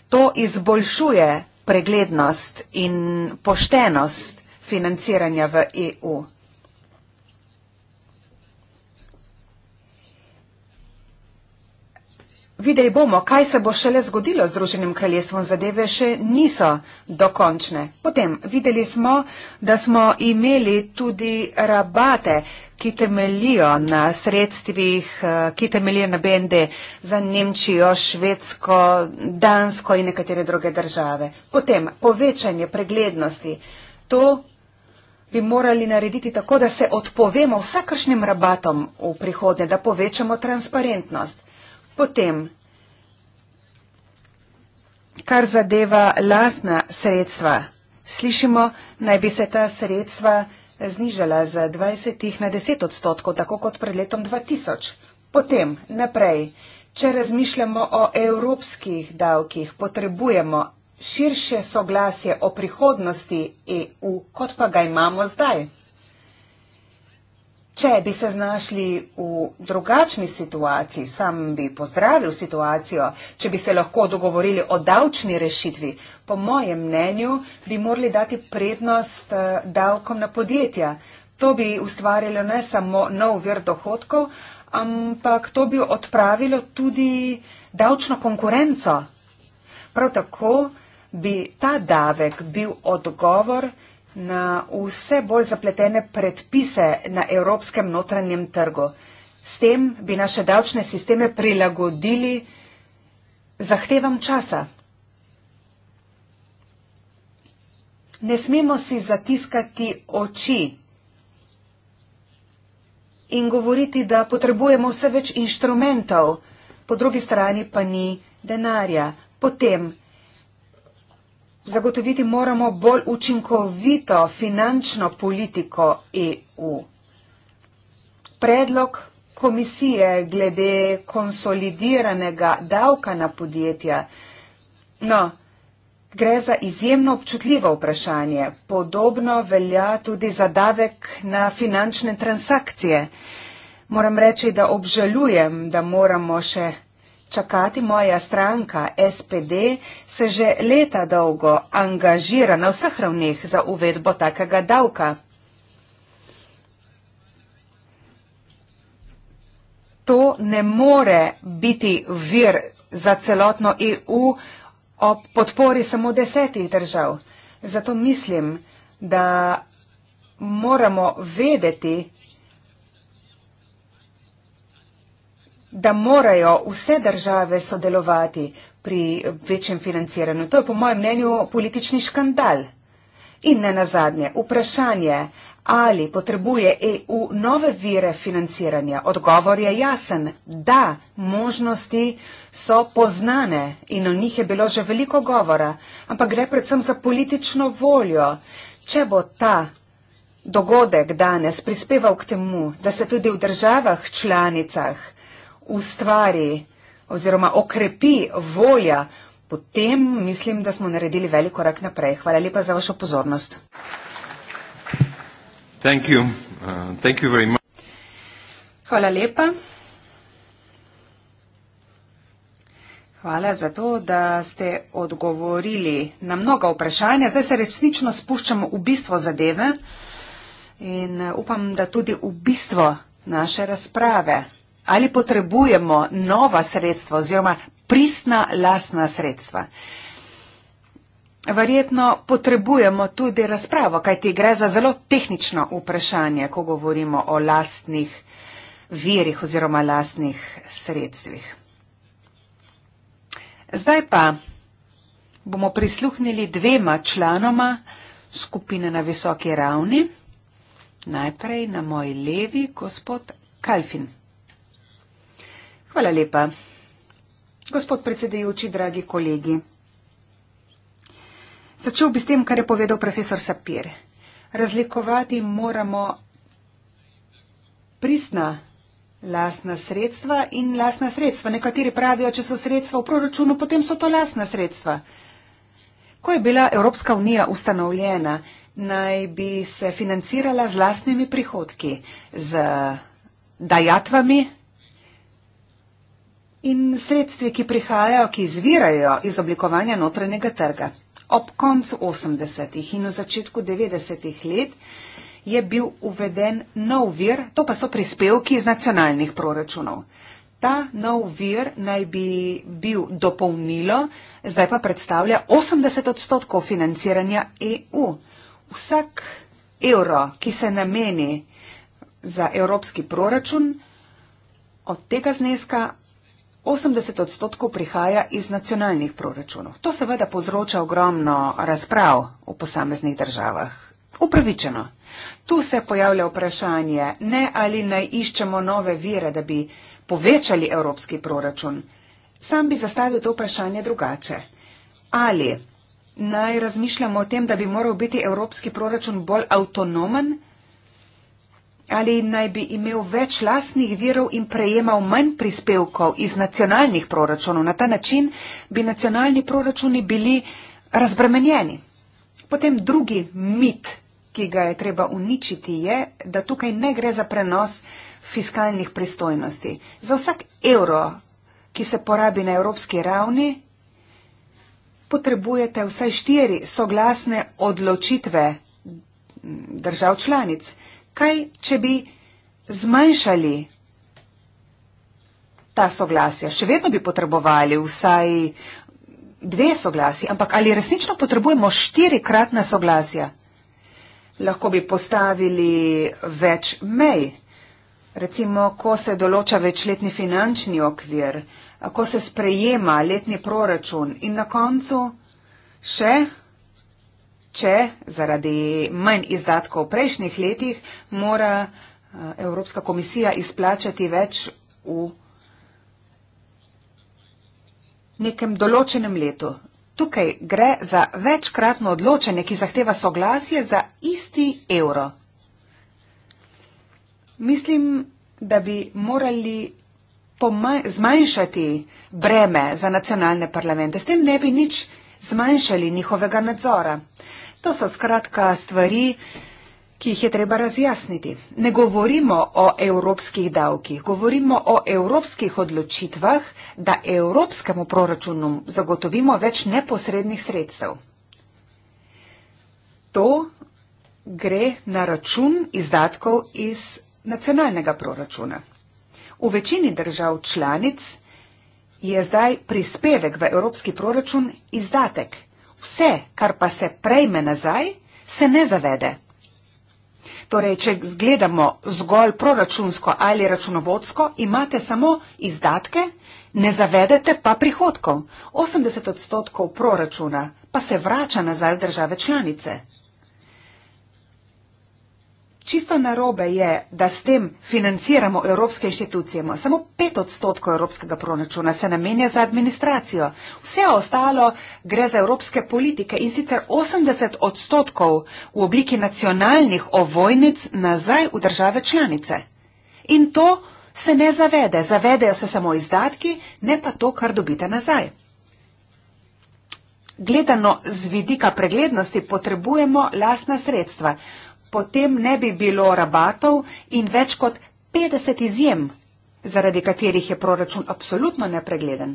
To izboljšuje preglednost in poštenost financiranja v EU. Videj bomo, kaj se bo šele zgodilo z Združenim kraljestvom. Zadeve še niso dokončne. Potem videli smo, da smo imeli tudi rabate, ki temelijo na sredstvih, eh, ki temelijo na bende za Nemčijo, Švedsko, Dansko in nekatere druge države. Potem povečanje preglednosti. To bi morali narediti tako, da se odpovemo vsakršnim rabatom v prihodnje, da povečamo transparentnost. Potem, kar zadeva lastna sredstva, slišimo, naj bi se ta sredstva znižala za 20 na 10 odstotkov, tako kot pred letom 2000. Potem, naprej, če razmišljamo o evropskih davkih, potrebujemo širše soglasje o prihodnosti EU, kot pa ga imamo zdaj. Če bi se znašli v drugačni situaciji, sam bi pozdravil situacijo, če bi se lahko dogovorili o davčni rešitvi. Po mojem mnenju bi morali dati prednost eh, davkom na podjetja. To bi ustvarjalo ne samo nov vir dohodkov, ampak to bi odpravilo tudi davčno konkurenco. Prav tako bi ta davek bil odgovor, na vse bolj zapletene predpise na evropskem notranjem trgu. S tem bi naše davčne sisteme prilagodili zahtevam časa. Ne smemo si zatiskati oči in govoriti, da potrebujemo vse več inštrumentov, po drugi strani pa ni denarja. Potem Zagotoviti moramo bolj učinkovito finančno politiko EU. Predlog komisije glede konsolidiranega davka na podjetja. No, gre za izjemno občutljivo vprašanje. Podobno velja tudi za davek na finančne transakcije. Moram reči, da obžalujem, da moramo še čakati moja stranka SPD se že leta dolgo angažira na vseh ravneh za uvedbo takega davka. To ne more biti vir za celotno EU ob podpori samo desetih držav. Zato mislim, da moramo vedeti, da morajo vse države sodelovati pri večjem financiranju. To je po mojem mnenju politični škandal. In ne na zadnje, vprašanje, ali potrebuje EU nove vire financiranja. Odgovor je jasen, da možnosti so poznane in o njih je bilo že veliko govora, ampak gre predvsem za politično voljo. Če bo ta dogodek danes prispeval k temu, da se tudi v državah članicah ustvari oziroma okrepi volja, potem mislim, da smo naredili velik korak naprej. Hvala lepa za vašo pozornost. Thank you. Uh, thank you very much. Hvala lepa. Hvala za to, da ste odgovorili na mnoga vprašanja. Zdaj se resnično spuščamo v bistvo zadeve in uh, upam, da tudi v bistvo naše razprave ali potrebujemo nova sredstva oziroma pristna lasna sredstva. Verjetno potrebujemo tudi razpravo, kajti gre za zelo tehnično vprašanje, ko govorimo o lastnih virih oziroma lastnih sredstvih. Zdaj pa bomo prisluhnili dvema članoma skupine na visoki ravni. Najprej na moji levi gospod Kalfin. Hvala lepa. Gospod predsedujoči, dragi kolegi. Začel bi s tem, kar je povedal profesor Sapir. Razlikovati moramo pristna lastna sredstva in lastna sredstva. Nekateri pravijo, če so sredstva v proračunu, potem so to lastna sredstva. Ko je bila Evropska unija ustanovljena, naj bi se financirala z lastnimi prihodki, z dajatvami, in sredstvi, ki prihajajo, ki izvirajo iz oblikovanja notranjega trga. Ob koncu 80-ih in v začetku 90-ih let je bil uveden nov vir, to pa so prispevki iz nacionalnih proračunov. Ta nov vir naj bi bil dopolnilo, zdaj pa predstavlja 80 odstotkov financiranja EU. Vsak evro, ki se nameni za evropski proračun, od tega zneska 80 odstotkov prihaja iz nacionalnih proračunov. To seveda povzroča ogromno razprav v posameznih državah. Upravičeno. Tu se pojavlja vprašanje, ne ali naj iščemo nove vire, da bi povečali evropski proračun. Sam bi zastavil to vprašanje drugače. Ali naj razmišljamo o tem, da bi moral biti evropski proračun bolj avtonomen? ali naj bi imel več lastnih virov in prejemal manj prispevkov iz nacionalnih proračunov. Na ta način bi nacionalni proračuni bili razbremenjeni. Potem drugi mit, ki ga je treba uničiti, je, da tukaj ne gre za prenos fiskalnih pristojnosti. Za vsak evro, ki se porabi na evropski ravni, potrebujete vsaj štiri soglasne odločitve držav članic kaj če bi zmanjšali ta soglasja? Še vedno bi potrebovali vsaj dve soglasji, ampak ali resnično potrebujemo štirikratna soglasja? Lahko bi postavili več mej. Recimo, ko se določa večletni finančni okvir, ko se sprejema letni proračun in na koncu še če zaradi manj izdatkov v prejšnjih letih mora eh, Evropska komisija izplačati več v nekem določenem letu. Tukaj gre za večkratno odločenje, ki zahteva soglasje za isti evro. Mislim, da bi morali zmanjšati breme za nacionalne parlamente. S tem ne bi nič zmanjšali njihovega nadzora. To so skratka stvari, ki jih je treba razjasniti. Ne govorimo o evropskih davkih, govorimo o evropskih odločitvah, da evropskemu proračunu zagotovimo več neposrednih sredstev. To gre na račun izdatkov iz nacionalnega proračuna. V večini držav članic je zdaj prispevek v evropski proračun izdatek, vse, kar pa se prejme nazaj, se ne zavede. Torej, če gledamo zgolj proračunsko ali računovodsko, imate samo izdatke, ne zavedete pa prihodkov. 80 odstotkov proračuna pa se vrača nazaj v države članice. Čisto narobe je, da s tem financiramo evropske inštitucije. Samo pet odstotkov evropskega proračuna se namenja za administracijo. Vse ostalo gre za evropske politike in sicer 80 odstotkov v obliki nacionalnih ovojnic nazaj v države članice. In to se ne zavede. Zavedajo se samo izdatki, ne pa to, kar dobite nazaj. Gledano z vidika preglednosti potrebujemo lasna sredstva potem ne bi bilo rabatov in več kot 50 izjem, zaradi katerih je proračun absolutno nepregleden.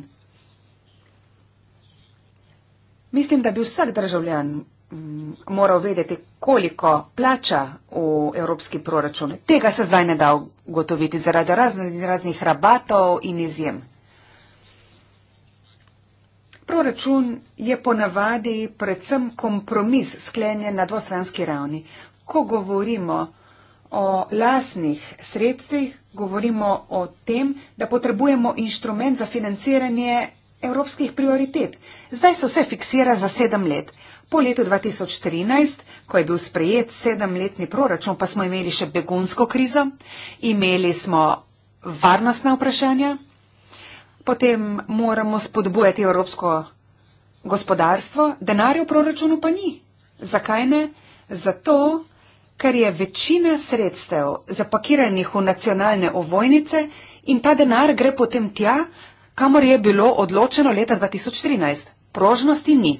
Mislim, da bi vsak državljan mm, moral vedeti, koliko plača v evropski proračun. Tega se zdaj ne da ugotoviti zaradi raznih, raznih rabatov in izjem. Proračun je ponavadi predvsem kompromis sklenjen na dvostranski ravni ko govorimo o lasnih sredstvih, govorimo o tem, da potrebujemo inštrument za financiranje evropskih prioritet. Zdaj se vse fiksira za sedem let. Po letu 2013, ko je bil sprejet sedemletni proračun, pa smo imeli še begunsko krizo, imeli smo varnostna vprašanja, potem moramo spodbujati evropsko gospodarstvo, denarja v proračunu pa ni. Zakaj ne? Zato, ker je večina sredstev zapakiranih v nacionalne ovojnice in ta denar gre potem tja, kamor je bilo odločeno leta 2013. Prožnosti ni.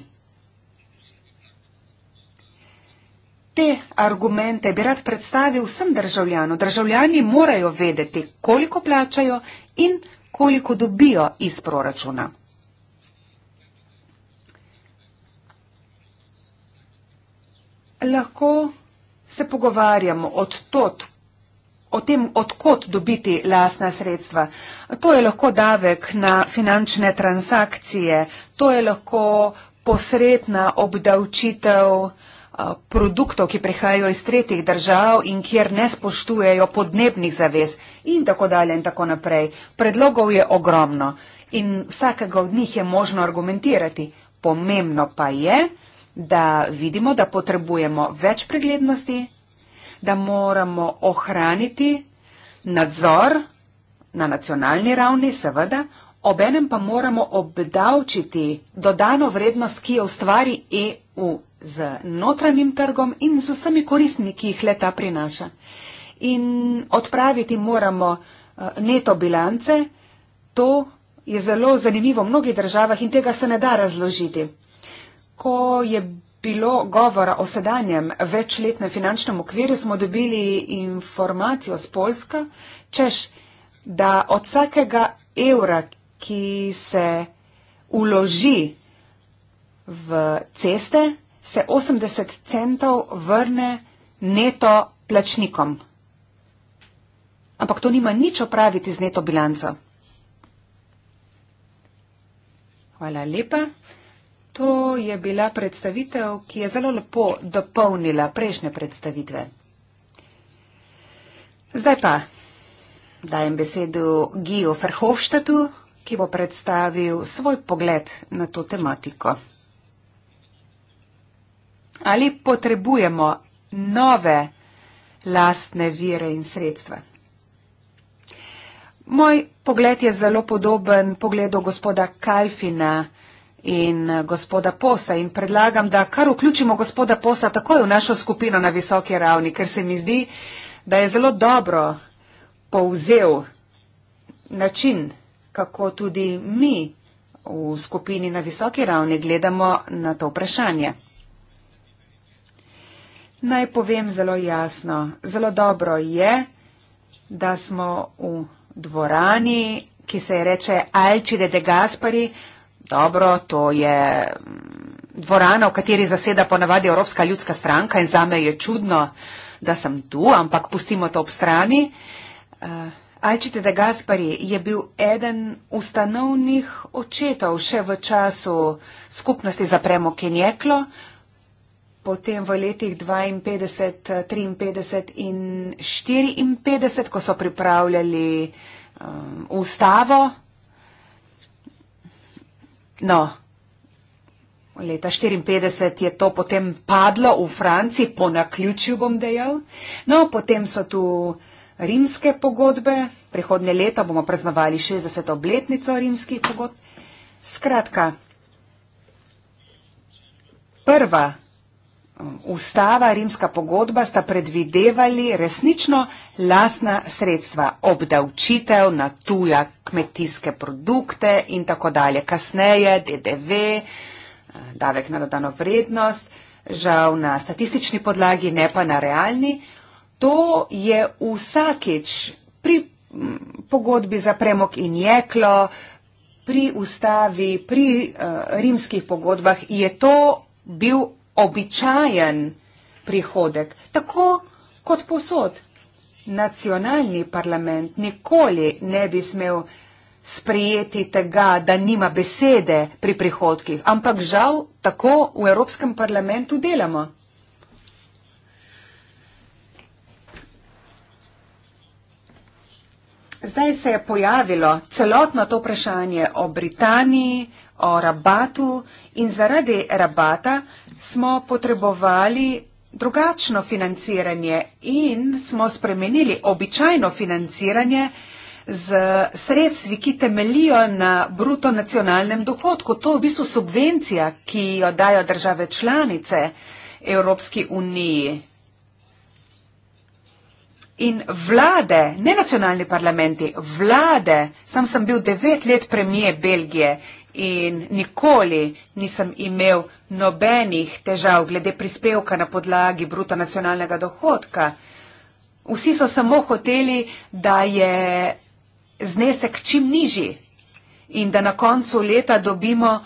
Te argumente bi rad predstavil vsem državljanom. Državljani morajo vedeti, koliko plačajo in koliko dobijo iz proračuna. Lahko se pogovarjamo od tot, o tem, odkot dobiti lasna sredstva. To je lahko davek na finančne transakcije, to je lahko posredna obdavčitev eh, produktov, ki prihajajo iz tretjih držav in kjer ne spoštujejo podnebnih zavez in tako dalje in tako naprej. Predlogov je ogromno in vsakega od njih je možno argumentirati. Pomembno pa je, da vidimo, da potrebujemo več preglednosti, da moramo ohraniti nadzor na nacionalni ravni, seveda, obenem pa moramo obdavčiti dodano vrednost, ki jo ustvari EU z notranjim trgom in z vsemi koristmi, ki jih leta prinaša. In odpraviti moramo eh, neto bilance, to je zelo zanimivo v mnogih državah in tega se ne da razložiti ko je bilo govora o sedanjem večletnem finančnem okviru, smo dobili informacijo z Poljska, češ, da od vsakega evra, ki se uloži v ceste, se 80 centov vrne neto plačnikom. Ampak to nima nič opraviti z neto bilanco. Hvala lepa. To je bila predstavitev, ki je zelo lepo dopolnila prejšnje predstavitve. Zdaj pa dajem besedo Gijo Ferhofštatu, ki bo predstavil svoj pogled na to tematiko. Ali potrebujemo nove lastne vire in sredstva? Moj pogled je zelo podoben pogledu gospoda Kalfina in eh, gospoda Posa in predlagam, da kar vključimo gospoda Posa takoj v našo skupino na visoki ravni, ker se mi zdi, da je zelo dobro povzel način, kako tudi mi v skupini na visoki ravni gledamo na to vprašanje. Naj povem zelo jasno, zelo dobro je, da smo v dvorani, ki se je reče Alčide de Gaspari, Dobro, to je mm, dvorana, v kateri zaseda ponavadi Evropska ljudska stranka in zame je čudno, da sem tu, ampak pustimo to ob strani. Uh, Alčite de Gaspari je bil eden ustanovnih očetov še v času skupnosti za premo Kenjeklo, potem v letih 52, 53 eh, in 54, ko so pripravljali um, ustavo. No, leta 1954 je to potem padlo v Franciji, po naključju bom dejal. No, potem so tu rimske pogodbe, prihodnje leto bomo praznovali 60. obletnico rimskih pogodb. Skratka, prva Um, ustava, rimska pogodba sta predvidevali resnično lasna sredstva, obdavčitev na tuja kmetijske produkte in tako dalje. Kasneje DDV, eh, davek na dodano vrednost, žal na statistični podlagi, ne pa na realni. To je vsakič pri mm, pogodbi za premok in jeklo, pri ustavi, pri uh, rimskih pogodbah je to bil običajen prihodek, tako kot posod. Nacionalni parlament nikoli ne bi smel sprejeti tega, da nima besede pri prihodkih, ampak žal tako v Evropskem parlamentu delamo. Zdaj se je pojavilo celotno to vprašanje o Britaniji, o rabatu in zaradi rabata smo potrebovali drugačno financiranje in smo spremenili običajno financiranje z sredstvi, ki temelijo na bruto nacionalnem dohodku. To je v bistvu subvencija, ki jo dajo države članice Evropski uniji. In vlade, ne nacionalni parlamenti, vlade, sam sem bil devet let premije Belgije in nikoli nisem imel nobenih težav glede prispevka na podlagi bruto nacionalnega dohodka. Vsi so samo hoteli, da je znesek čim nižji in da na koncu leta dobimo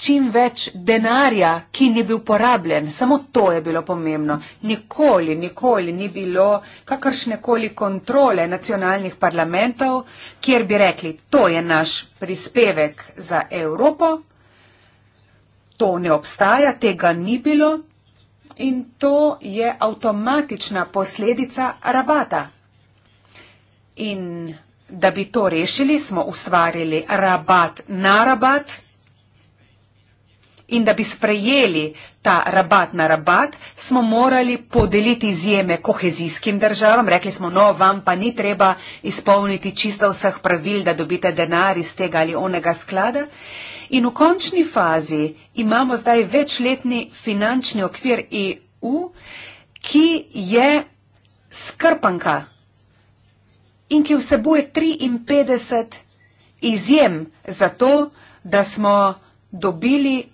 čim več denarja, ki ni bil porabljen. Samo to je bilo pomembno. Nikoli, nikoli ni bilo kakršne koli kontrole nacionalnih parlamentov, kjer bi rekli, to je naš prispevek za Evropo. To ne obstaja, tega ni bilo in to je avtomatična posledica rabata. In da bi to rešili, smo ustvarili rabat na rabat in da bi sprejeli ta rabat na rabat, smo morali podeliti izjeme kohezijskim državam. Rekli smo, no, vam pa ni treba izpolniti čisto vseh pravil, da dobite denar iz tega ali onega sklada. In v končni fazi imamo zdaj večletni finančni okvir EU, ki je skrpanka in ki vsebuje 53 izjem za to, da smo dobili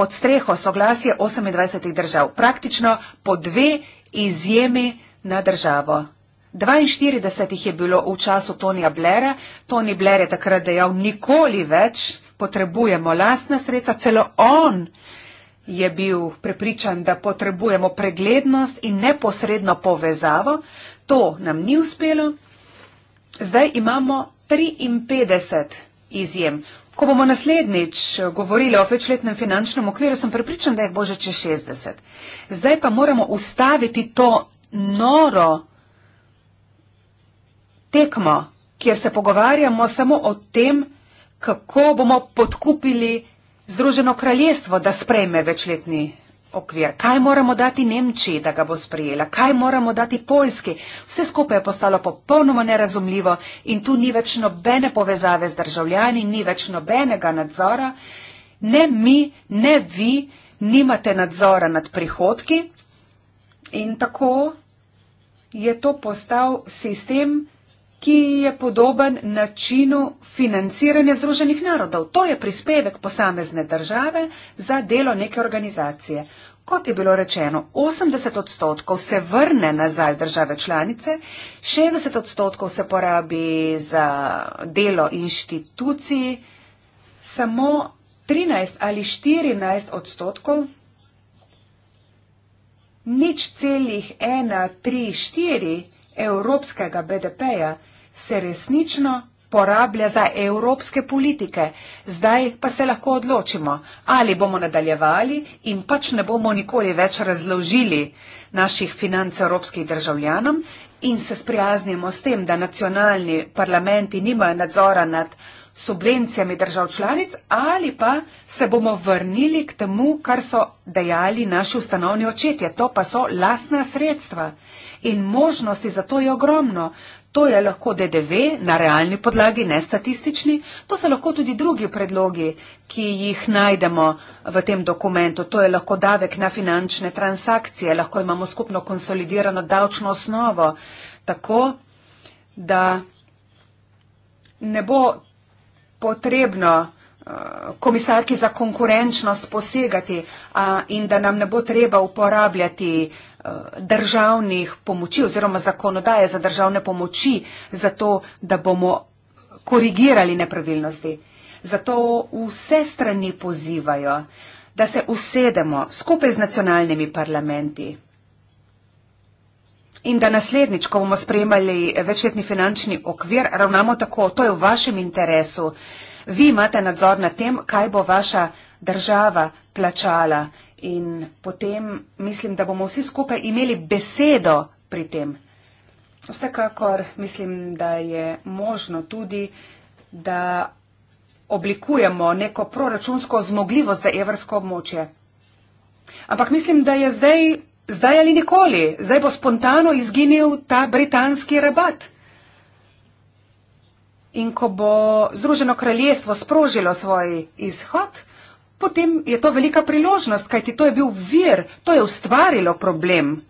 pod streho soglasje 28 držav, praktično po dve izjemi na državo. 42 jih je bilo v času Tonija Blera, Tony Bler je takrat dejal, nikoli več potrebujemo lastna sredstva, celo on je bil prepričan, da potrebujemo preglednost in neposredno povezavo, to nam ni uspelo. Zdaj imamo 53 izjem. Ko bomo naslednjič eh, govorili o večletnem finančnem okviru, sem pripričan, da jih bo že čez 60. Zdaj pa moramo ustaviti to noro tekmo, kjer se pogovarjamo samo o tem, kako bomo podkupili Združeno kraljestvo, da sprejme večletni okvir, kaj moramo dati Nemčiji, da ga bo sprejela, kaj moramo dati Poljski, vse skupaj je postalo popolnoma nerazumljivo in tu ni več nobene povezave z državljani, ni več nobenega nadzora, ne mi, ne vi nimate nadzora nad prihodki in tako je to postal sistem, ki je podoben načinu financiranja Združenih narodov. To je prispevek posamezne države za delo neke organizacije. Kot je bilo rečeno, 80 odstotkov se vrne nazaj države članice, 60 odstotkov se porabi za delo inštituciji, samo 13 ali 14 odstotkov. Nič celih ena, tri, štiri evropskega BDP-ja se resnično porablja za evropske politike. Zdaj pa se lahko odločimo, ali bomo nadaljevali in pač ne bomo nikoli več razložili naših financ evropskih državljanom in se sprijaznimo s tem, da nacionalni parlamenti nimajo nadzora nad subvencijami držav članic, ali pa se bomo vrnili k temu, kar so dejali naši ustanovni očetje, to pa so lasna sredstva. In možnosti za to je ogromno. To je lahko DDV na realni podlagi, ne statistični, to so lahko tudi drugi predlogi, ki jih najdemo v tem dokumentu. To je lahko davek na finančne transakcije, lahko imamo skupno konsolidirano davčno osnovo, tako da ne bo potrebno eh, komisarki za konkurenčnost posegati a, in da nam ne bo treba uporabljati Eh, državnih pomoči oziroma zakonodaje za državne pomoči, zato da bomo korigirali nepravilnosti. Zato vse strani pozivajo, da se usedemo skupaj z nacionalnimi parlamenti in da naslednjič, ko bomo sprejemali večletni finančni okvir, ravnamo tako, to je v vašem interesu. Vi imate nadzor nad tem, kaj bo vaša država plačala in potem mislim, da bomo vsi skupaj imeli besedo pri tem. Vsekakor mislim, da je možno tudi, da oblikujemo neko proračunsko zmogljivost za evrsko območje. Ampak mislim, da je zdaj, zdaj ali nikoli, zdaj bo spontano izginil ta britanski rabat. In ko bo Združeno kraljestvo sprožilo svoj izhod, potem je to velika priložnost, kajti to je bil vir, to je ustvarilo problem.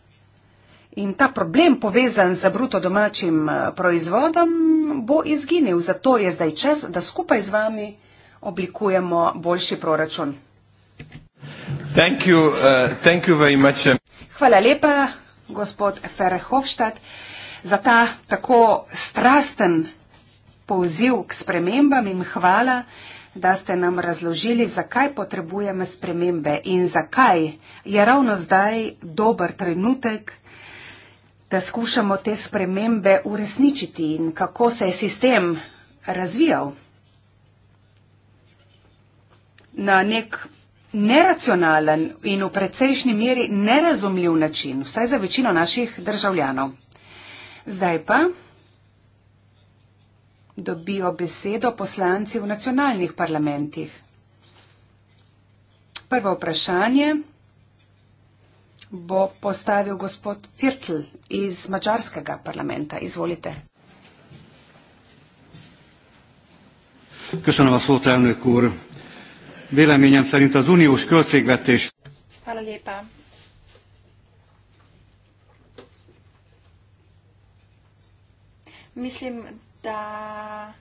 In ta problem, povezan z bruto domačim eh, proizvodom, bo izginil. Zato je zdaj čas, da skupaj z vami oblikujemo boljši proračun. Thank you, uh, thank you very much. Eh. Hvala lepa, gospod Ferehovštad, za ta tako strasten poziv k spremembam in hvala da ste nam razložili, zakaj potrebujemo spremembe in zakaj je ravno zdaj dober trenutek, da skušamo te spremembe uresničiti in kako se je sistem razvijal na nek neracionalen in v precejšnji meri nerazumljiv način, vsaj za večino naših državljanov. Zdaj pa dobijo besedo poslanci v nacionalnih parlamentih. Prvo vprašanje bo postavil gospod Firtl iz mačarskega parlamenta. Izvolite. Köszönöm a szót, elnök úr. Véleményem szerint az uniós költségvetés... Hálalépa. Mislim, da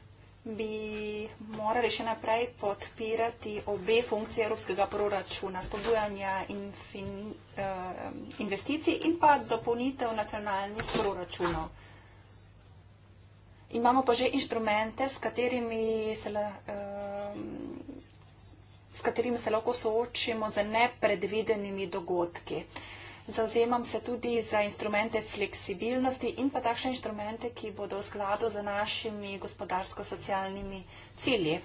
bi morali še naprej podpirati obe funkcije evropskega proračuna, spodbujanja infin, uh, investicij in pa dopolnitev nacionalnih proračunov. Imamo pa že inštrumente, s katerimi se, uh, s katerimi se lahko soočimo z nepredvidenimi dogodki. Uh, Zauzemam se tudi za instrumente fleksibilnosti in pa takšne instrumente, ki bodo v skladu z našimi gospodarsko-socialnimi cilji.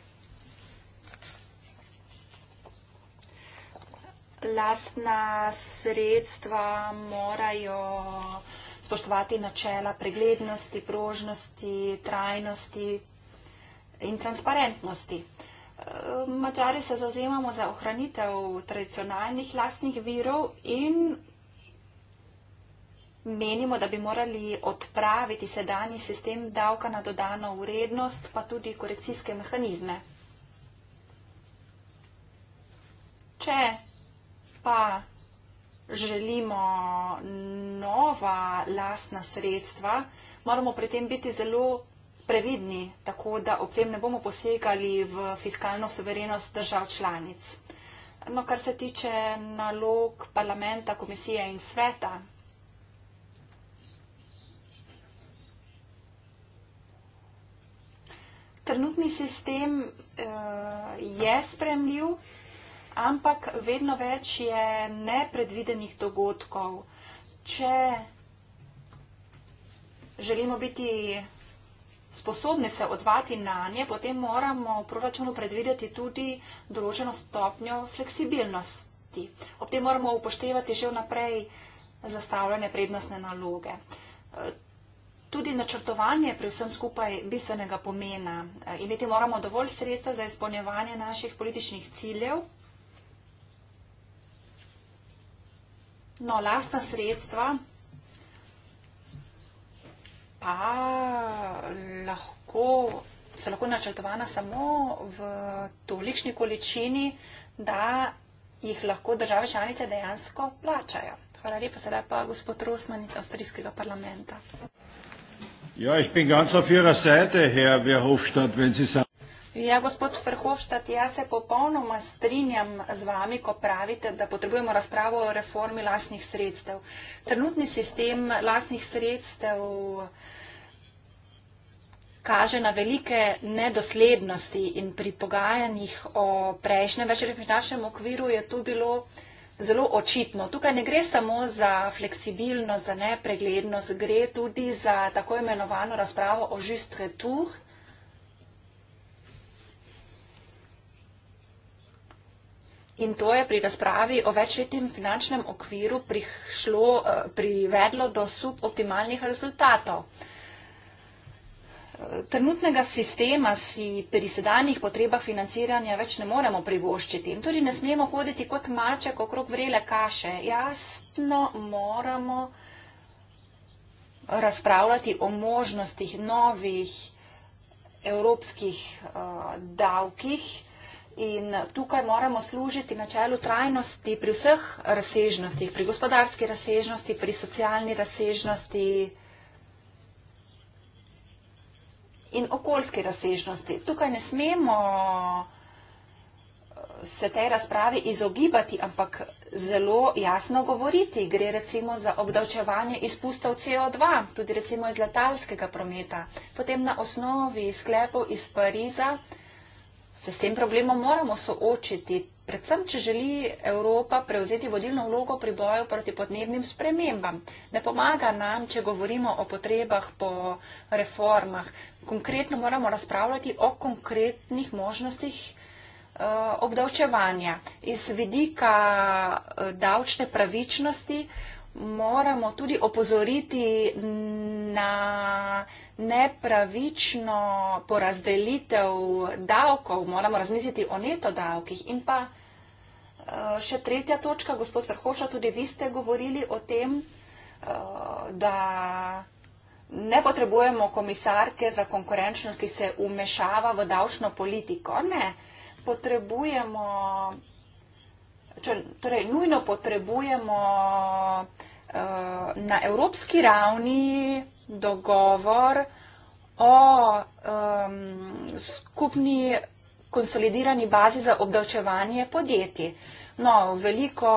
Lastna sredstva morajo spoštovati načela preglednosti, prožnosti, trajnosti in transparentnosti. Mačari se zauzemamo za ohranitev tradicionalnih lastnih virov in menimo, da bi morali odpraviti sedani sistem davka na dodano vrednost, pa tudi korekcijske mehanizme. Če pa želimo nova lastna sredstva, moramo pri tem biti zelo previdni, tako da ob tem ne bomo posegali v fiskalno soverenost držav članic. No, kar se tiče nalog parlamenta, komisije in sveta, trenutni sistem uh, je spremljiv, ampak vedno več je nepredvidenih dogodkov. Če želimo biti sposobni se odvati na nje, potem moramo v proračunu predvideti tudi določeno stopnjo fleksibilnosti. Ob tem moramo upoštevati že vnaprej zastavljene prednostne naloge tudi načrtovanje pri vsem skupaj bistvenega pomena. E, imeti moramo dovolj sredstev za izpolnjevanje naših političnih ciljev. No, lastna sredstva pa lahko, so lahko načrtovana samo v tolikšni količini, da jih lahko države članice dejansko plačajo. Hvala lepa, sedaj pa gospod Rosmanic, avstrijskega parlamenta. Ja, ich bin ganz auf Ihrer Seite, Herr Verhofstadt, wenn Sie sagen. Ja, gospod Verhofstadt, jaz se popolnoma strinjam z vami, ko pravite, da potrebujemo razpravo o reformi lasnih sredstev. Trenutni sistem lasnih sredstev kaže na velike nedoslednosti in pri pogajanjih o prejšnjem večerjem finančnem okviru je tu bilo zelo očitno. Tukaj ne gre samo za fleksibilnost, za nepreglednost, gre tudi za tako imenovano razpravo o juste retour. In to je pri razpravi o večletnem finančnem okviru prišlo, eh, privedlo do suboptimalnih rezultatov trenutnega sistema si pri sedanjih potrebah financiranja več ne moremo privoščiti. In torej ne smemo hoditi kot maček okrog vrele kaše. Jasno moramo razpravljati o možnostih novih evropskih uh, davkih in tukaj moramo služiti načelu trajnosti pri vseh razsežnostih, pri gospodarski razsežnosti, pri socialni razsežnosti, uh, in okoljske razsežnosti. Tukaj ne smemo eh, se tej razpravi izogibati, ampak zelo jasno govoriti. Gre recimo za obdavčevanje izpustov CO2, tudi recimo iz letalskega prometa. Potem na osnovi sklepov iz Pariza se s tem problemom moramo soočiti predvsem, če želi Evropa prevzeti vodilno vlogo pri boju proti podnebnim spremembam. Ne pomaga nam, če govorimo o potrebah po reformah. Konkretno moramo razpravljati o konkretnih možnostih eh, obdavčevanja. Iz vidika eh, davčne pravičnosti moramo tudi opozoriti na nepravično porazdelitev davkov, moramo razmisliti o neto davkih. In pa eh, še tretja točka, gospod Vrhoša, tudi vi ste govorili o tem, eh, da ne potrebujemo komisarke za konkurenčnost, ki se umešava v davčno politiko. Ne, potrebujemo, torej nujno potrebujemo Eh, na evropski ravni dogovor o um, skupni konsolidirani bazi za obdavčevanje podjetij. No, veliko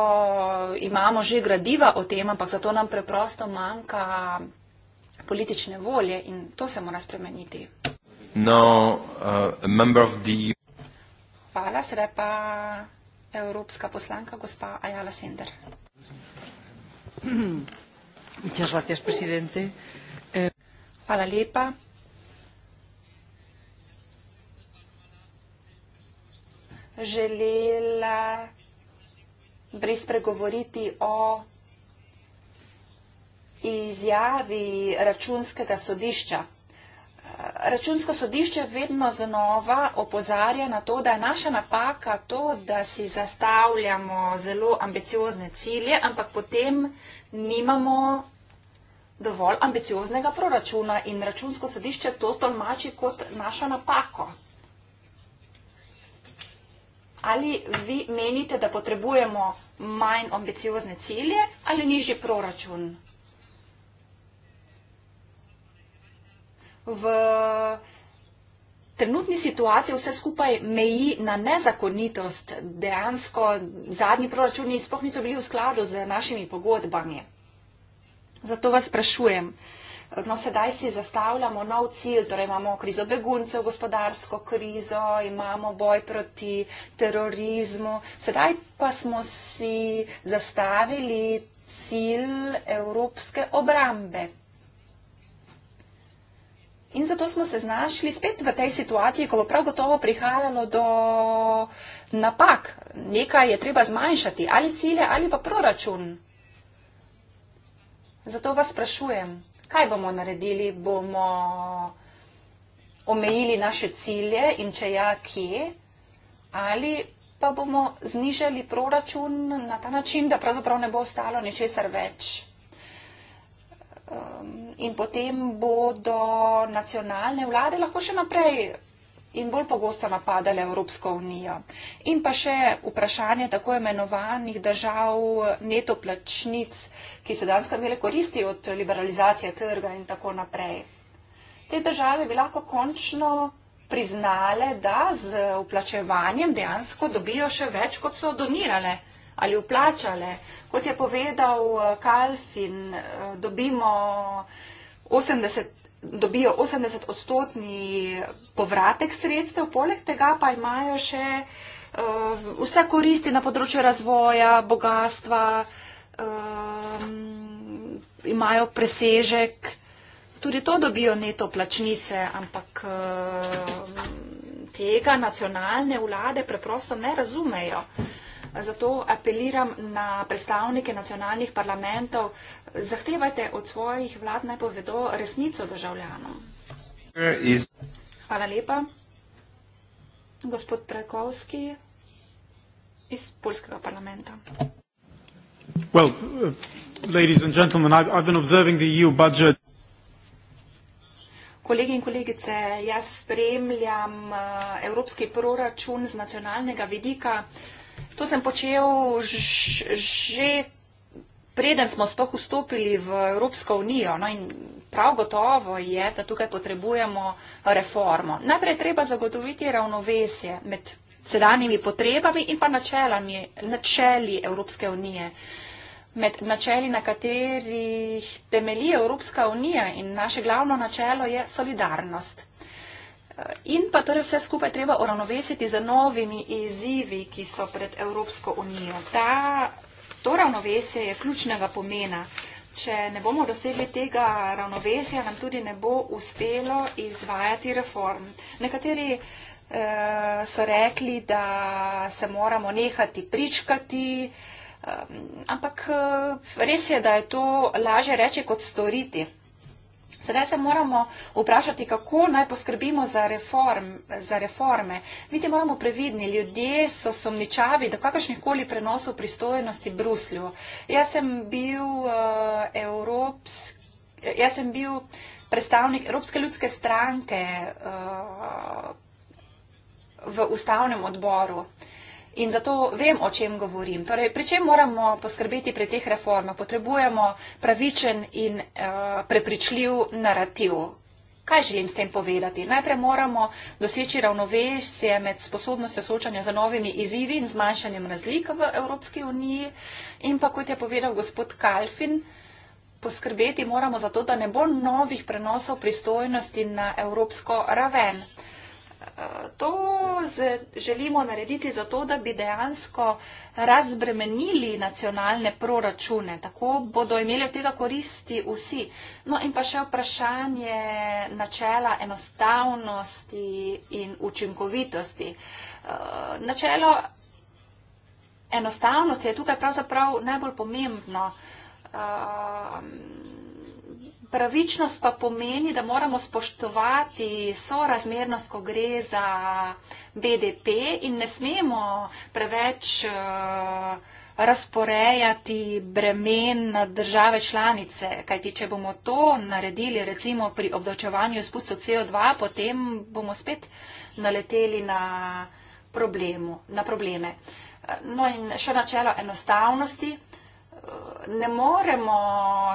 imamo že gradiva o tem, ampak zato nam preprosto manjka politične volje in to se mora spremeniti. Now, uh, eh, the... Hvala, sedaj pa evropska poslanka, gospa Ajala Sender gospa predsednica. Eh, želela bi spregovoriti o izjavi računskega sodišča računsko sodišče vedno znova opozarja na to, da je naša napaka to, da si zastavljamo zelo ambiciozne cilje, ampak potem nimamo dovolj ambicioznega proračuna in računsko sodišče to tolmači kot našo napako. Ali vi menite, da potrebujemo manj ambiciozne cilje ali nižji proračun? v trenutni situaciji vse skupaj meji na nezakonitost. Dejansko zadnji proračuni sploh niso bili v skladu z našimi pogodbami. Zato vas sprašujem. No, sedaj si zastavljamo nov cilj, torej imamo krizo beguncev, gospodarsko krizo, imamo boj proti terorizmu. Sedaj pa smo si zastavili cilj evropske obrambe. In zato smo se znašli spet v tej situaciji, ko bo prav gotovo prihajalo do napak. Nekaj je treba zmanjšati, ali cilje, ali pa proračun. Zato vas sprašujem, kaj bomo naredili? Bomo omejili naše cilje in če ja, kje? Ali pa bomo znižali proračun na ta način, da pravzaprav ne bo ostalo ničesar več? Um, in potem bodo nacionalne vlade lahko še naprej in bolj pogosto napadale Evropsko unijo. In pa še vprašanje tako imenovanih držav netoplačnic, ki se danes kar vele koristi od liberalizacije trga in tako naprej. Te države bi lahko končno priznale, da z uplačevanjem dejansko dobijo še več, kot so donirale ali vplačale. Kot je povedal eh, Kalfin, eh, dobimo 80, dobijo 80 odstotni povratek sredstev, poleg tega pa imajo še eh, vse koristi na področju razvoja, bogatstva, ehm, imajo presežek, tudi to dobijo neto plačnice, ampak tega nacionalne vlade preprosto ne razumejo. Zato apeliram na predstavnike nacionalnih parlamentov, zahtevajte od svojih vlad naj povedo resnico državljanom. Hvala lepa. Gospod Trajkovski iz Polskega parlamenta. Well, uh, ladies and gentlemen, I've been observing the EU budget. Kolegi in kolegice, jaz spremljam uh, evropski proračun z nacionalnega vidika. To sem počel že preden smo sploh vstopili v Evropsko unijo. No in prav gotovo je, da tukaj potrebujemo reformo. Najprej treba zagotoviti ravnovesje med sedanjimi potrebami in pa načelami, načeli Evropske unije. Med načeli, na katerih temelji Evropska unija in naše glavno načelo je solidarnost. In pa torej vse skupaj treba uravnovesiti z novimi izzivi, ki so pred Evropsko unijo. Ta, to ravnovesje je ključnega pomena. Če ne bomo dosegli tega ravnovesja, nam tudi ne bo uspelo izvajati reform. Nekateri eh, so rekli, da se moramo nehati pričkati, eh, ampak eh, res je, da je to laže reči kot storiti. Sedaj se moramo vprašati, kako naj poskrbimo za, reform, za reforme. Vidite, moramo previdni, ljudje so somničavi do kakršnih koli prenosov pristojnosti Bruslju. Jaz sem bil uh, evropski. Jaz sem bil predstavnik Evropske ljudske stranke uh, v ustavnem odboru in zato vem, o čem govorim. Torej, pri čem moramo poskrbeti pri teh reformah? Potrebujemo pravičen in uh, prepričljiv narativ. Kaj želim s tem povedati? Najprej moramo doseči ravnovesje med sposobnostjo soočanja za novimi izzivi in zmanjšanjem razlik v Evropski uniji in pa, kot je povedal gospod Kalfin, poskrbeti moramo za to, da ne bo novih prenosov pristojnosti na evropsko raven. Uh, to želimo narediti zato, da bi dejansko razbremenili nacionalne proračune. Tako bodo imeli od tega koristi vsi. No in pa še vprašanje načela enostavnosti in učinkovitosti. Eh, načelo enostavnosti je tukaj pravzaprav najbolj pomembno. Eh, Pravičnost pa pomeni, da moramo spoštovati sorazmernost, ko gre za BDP in ne smemo preveč eh, razporejati bremen na države članice, kajti če bomo to naredili recimo pri obdavčevanju izpustov CO2, potem bomo spet naleteli na, problemu, na probleme. Eh, no in še načelo enostavnosti ne moremo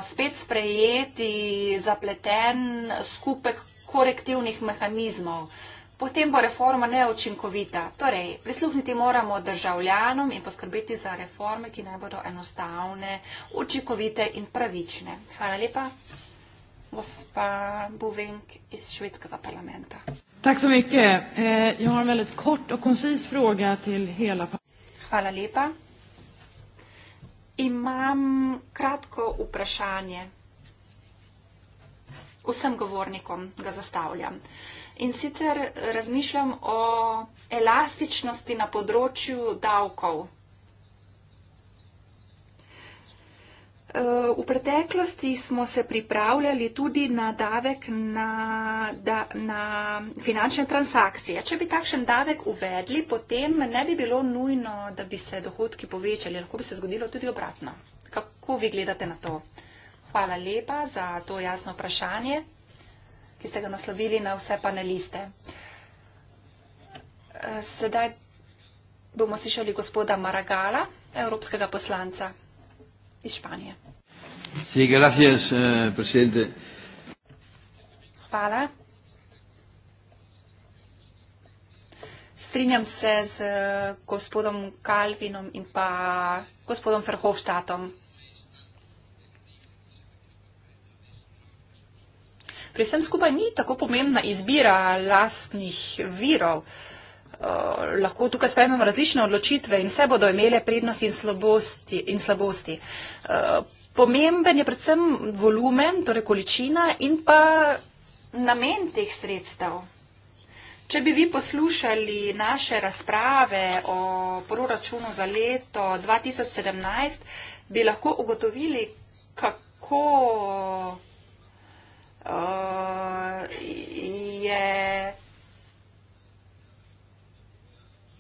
spet sprejeti zapleten skupek korektivnih mehanizmov. Potem bo reforma neočinkovita. Torej, prisluhniti moramo državljanom in poskrbeti za reforme, ki naj bodo enostavne, učinkovite in pravične. Hvala lepa, gospa Buvenk iz švedskega parlamenta. Eh, Hvala lepa. Imam kratko vprašanje. Vsem govornikom ga zastavljam. In sicer razmišljam o elastičnosti na področju davkov. Eh, v preteklosti smo se pripravljali tudi na davek na, da, na finančne transakcije. Če bi takšen davek uvedli, potem ne bi bilo nujno, da bi se dohodki povečali. Lahko bi se zgodilo tudi obratno. Kako vi gledate na to? Hvala lepa za to jasno vprašanje, ki ste ga naslovili na vse paneliste. Eh, sedaj bomo slišali gospoda Maragala, evropskega poslanca. Španije. Sí, gracias, eh, Hvala. Strinjam se z eh, gospodom Kalvinom in pa gospodom Ferhovštatom. Pri vsem skupaj ni tako pomembna izbira lastnih virov. Uh, Eh, lahko tukaj sprememo različne odločitve in vse bodo imele prednosti in slabosti. In slabosti. Uh, pomemben je predvsem volumen, torej količina in pa namen teh sredstev. Če bi vi poslušali naše razprave o proračunu za leto 2017, bi lahko ugotovili, kako uh, je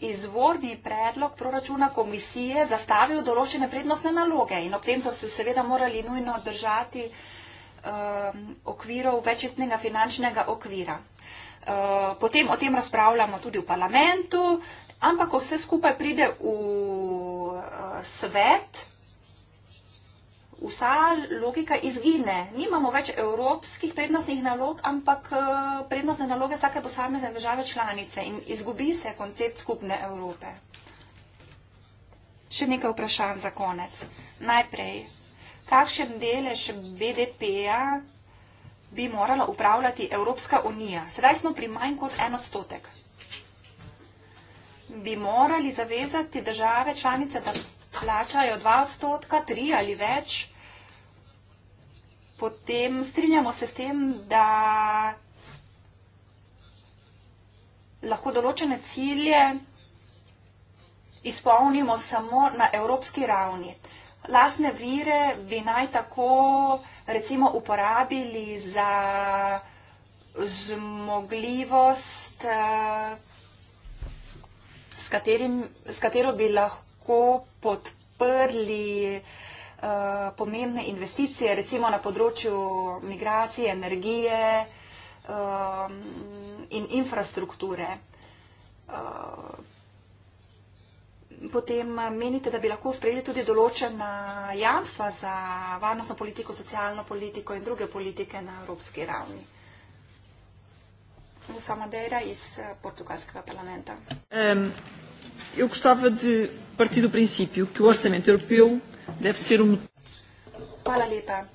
izvorni predlog proračuna komisije zastavil določene prednostne naloge in ob tem so se seveda morali nujno držati um, okvirov večetnega finančnega okvira. Uh, potem o tem razpravljamo tudi v parlamentu, ampak ko vse skupaj pride v uh, svet, vsa logika izgine. Nimamo več evropskih prednostnih nalog, ampak eh, prednostne naloge vsake posamezne države članice in izgubi se koncept skupne Evrope. Še nekaj vprašanj za konec. Najprej, kakšen delež BDP-ja bi morala upravljati Evropska unija? Sedaj smo pri manj kot en odstotek. Bi morali zavezati države članice, da plačajo dva odstotka, tri ali več? potem strinjamo se s tem, da lahko določene cilje izpolnimo samo na evropski ravni. Lastne vire bi naj tako recimo uporabili za zmogljivost, eh, s, katerim, s katero bi lahko podprli uh, Eh, pomembne investicije, recimo na področju migracije, energije eh, in infrastrukture. Eh, potem menite, da bi lahko sprejeli tudi določena jamstva za varnostno politiko, socialno politiko in druge politike na evropski ravni. Gospa Madeira iz portugalskega parlamenta. Um, eu gostava de partir do princípio que o orçamento europeu Deve ser um. Hvala lepa.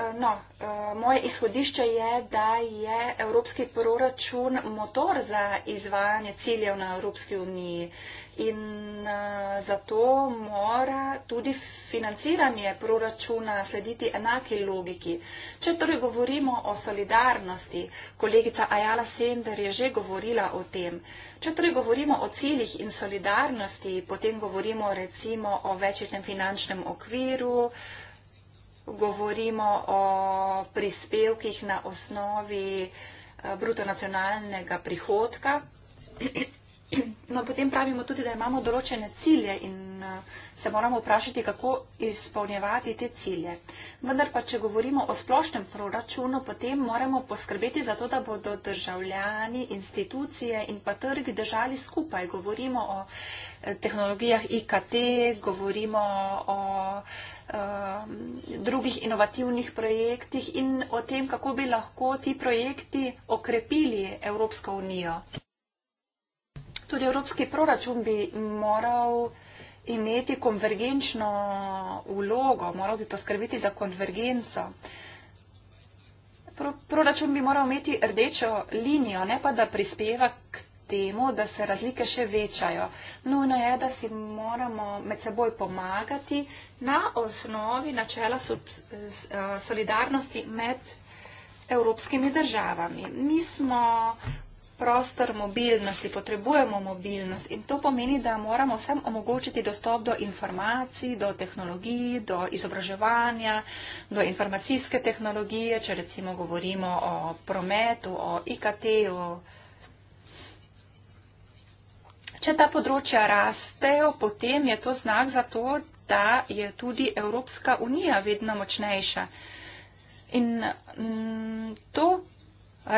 Eh, no, eh, moje izhodišče je, da je evropski proračun motor za izvajanje ciljev na Evropski uniji in eh, zato mora tudi financiranje proračuna slediti enaki logiki. Če torej govorimo o solidarnosti, kolegica Ajala Sender je že govorila o tem. Če torej govorimo o ciljih in solidarnosti, potem govorimo recimo o večjem finančnem okviru, govorimo o prispevkih na osnovi eh, brutonacionalnega prihodka. No, potem pravimo tudi, da imamo določene cilje in eh, se moramo vprašati, kako izpolnjevati te cilje. Vendar pa, če govorimo o splošnem proračunu, potem moramo poskrbeti za to, da bodo državljani, institucije in pa trgi držali skupaj. Govorimo o eh, tehnologijah IKT, govorimo o Um, drugih inovativnih projektih in o tem, kako bi lahko ti projekti okrepili Evropsko unijo. Tudi Evropski proračun bi moral imeti konvergenčno vlogo, moral bi poskrbeti za konvergenco. Proračun bi moral imeti rdečo linijo, ne pa da prispeva k temu, da se razlike še večajo. Nujno je, da si moramo med seboj pomagati na osnovi načela solidarnosti med evropskimi državami. Mi smo prostor mobilnosti, potrebujemo mobilnost in to pomeni, da moramo vsem omogočiti dostop do informacij, do tehnologij, do izobraževanja, do informacijske tehnologije, če recimo govorimo o prometu, o IKT-u. Če ta področja rastejo, potem je to znak za to, da je tudi Evropska unija vedno močnejša. In mm, to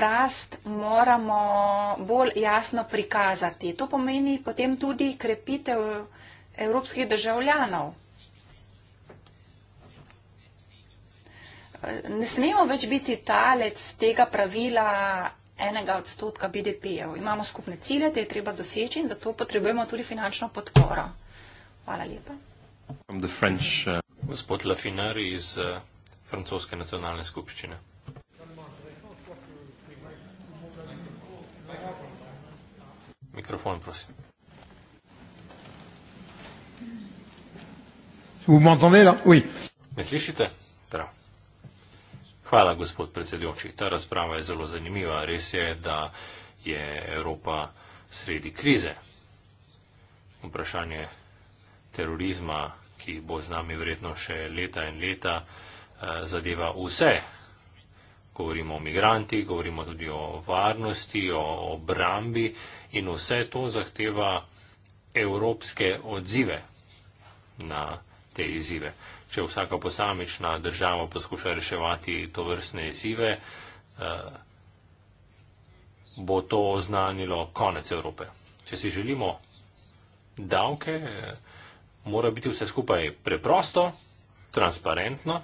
rast moramo bolj jasno prikazati. To pomeni potem tudi krepitev evropskih državljanov. Ne smemo več biti talec tega pravila enega odstotka BDP-jev. Imamo skupne cilje, te je treba doseči in zato potrebujemo tudi finančno podporo. Hvala lepa. French, uh... Gospod Lafinari iz uh, francoske nacionalne skupščine. Mikrofon, prosim. Vi me slišite? Hvala, gospod predsedujoči. Ta razprava je zelo zanimiva. Res je, da je Evropa sredi krize. Vprašanje terorizma, ki bo z nami vredno še leta in leta, eh, zadeva vse. Govorimo o migranti, govorimo tudi o varnosti, o obrambi in vse to zahteva evropske odzive na te izzive če vsaka posamična država poskuša reševati to vrstne izzive, eh, bo to oznanilo konec Evrope. Če si želimo davke, eh, mora biti vse skupaj preprosto, transparentno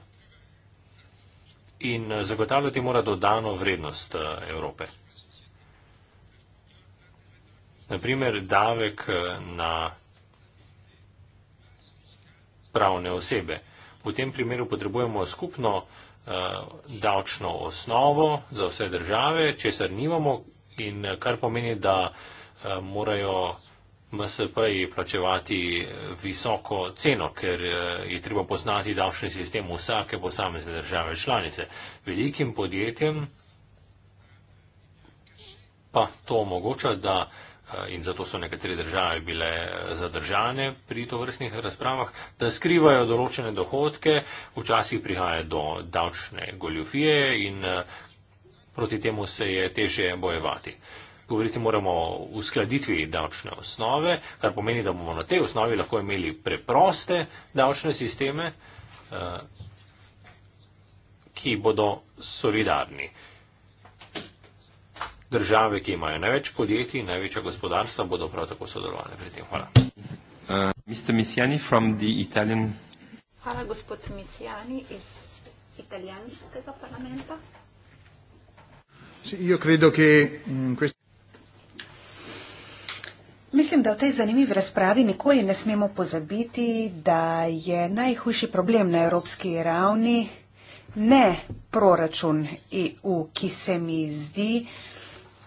in eh, zagotavljati mora dodano vrednost Evrope. Naprimer, davek na pravne osebe. V tem primeru potrebujemo skupno uh, davčno osnovo za vse države, česar nimamo in eh, kar pomeni, da uh, morajo MSP-ji plačevati visoko ceno, ker uh, je treba poznati davčni sistem vsake posamezne države članice. Velikim podjetjem pa to omogoča, da uh, Eh, in zato so nekatere države bile eh, zadržane pri tovrstnih razpravah, da skrivajo določene dohodke, včasih prihaja do davčne goljofije in eh, proti temu se je teže bojevati. Govoriti moramo o uskladitvi davčne osnove, kar pomeni, da bomo na tej osnovi lahko imeli preproste davčne sisteme, ki bodo solidarni države, ki imajo največ podjetij in največja gospodarstva, bodo prav tako sodelovali pri tem. Hvala. Uh, Italian... Hvala, gospod Miciani iz italijanskega parlamenta. Io credo che, mh, mm, quest... Mislim, da v tej zanimivi razpravi nikoli ne smemo pozabiti, da je najhujši problem na evropski ravni ne proračun EU, ki se mi zdi uh,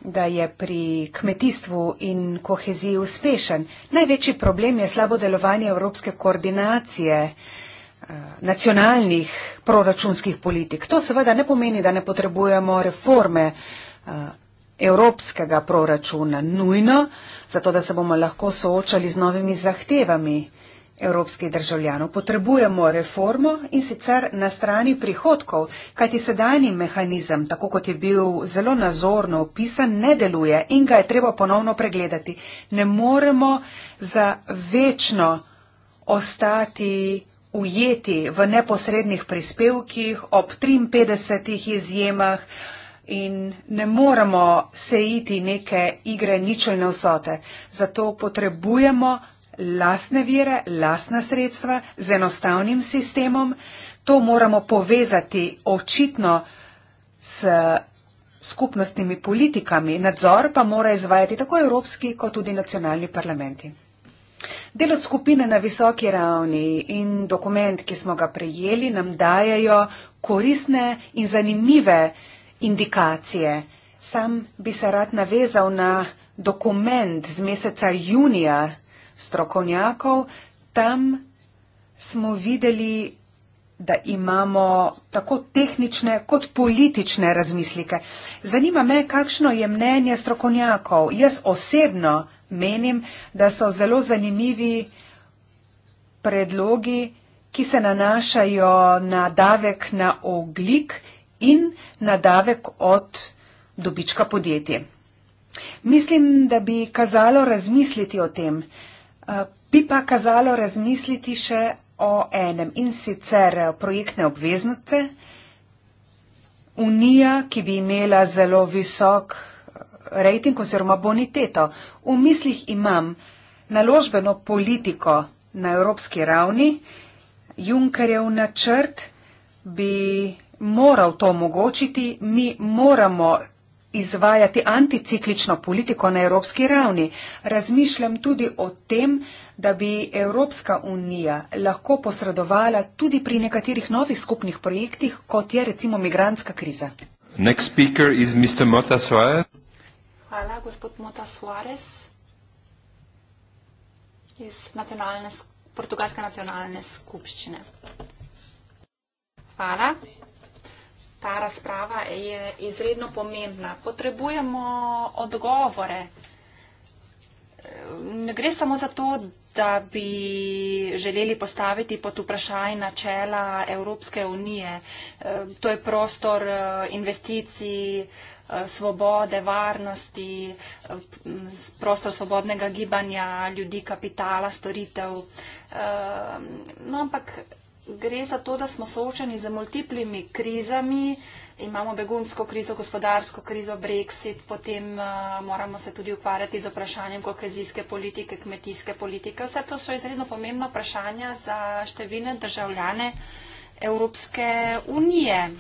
da je pri kmetijstvu in koheziji uspešen. Največji problem je slabo delovanje evropske koordinacije eh, nacionalnih proračunskih politik. To seveda ne pomeni, da ne potrebujemo reforme eh, evropskega proračuna nujno, zato da se bomo lahko soočali z novimi zahtevami evropskih državljanov. Potrebujemo reformo in sicer na strani prihodkov, kajti sedajni mehanizem, tako kot je bil zelo nazorno opisan, ne deluje in ga je treba ponovno pregledati. Ne moremo za večno ostati ujeti v neposrednih prispevkih ob 53 izjemah in ne moremo sejiti neke igre ničelne vsote. Zato potrebujemo lasne vire, lasna sredstva z enostavnim sistemom. To moramo povezati očitno s skupnostnimi politikami. Nadzor pa mora izvajati tako evropski, kot tudi nacionalni parlamenti. Delo skupine na visoki ravni in dokument, ki smo ga prejeli, nam dajajo koristne in zanimive indikacije. Sam bi se rad navezal na dokument z meseca junija strokovnjakov, tam smo videli, da imamo tako tehnične kot politične razmislike. Zanima me, kakšno je mnenje strokovnjakov. Jaz osebno menim, da so zelo zanimivi predlogi, ki se nanašajo na davek na oglik in na davek od dobička podjetij. Mislim, da bi kazalo razmisliti o tem, Eh, bi pa kazalo razmisliti še o enem in sicer eh, projektne obveznice. Unija, ki bi imela zelo visok eh, rejting oziroma boniteto. V mislih imam naložbeno politiko na evropski ravni. Junkerjev načrt bi moral to omogočiti. Mi moramo izvajati anticiklično politiko na evropski ravni. Razmišljam tudi o tem, da bi Evropska unija lahko posredovala tudi pri nekaterih novih skupnih projektih, kot je recimo migranska kriza. Next speaker is Mr. Mota Suarez. Hvala, gospod Mota Suarez iz nacionalne, portugalske nacionalne skupščine. Hvala ta razprava je izredno pomembna. Potrebujemo odgovore. Ne gre samo za to, da bi želeli postaviti pod vprašaj načela Evropske unije. To je prostor eh, investicij, eh, svobode, varnosti, eh, prostor svobodnega gibanja ljudi, kapitala, storitev. No, ampak gre za to, da smo soočeni z multiplimi krizami. Imamo begunsko krizo, gospodarsko krizo, brexit, potem uh, moramo se tudi ukvarjati z vprašanjem kohezijske politike, kmetijske politike. Vse to so izredno pomembna vprašanja za številne državljane Evropske unije.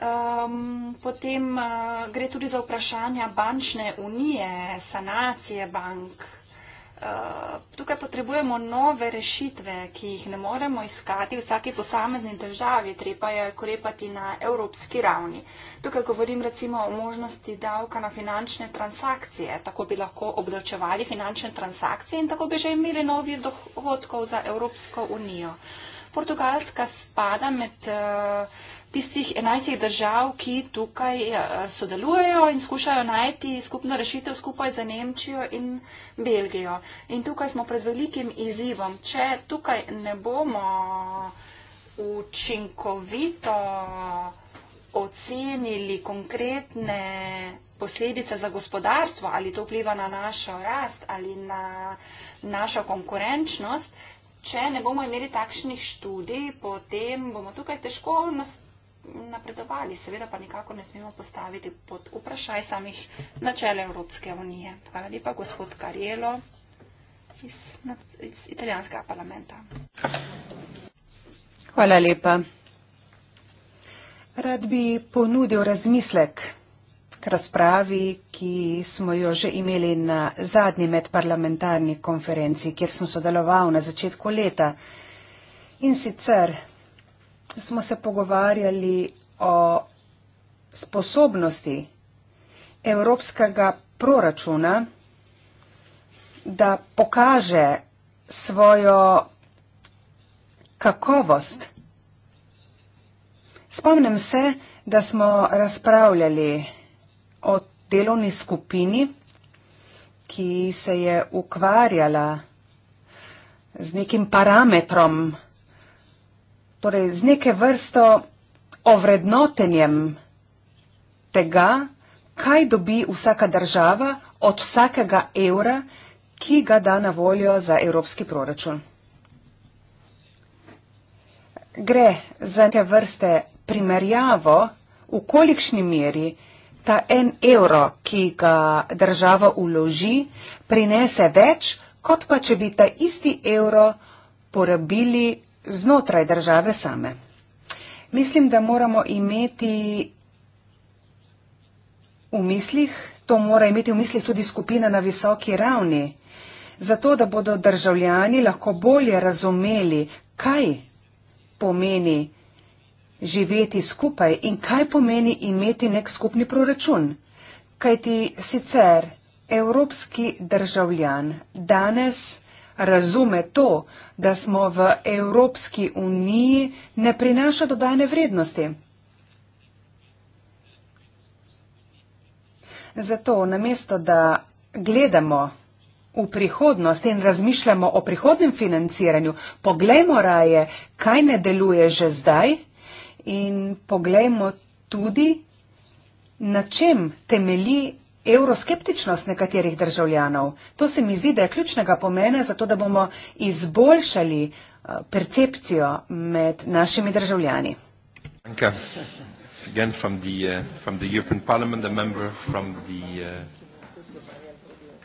Um, potem uh, gre tudi za vprašanja bančne unije, sanacije bank. Uh, Eh, tukaj potrebujemo nove rešitve, ki jih ne moremo iskati v vsaki posamezni državi, treba je korepati na evropski ravni. Tukaj govorim recimo o možnosti davka na finančne transakcije, tako bi lahko obdavčevali finančne transakcije in tako bi že imeli novi dohodkov za Evropsko unijo. Portugalska spada med. Uh, tistih enajstih držav, ki tukaj eh, sodelujejo in skušajo najti skupno rešitev skupaj za Nemčijo in Belgijo. In tukaj smo pred velikim izzivom. Če tukaj ne bomo učinkovito ocenili konkretne posledice za gospodarstvo, ali to vpliva na našo rast ali na našo konkurenčnost, če ne bomo imeli takšnih študij, potem bomo tukaj težko nas napredovali. Seveda pa nikako ne smemo postaviti pod vprašaj samih načel Evropske unije. Hvala lepa, gospod Karjelo iz, iz italijanskega parlamenta. Hvala lepa. Rad bi ponudil razmislek k razpravi, ki smo jo že imeli na zadnji medparlamentarni konferenci, kjer sem sodeloval na začetku leta. In sicer smo se pogovarjali o sposobnosti evropskega proračuna, da pokaže svojo kakovost. Spomnim se, da smo razpravljali o delovni skupini, ki se je ukvarjala z nekim parametrom torej z neke vrsto ovrednotenjem tega, kaj dobi vsaka država od vsakega evra, ki ga da na voljo za evropski proračun. Gre za neke vrste primerjavo, v kolikšni meri ta en evro, ki ga država uloži, prinese več, kot pa če bi ta isti evro porabili znotraj države same. Mislim, da moramo imeti v mislih, to mora imeti v mislih tudi skupina na visoki ravni, zato da bodo državljani lahko bolje razumeli, kaj pomeni živeti skupaj in kaj pomeni imeti nek skupni proračun. Kajti sicer evropski državljan danes razume to, da smo v Evropski uniji, ne prinaša dodane vrednosti. Zato namesto, da gledamo v prihodnost in razmišljamo o prihodnem financiranju, poglejmo raje, kaj ne deluje že zdaj in poglejmo tudi, na čem temelji Euroskeptičnost nekaterih državljanov. To se mi zdi, da je ključnega pomena za to, da bomo izboljšali eh, percepcijo med našimi državljani. Eh, eh,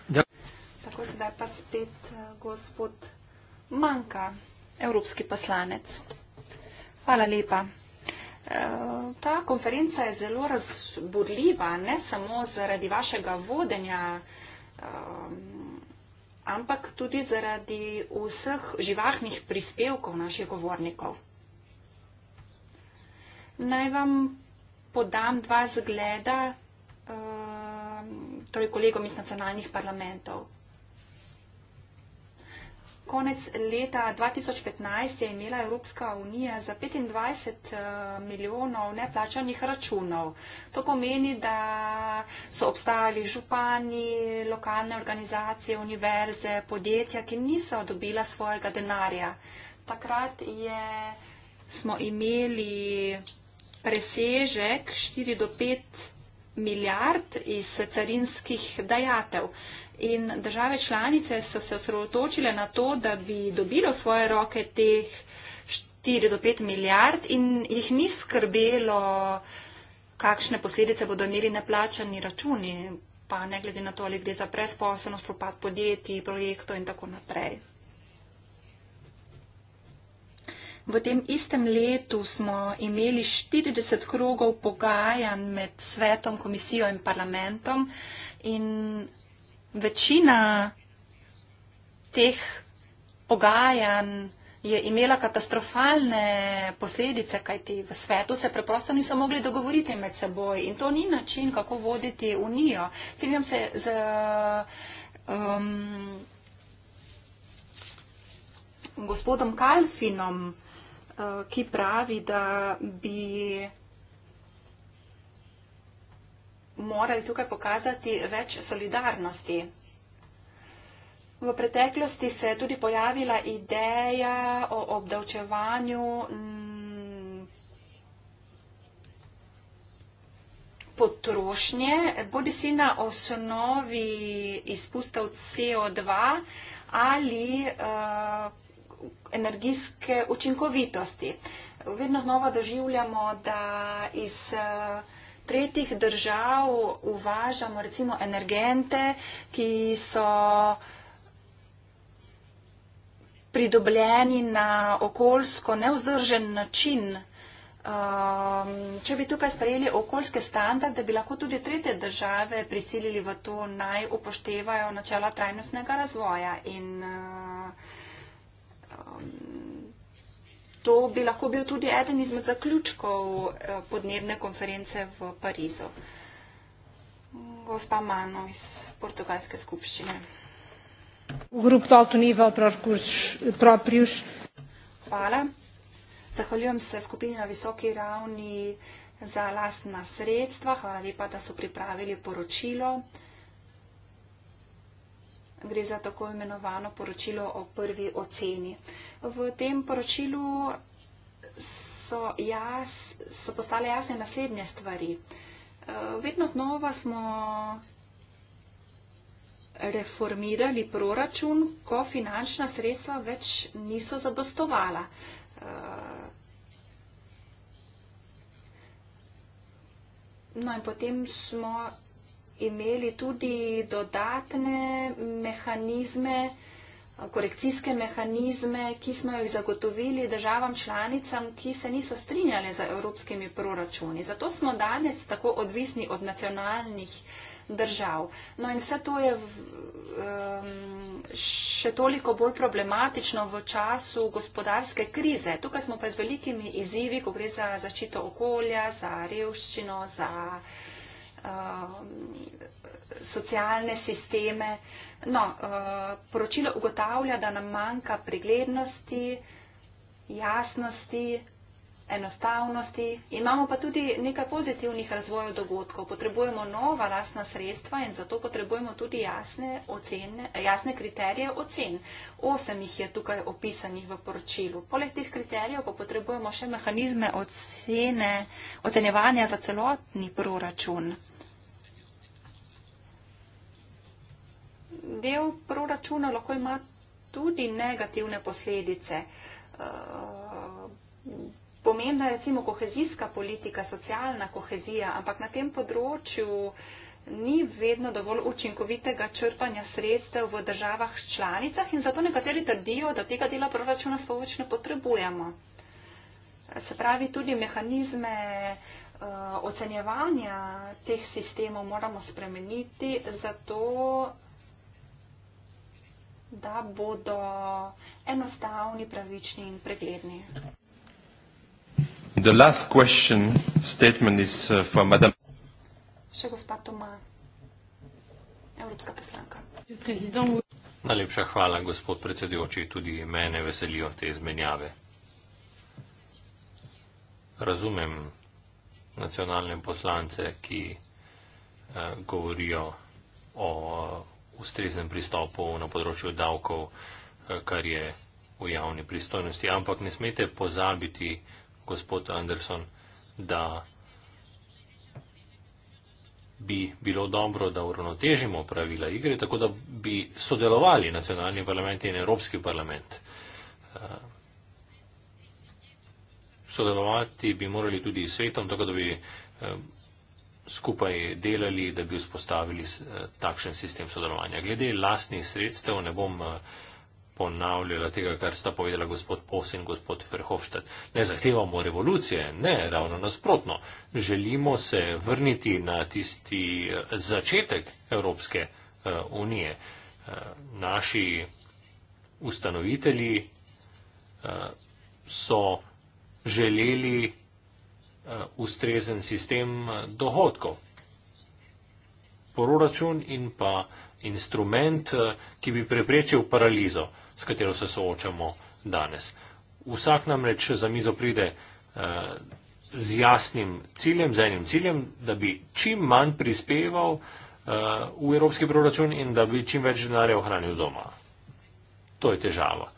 ja. Tako sedaj pa spet gospod Manka, evropski poslanec. Hvala lepa. Eh, ta konferenca je zelo razburljiva, ne samo zaradi vašega vodenja, eh, ampak tudi zaradi vseh živahnih prispevkov naših govornikov. Naj vam podam dva zgleda, eh, torej kolegom iz nacionalnih parlamentov. Konec leta 2015 je imela Evropska unija za 25 eh, milijonov neplačanih računov. To pomeni, da so obstajali župani, lokalne organizacije, univerze, podjetja, ki niso dobila svojega denarja. Takrat je, smo imeli presežek 4 do 5 milijard iz carinskih dajatev. In države članice so se osredotočile na to, da bi dobilo svoje roke teh 4 do 5 milijard in jih ni skrbelo, kakšne posledice bodo imeli neplačani računi, pa ne glede na to, ali gre za presposobnost, propad podjetij, projektov in tako naprej. V tem istem letu smo imeli 40 krogov pogajanj med svetom, komisijo in parlamentom in večina teh pogajanj je imela katastrofalne posledice, kajti v svetu se preprosto niso mogli dogovoriti med seboj in to ni način, kako voditi unijo. Strinjam se z um, gospodom Kalfinom, uh, ki pravi, da bi morali tukaj pokazati več solidarnosti. V preteklosti se je tudi pojavila ideja o obdavčevanju mm, potrošnje, bodi si na osnovi izpustov CO2 ali uh, energijske učinkovitosti. Vedno znova doživljamo, da iz uh, tretjih držav uvažamo recimo energente, ki so pridobljeni na okoljsko neuzdržen način. Um, če bi tukaj sprejeli okoljske standarde, bi lahko tudi tretje države prisilili v to naj upoštevajo načela trajnostnega razvoja in uh, um, to bi lahko bil tudi eden izmed zaključkov eh, podnebne konference v Parizu. Gospa Mano iz portugalske skupščine. Eh, Hvala. Zahvaljujem se skupini na visoki ravni za lastna sredstva. Hvala lepa, da so pripravili poročilo. Gre za tako imenovano poročilo o prvi oceni. V tem poročilu so, jas, so postale jasne naslednje stvari. Eh, vedno znova smo reformirali proračun, ko finančna sredstva več niso zadostovala. Eh, no in potem smo imeli tudi dodatne mehanizme, korekcijske mehanizme, ki smo jih zagotovili državam članicam, ki se niso strinjale za evropskimi proračuni. Zato smo danes tako odvisni od nacionalnih držav. No in vse to je v, um, še toliko bolj problematično v času gospodarske krize. Tukaj smo pred velikimi izzivi, ko gre za zaščito okolja, za revščino, za uh, Um, socialne sisteme. No, uh, poročilo ugotavlja, da nam manjka preglednosti, jasnosti, enostavnosti. Imamo pa tudi nekaj pozitivnih razvojev dogodkov. Potrebujemo nova lasna sredstva in zato potrebujemo tudi jasne, ocene, jasne kriterije ocen. Osem jih je tukaj opisanih v poročilu. Poleg teh kriterijev pa potrebujemo še mehanizme ocene, ocenjevanja za celotni proračun. del proračuna lahko ima tudi negativne posledice. Eh, pomembna je recimo kohezijska politika, socialna kohezija, ampak na tem področju ni vedno dovolj učinkovitega črpanja sredstev v državah članicah in zato nekateri trdijo, da tega dela proračuna spoveč ne potrebujemo. Se pravi, tudi mehanizme uh, ocenjevanja teh sistemov moramo spremeniti, zato da bodo enostavni, pravični in pregledni. The last question statement is uh, for Madam. Še gospa Toma, evropska poslanka. Najlepša hvala, gospod predsedujoči, tudi mene veselijo te izmenjave. Razumem nacionalne poslance, ki eh, govorijo o ustreznem pristopu na področju davkov, eh, kar je v javni pristojnosti. Ampak ne smete pozabiti, gospod Anderson, da bi bilo dobro, da uravnotežimo pravila igre, tako da bi sodelovali nacionalni parlament in Evropski parlament. Eh, sodelovati bi morali tudi s svetom, tako da bi eh, skupaj delali, da bi vzpostavili eh, takšen sistem sodelovanja. Glede lastnih sredstev ne bom eh, ponavljala tega, kar sta povedala gospod Pos in gospod Verhofstadt. Ne zahtevamo revolucije, ne, ravno nasprotno. Želimo se vrniti na tisti eh, začetek Evropske unije. Naši ustanovitelji so želeli Eh, ustrezen sistem eh, dohodkov. Proračun in pa instrument, eh, ki bi preprečil paralizo, s katero se soočamo danes. Vsak namreč za mizo pride z jasnim ciljem, z enim ciljem, da bi čim manj prispeval v evropski proračun in da bi čim več denarja ohranil doma. To je težava.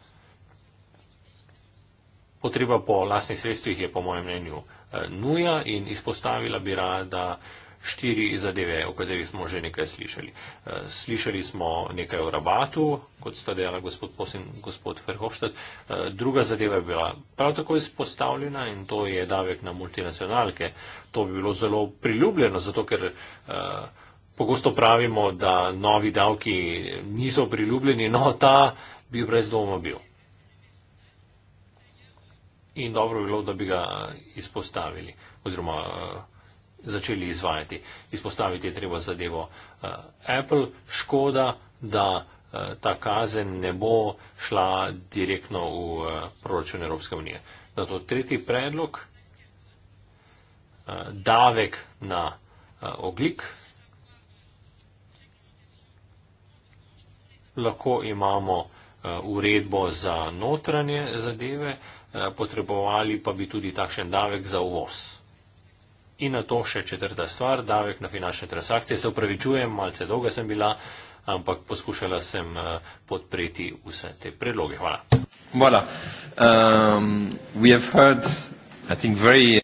Potreba po lastnih sredstvih je po mojem mnenju nuja in izpostavila bi rada štiri zadeve, o katerih smo že nekaj slišali. Eh, slišali smo nekaj o rabatu, kot sta dejala gospod Posen, gospod Ferhofstad. Eh, druga zadeva je bila prav tako izpostavljena in to je davek na multinacionalke. To bi bilo zelo priljubljeno, zato ker eh, pogosto pravimo, da novi davki niso priljubljeni, no ta bi brez dvoma bil in dobro bi bilo, da bi ga izpostavili oziroma uh, začeli izvajati. Izpostaviti je treba zadevo uh, Apple. Škoda, da uh, ta kazen ne bo šla direktno v uh, proračun Evropske unije. Zato tretji predlog, uh, davek na uh, oglik. Lahko imamo uh, uredbo za notranje zadeve, uh, Eh, potrebovali pa bi tudi takšen davek za uvoz. In na to še četrta stvar, davek na finančne transakcije. Se upravičujem, malce dolga sem bila, ampak poskušala sem eh, podpreti vse te predloge. Hvala. Voilà. Um, heard, very...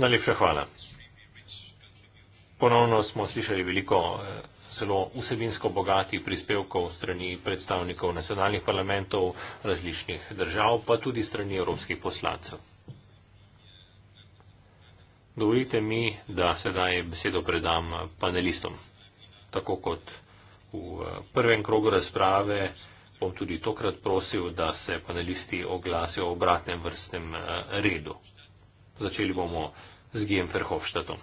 Najlepša hvala. Ponovno smo slišali veliko. Uh, zelo vsebinsko bogatih prispevkov strani predstavnikov nacionalnih parlamentov različnih držav, pa tudi strani evropskih poslancev. Dovolite mi, da sedaj besedo predam panelistom. Tako kot v eh, prvem krogu razprave bom tudi tokrat prosil, da se panelisti oglasijo v obratnem vrstnem eh, redu. Začeli bomo z Gijem Ferhofštatom.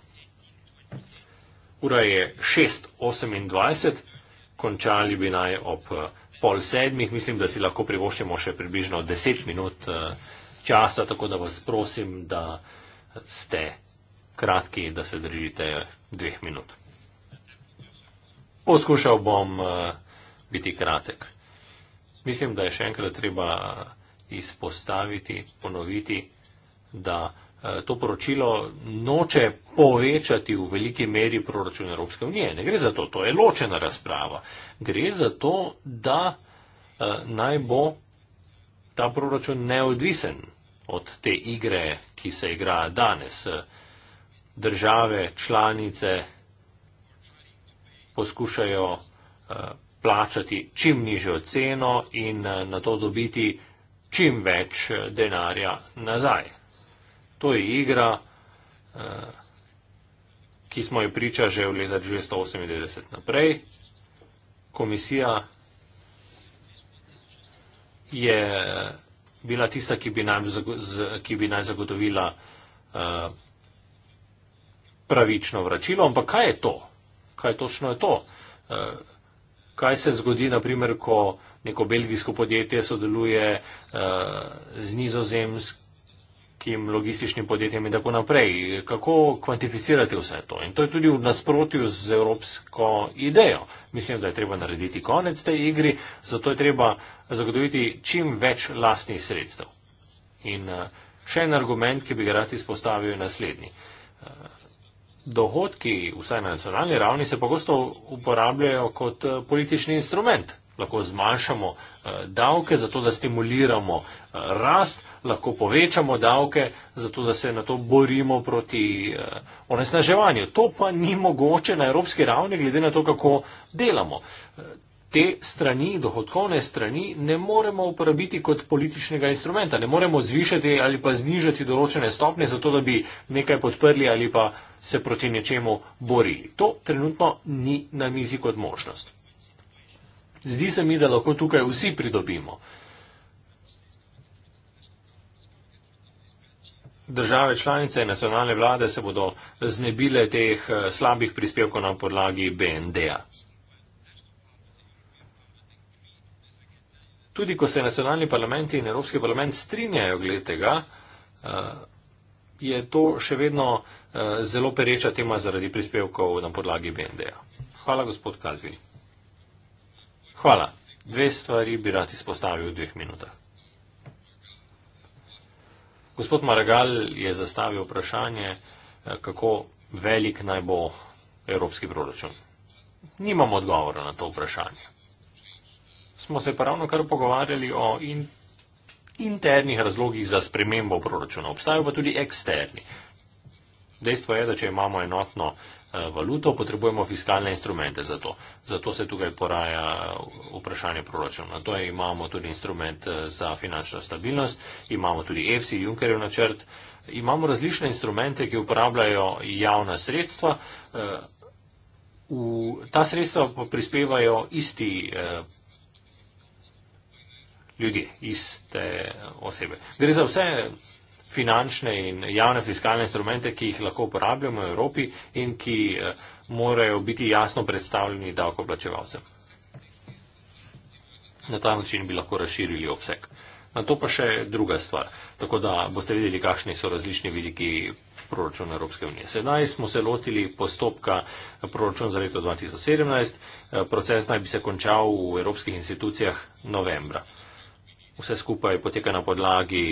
Ura je 6.28, končali bi naj ob eh, pol sedmih, mislim, da si lahko privoščimo še približno 10 minut eh, časa, tako da vas prosim, da eh, ste kratki, da se držite dveh minut. Poskušal bom biti kratek. Mislim, da je še enkrat treba izpostaviti, ponoviti, da Eh, to poročilo noče povečati v veliki meri proračun Evropske unije. Ne gre za to, to je ločena razprava. Gre za to, da eh, naj bo ta proračun neodvisen od te igre, ki se igra danes. Eh, države, članice poskušajo plačati čim nižjo ceno in na to dobiti čim več denarja nazaj, To je igra, eh, ki smo jo priča že v leta 1998 naprej. Komisija je eh, bila tista, ki bi naj, ki bi naj zagotovila eh, pravično vračilo, ampak kaj je to? Kaj točno je to? Kaj se zgodi, naprimer, ko neko belgijsko podjetje sodeluje z nizozemskim nekim logističnim podjetjem in tako naprej. Kako kvantificirati vse to? In to je tudi v nasprotju z evropsko idejo. Mislim, da je treba narediti konec tej igri, zato je treba zagotoviti čim več lastnih sredstev. In eh, še en argument, ki bi ga rad izpostavil, je naslednji. Eh, dohodki, vsaj na nacionalni ravni, se pogosto uporabljajo kot eh, politični instrument lahko zmanjšamo eh, davke, zato da stimuliramo eh, rast, lahko povečamo davke, zato da se na to borimo proti eh, onesnaževanju. To pa ni mogoče na evropski ravni, glede na to, kako delamo. Te strani, dohodkovne strani, ne moremo uporabiti kot političnega instrumenta. Ne moremo zvišati ali pa znižati določene stopne, zato da bi nekaj podprli ali pa se proti nečemu borili. To trenutno ni na mizi kot možnost. Zdi se mi, da lahko tukaj vsi pridobimo. Države članice in nacionalne vlade se bodo znebile teh eh, slabih prispevkov na podlagi BND-a. Tudi ko se nacionalni parlamenti in Evropski parlament strinjajo glede tega, eh, je to še vedno eh, zelo pereča tema zaradi prispevkov na podlagi BND-a. Hvala, gospod Kalvi. Hvala. Dve stvari bi rad izpostavil v dveh minutah. Gospod Maragal je zastavil vprašanje, eh, kako velik naj bo evropski proračun. Nimam odgovora na to vprašanje. Smo se pa ravno kar pogovarjali o in, internih razlogih za spremembo proračuna. Obstajajo pa tudi eksterni. Dejstvo je, da če imamo enotno uh, Eh, valuto, potrebujemo fiskalne instrumente za to. Zato se tukaj poraja vprašanje proračuna. To je, imamo tudi instrument eh, za finančno stabilnost, imamo tudi EFSI, Junckerjev načrt, imamo različne instrumente, ki uporabljajo javna sredstva. Eh, v ta sredstva pa prispevajo isti ljudje, iste osebe. Gre za vse finančne in javne fiskalne instrumente, ki jih lahko uporabljamo v Evropi in ki eh, morajo biti jasno predstavljeni davkoplačevalcem. Na ta način bi lahko razširili obseg. Na to pa še druga stvar. Tako da boste videli, kakšni so različni vidiki proračun Evropske unije. Sedaj smo se lotili postopka eh, proračun za leto 2017. Eh, proces naj bi se končal v evropskih institucijah novembra. Vse skupaj poteka na podlagi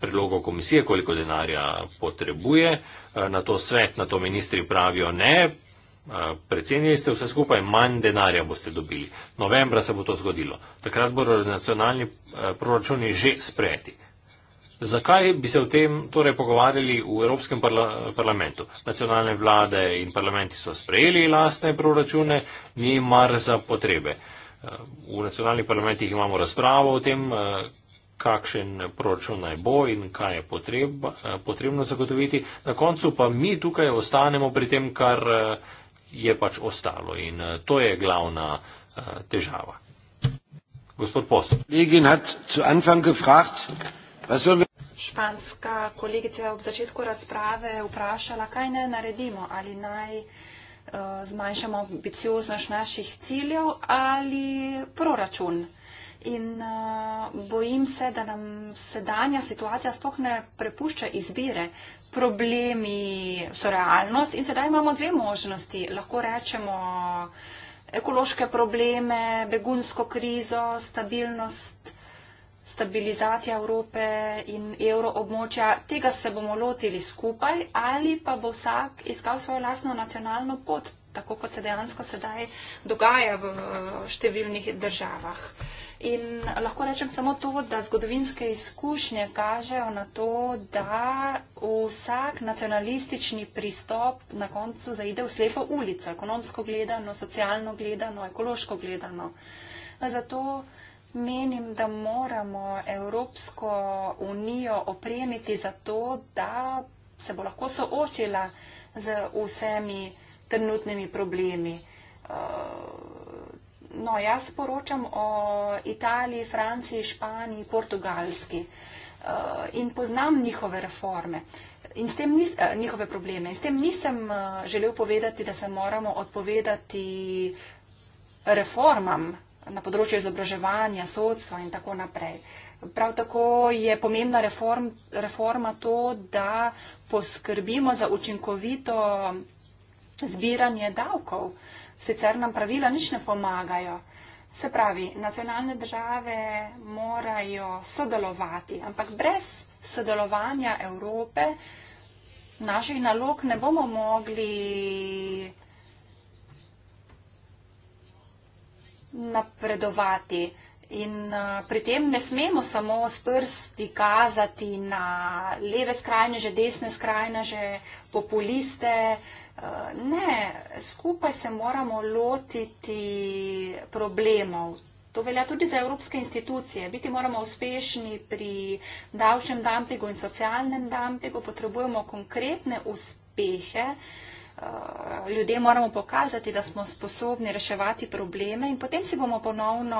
predlogov komisije, koliko denarja potrebuje. Eh, na to svet, na to ministri pravijo ne, eh, predsednili ste vse skupaj, manj denarja boste dobili. Novembra se bo to zgodilo. Takrat bodo nacionalni eh, proračuni že sprejeti. Zakaj bi se o tem torej pogovarjali v Evropskem parla parlamentu? Nacionalne vlade in parlamenti so sprejeli lastne proračune, ni mar za potrebe. V nacionalnih parlamentih imamo razpravo o tem, kakšen proračun naj bo in kaj je eh, potrebno zagotoviti. Na koncu pa mi tukaj ostanemo pri tem, kar eh, je pač ostalo in eh, to je glavna težava. Gospod Posl. Španska kolegica je ob začetku razprave vprašala, kaj ne naredimo, ali naj zmanjšamo ambicioznost naših ciljev ali proračun in uh, bojim se, da nam sedanja situacija sploh ne prepušča izbire. Problemi so realnost in sedaj imamo dve možnosti. Lahko rečemo ekološke probleme, begunsko krizo, stabilnost, stabilizacija Evrope in evroobmočja. Tega se bomo lotili skupaj ali pa bo vsak iskal svojo lasno nacionalno pot tako kot se dejansko sedaj dogaja v številnih državah. Uh, In lahko rečem samo to, da zgodovinske izkušnje kažejo na to, da vsak nacionalistični pristop na koncu zaide v slepo ulico, ekonomsko gledano, socialno gledano, ekološko gledano. Zato menim, da moramo Evropsko unijo opremiti za to, da se bo lahko soočila z vsemi trenutnimi problemi. Uh, No, jaz poročam o Italiji, Franciji, Španiji, Portugalski eh, in poznam njihove reforme in s tem nis, eh, njihove probleme. In s tem nisem eh, želel povedati, da se moramo odpovedati reformam na področju izobraževanja, sodstva in tako naprej. Prav tako je pomembna reform, reforma to, da poskrbimo za učinkovito zbiranje davkov, sicer nam pravila nič ne pomagajo. Se pravi, nacionalne države morajo sodelovati, ampak brez sodelovanja Evrope naših nalog ne bomo mogli napredovati. In eh, pri tem ne smemo samo s prsti kazati na leve skrajneže, desne skrajneže, populiste, ne, skupaj se moramo lotiti problemov. To velja tudi za evropske institucije. Biti moramo uspešni pri davčnem dampingu in socialnem dampingu, potrebujemo konkretne uspehe. Uh, Eh, ljudje moramo pokazati, da smo sposobni reševati probleme in potem si bomo ponovno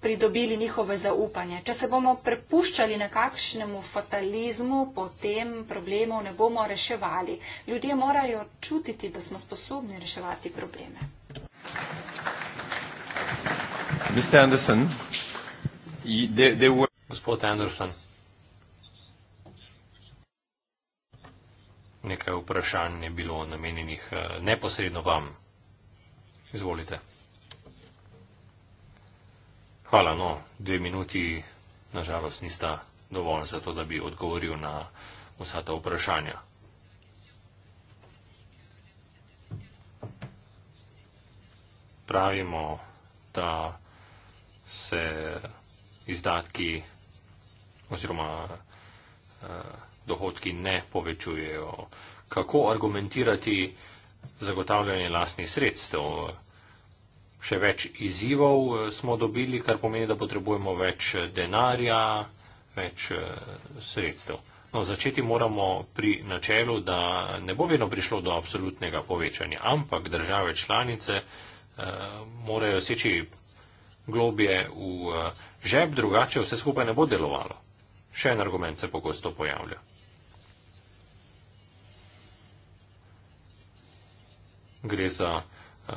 pridobili njihove zaupanje. Če se bomo prepuščali nekakšnemu fatalizmu, potem problemov ne bomo reševali. Ljudje morajo čutiti, da smo sposobni reševati probleme. Gospod Anderson. nekaj vprašanj je bilo namenjenih eh, neposredno vam. Izvolite. Hvala, no, dve minuti nažalost nista dovolj za to, da bi odgovoril na vsa ta vprašanja. Pravimo, da se izdatki oziroma eh, dohodki ne povečujejo. Kako argumentirati zagotavljanje lastnih sredstev? Še več izzivov eh, smo dobili, kar pomeni, da potrebujemo več eh, denarja, več eh, sredstev. No, začeti moramo pri načelu, da ne bo vedno prišlo do absolutnega povečanja, ampak države članice eh, morajo seči globje v žeb, drugače vse skupaj ne bo delovalo. Še en argument se pogosto pojavlja. gre za uh,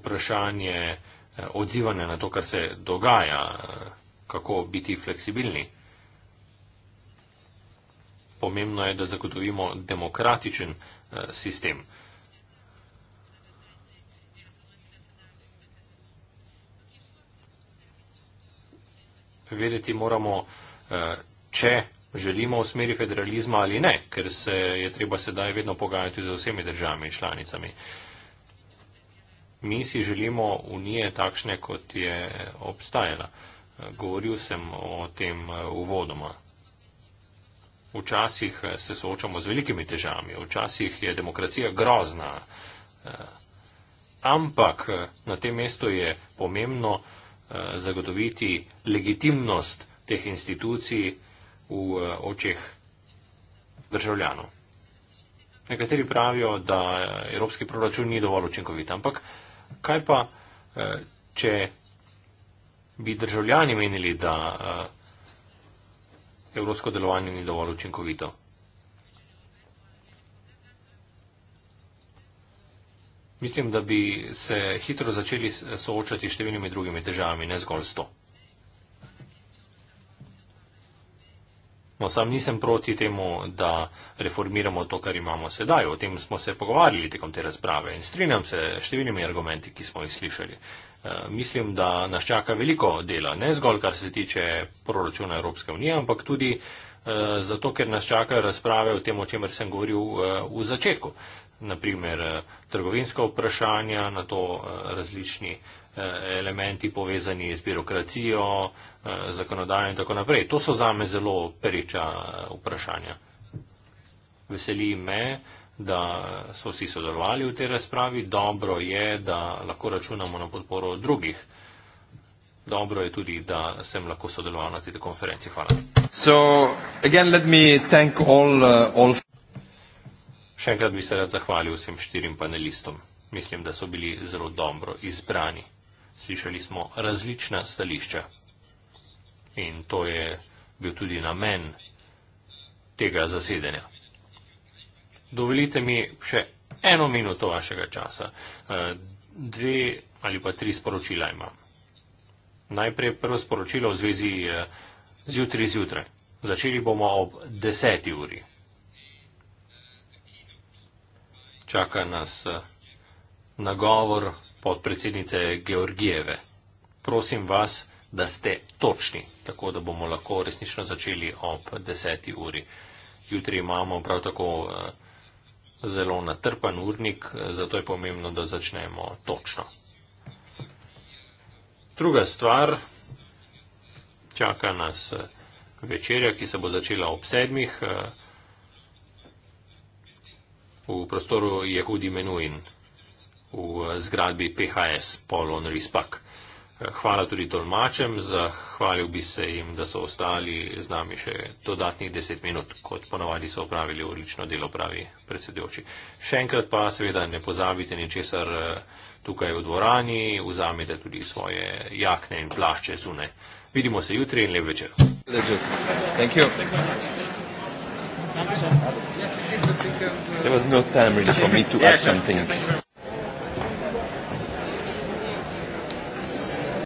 vprašanje uh, odzivanja na to, kar se dogaja, uh, kako biti fleksibilni. Pomembno je, da zagotovimo demokratičen uh, sistem. Vedeti moramo, uh, če želimo v smeri federalizma ali ne, ker se je treba sedaj vedno pogajati z vsemi državami in članicami. Mi si želimo unije takšne, kot je obstajala. Govoril sem o tem eh, uvodoma. Včasih eh, se soočamo z velikimi težami, včasih je demokracija grozna, eh, ampak na tem mestu je pomembno zagotoviti legitimnost teh institucij, v eh, očeh državljanov. Nekateri pravijo, da evropski proračun ni dovolj učinkovit, ampak kaj pa, eh, če bi državljani menili, da eh, evropsko delovanje ni dovolj učinkovito? Mislim, da bi se hitro začeli soočati s številnimi drugimi težavami, ne zgolj s to. No, sam nisem proti temu, da reformiramo to, kar imamo sedaj. O tem smo se pogovarjali tekom te razprave in strinjam se s številnimi argumenti, ki smo jih slišali. E, mislim, da nas čaka veliko dela, ne zgolj kar se tiče proračuna Evropske unije, ampak tudi e, zato, ker nas čakajo razprave o tem, o čemer sem govoril e, v začetku. Naprimer, trgovinska vprašanja, na to različni Eh, elementi povezani z birokracijo, eh, zakonodajo in tako naprej. To so zame zelo pereča eh, vprašanja. Veseli me, da so vsi sodelovali v tej razpravi. Dobro je, da lahko računamo na podporo drugih. Dobro je tudi, da sem lahko sodeloval na tej konferenci. Hvala. So, again, all, uh, all... Še enkrat bi se rad zahvalil vsem štirim panelistom. Mislim, da so bili zelo dobro izbrani slišali smo različna stališča. In to je bil tudi namen tega zasedanja. Dovolite mi še eno minuto vašega časa. Eh, dve ali pa tri sporočila imam. Najprej prvo sporočilo v zvezi eh, zjutraj zjutraj. Začeli bomo ob deseti uri. Čaka nas eh, nagovor podpredsednice Georgijeve. Prosim vas, da ste točni, tako da bomo lahko resnično začeli ob deseti uri. Jutri imamo prav tako eh, zelo natrpan urnik, zato je pomembno, da začnemo točno. Druga stvar, čaka nas eh, večerja, ki se bo začela ob sedmih eh, v prostoru Jehudi Menuin v eh, zgradbi PHS Polon Rispak. Eh, hvala tudi tolmačem, zahvalil bi se jim, da so ostali z nami še dodatnih deset minut, kot ponovadi so opravili odlično delo pravi predsedujoči. Še enkrat pa seveda ne pozabite ničesar eh, tukaj v dvorani, vzamite tudi svoje jakne in plašče zunaj. Vidimo se jutri in lep večer. Thank you.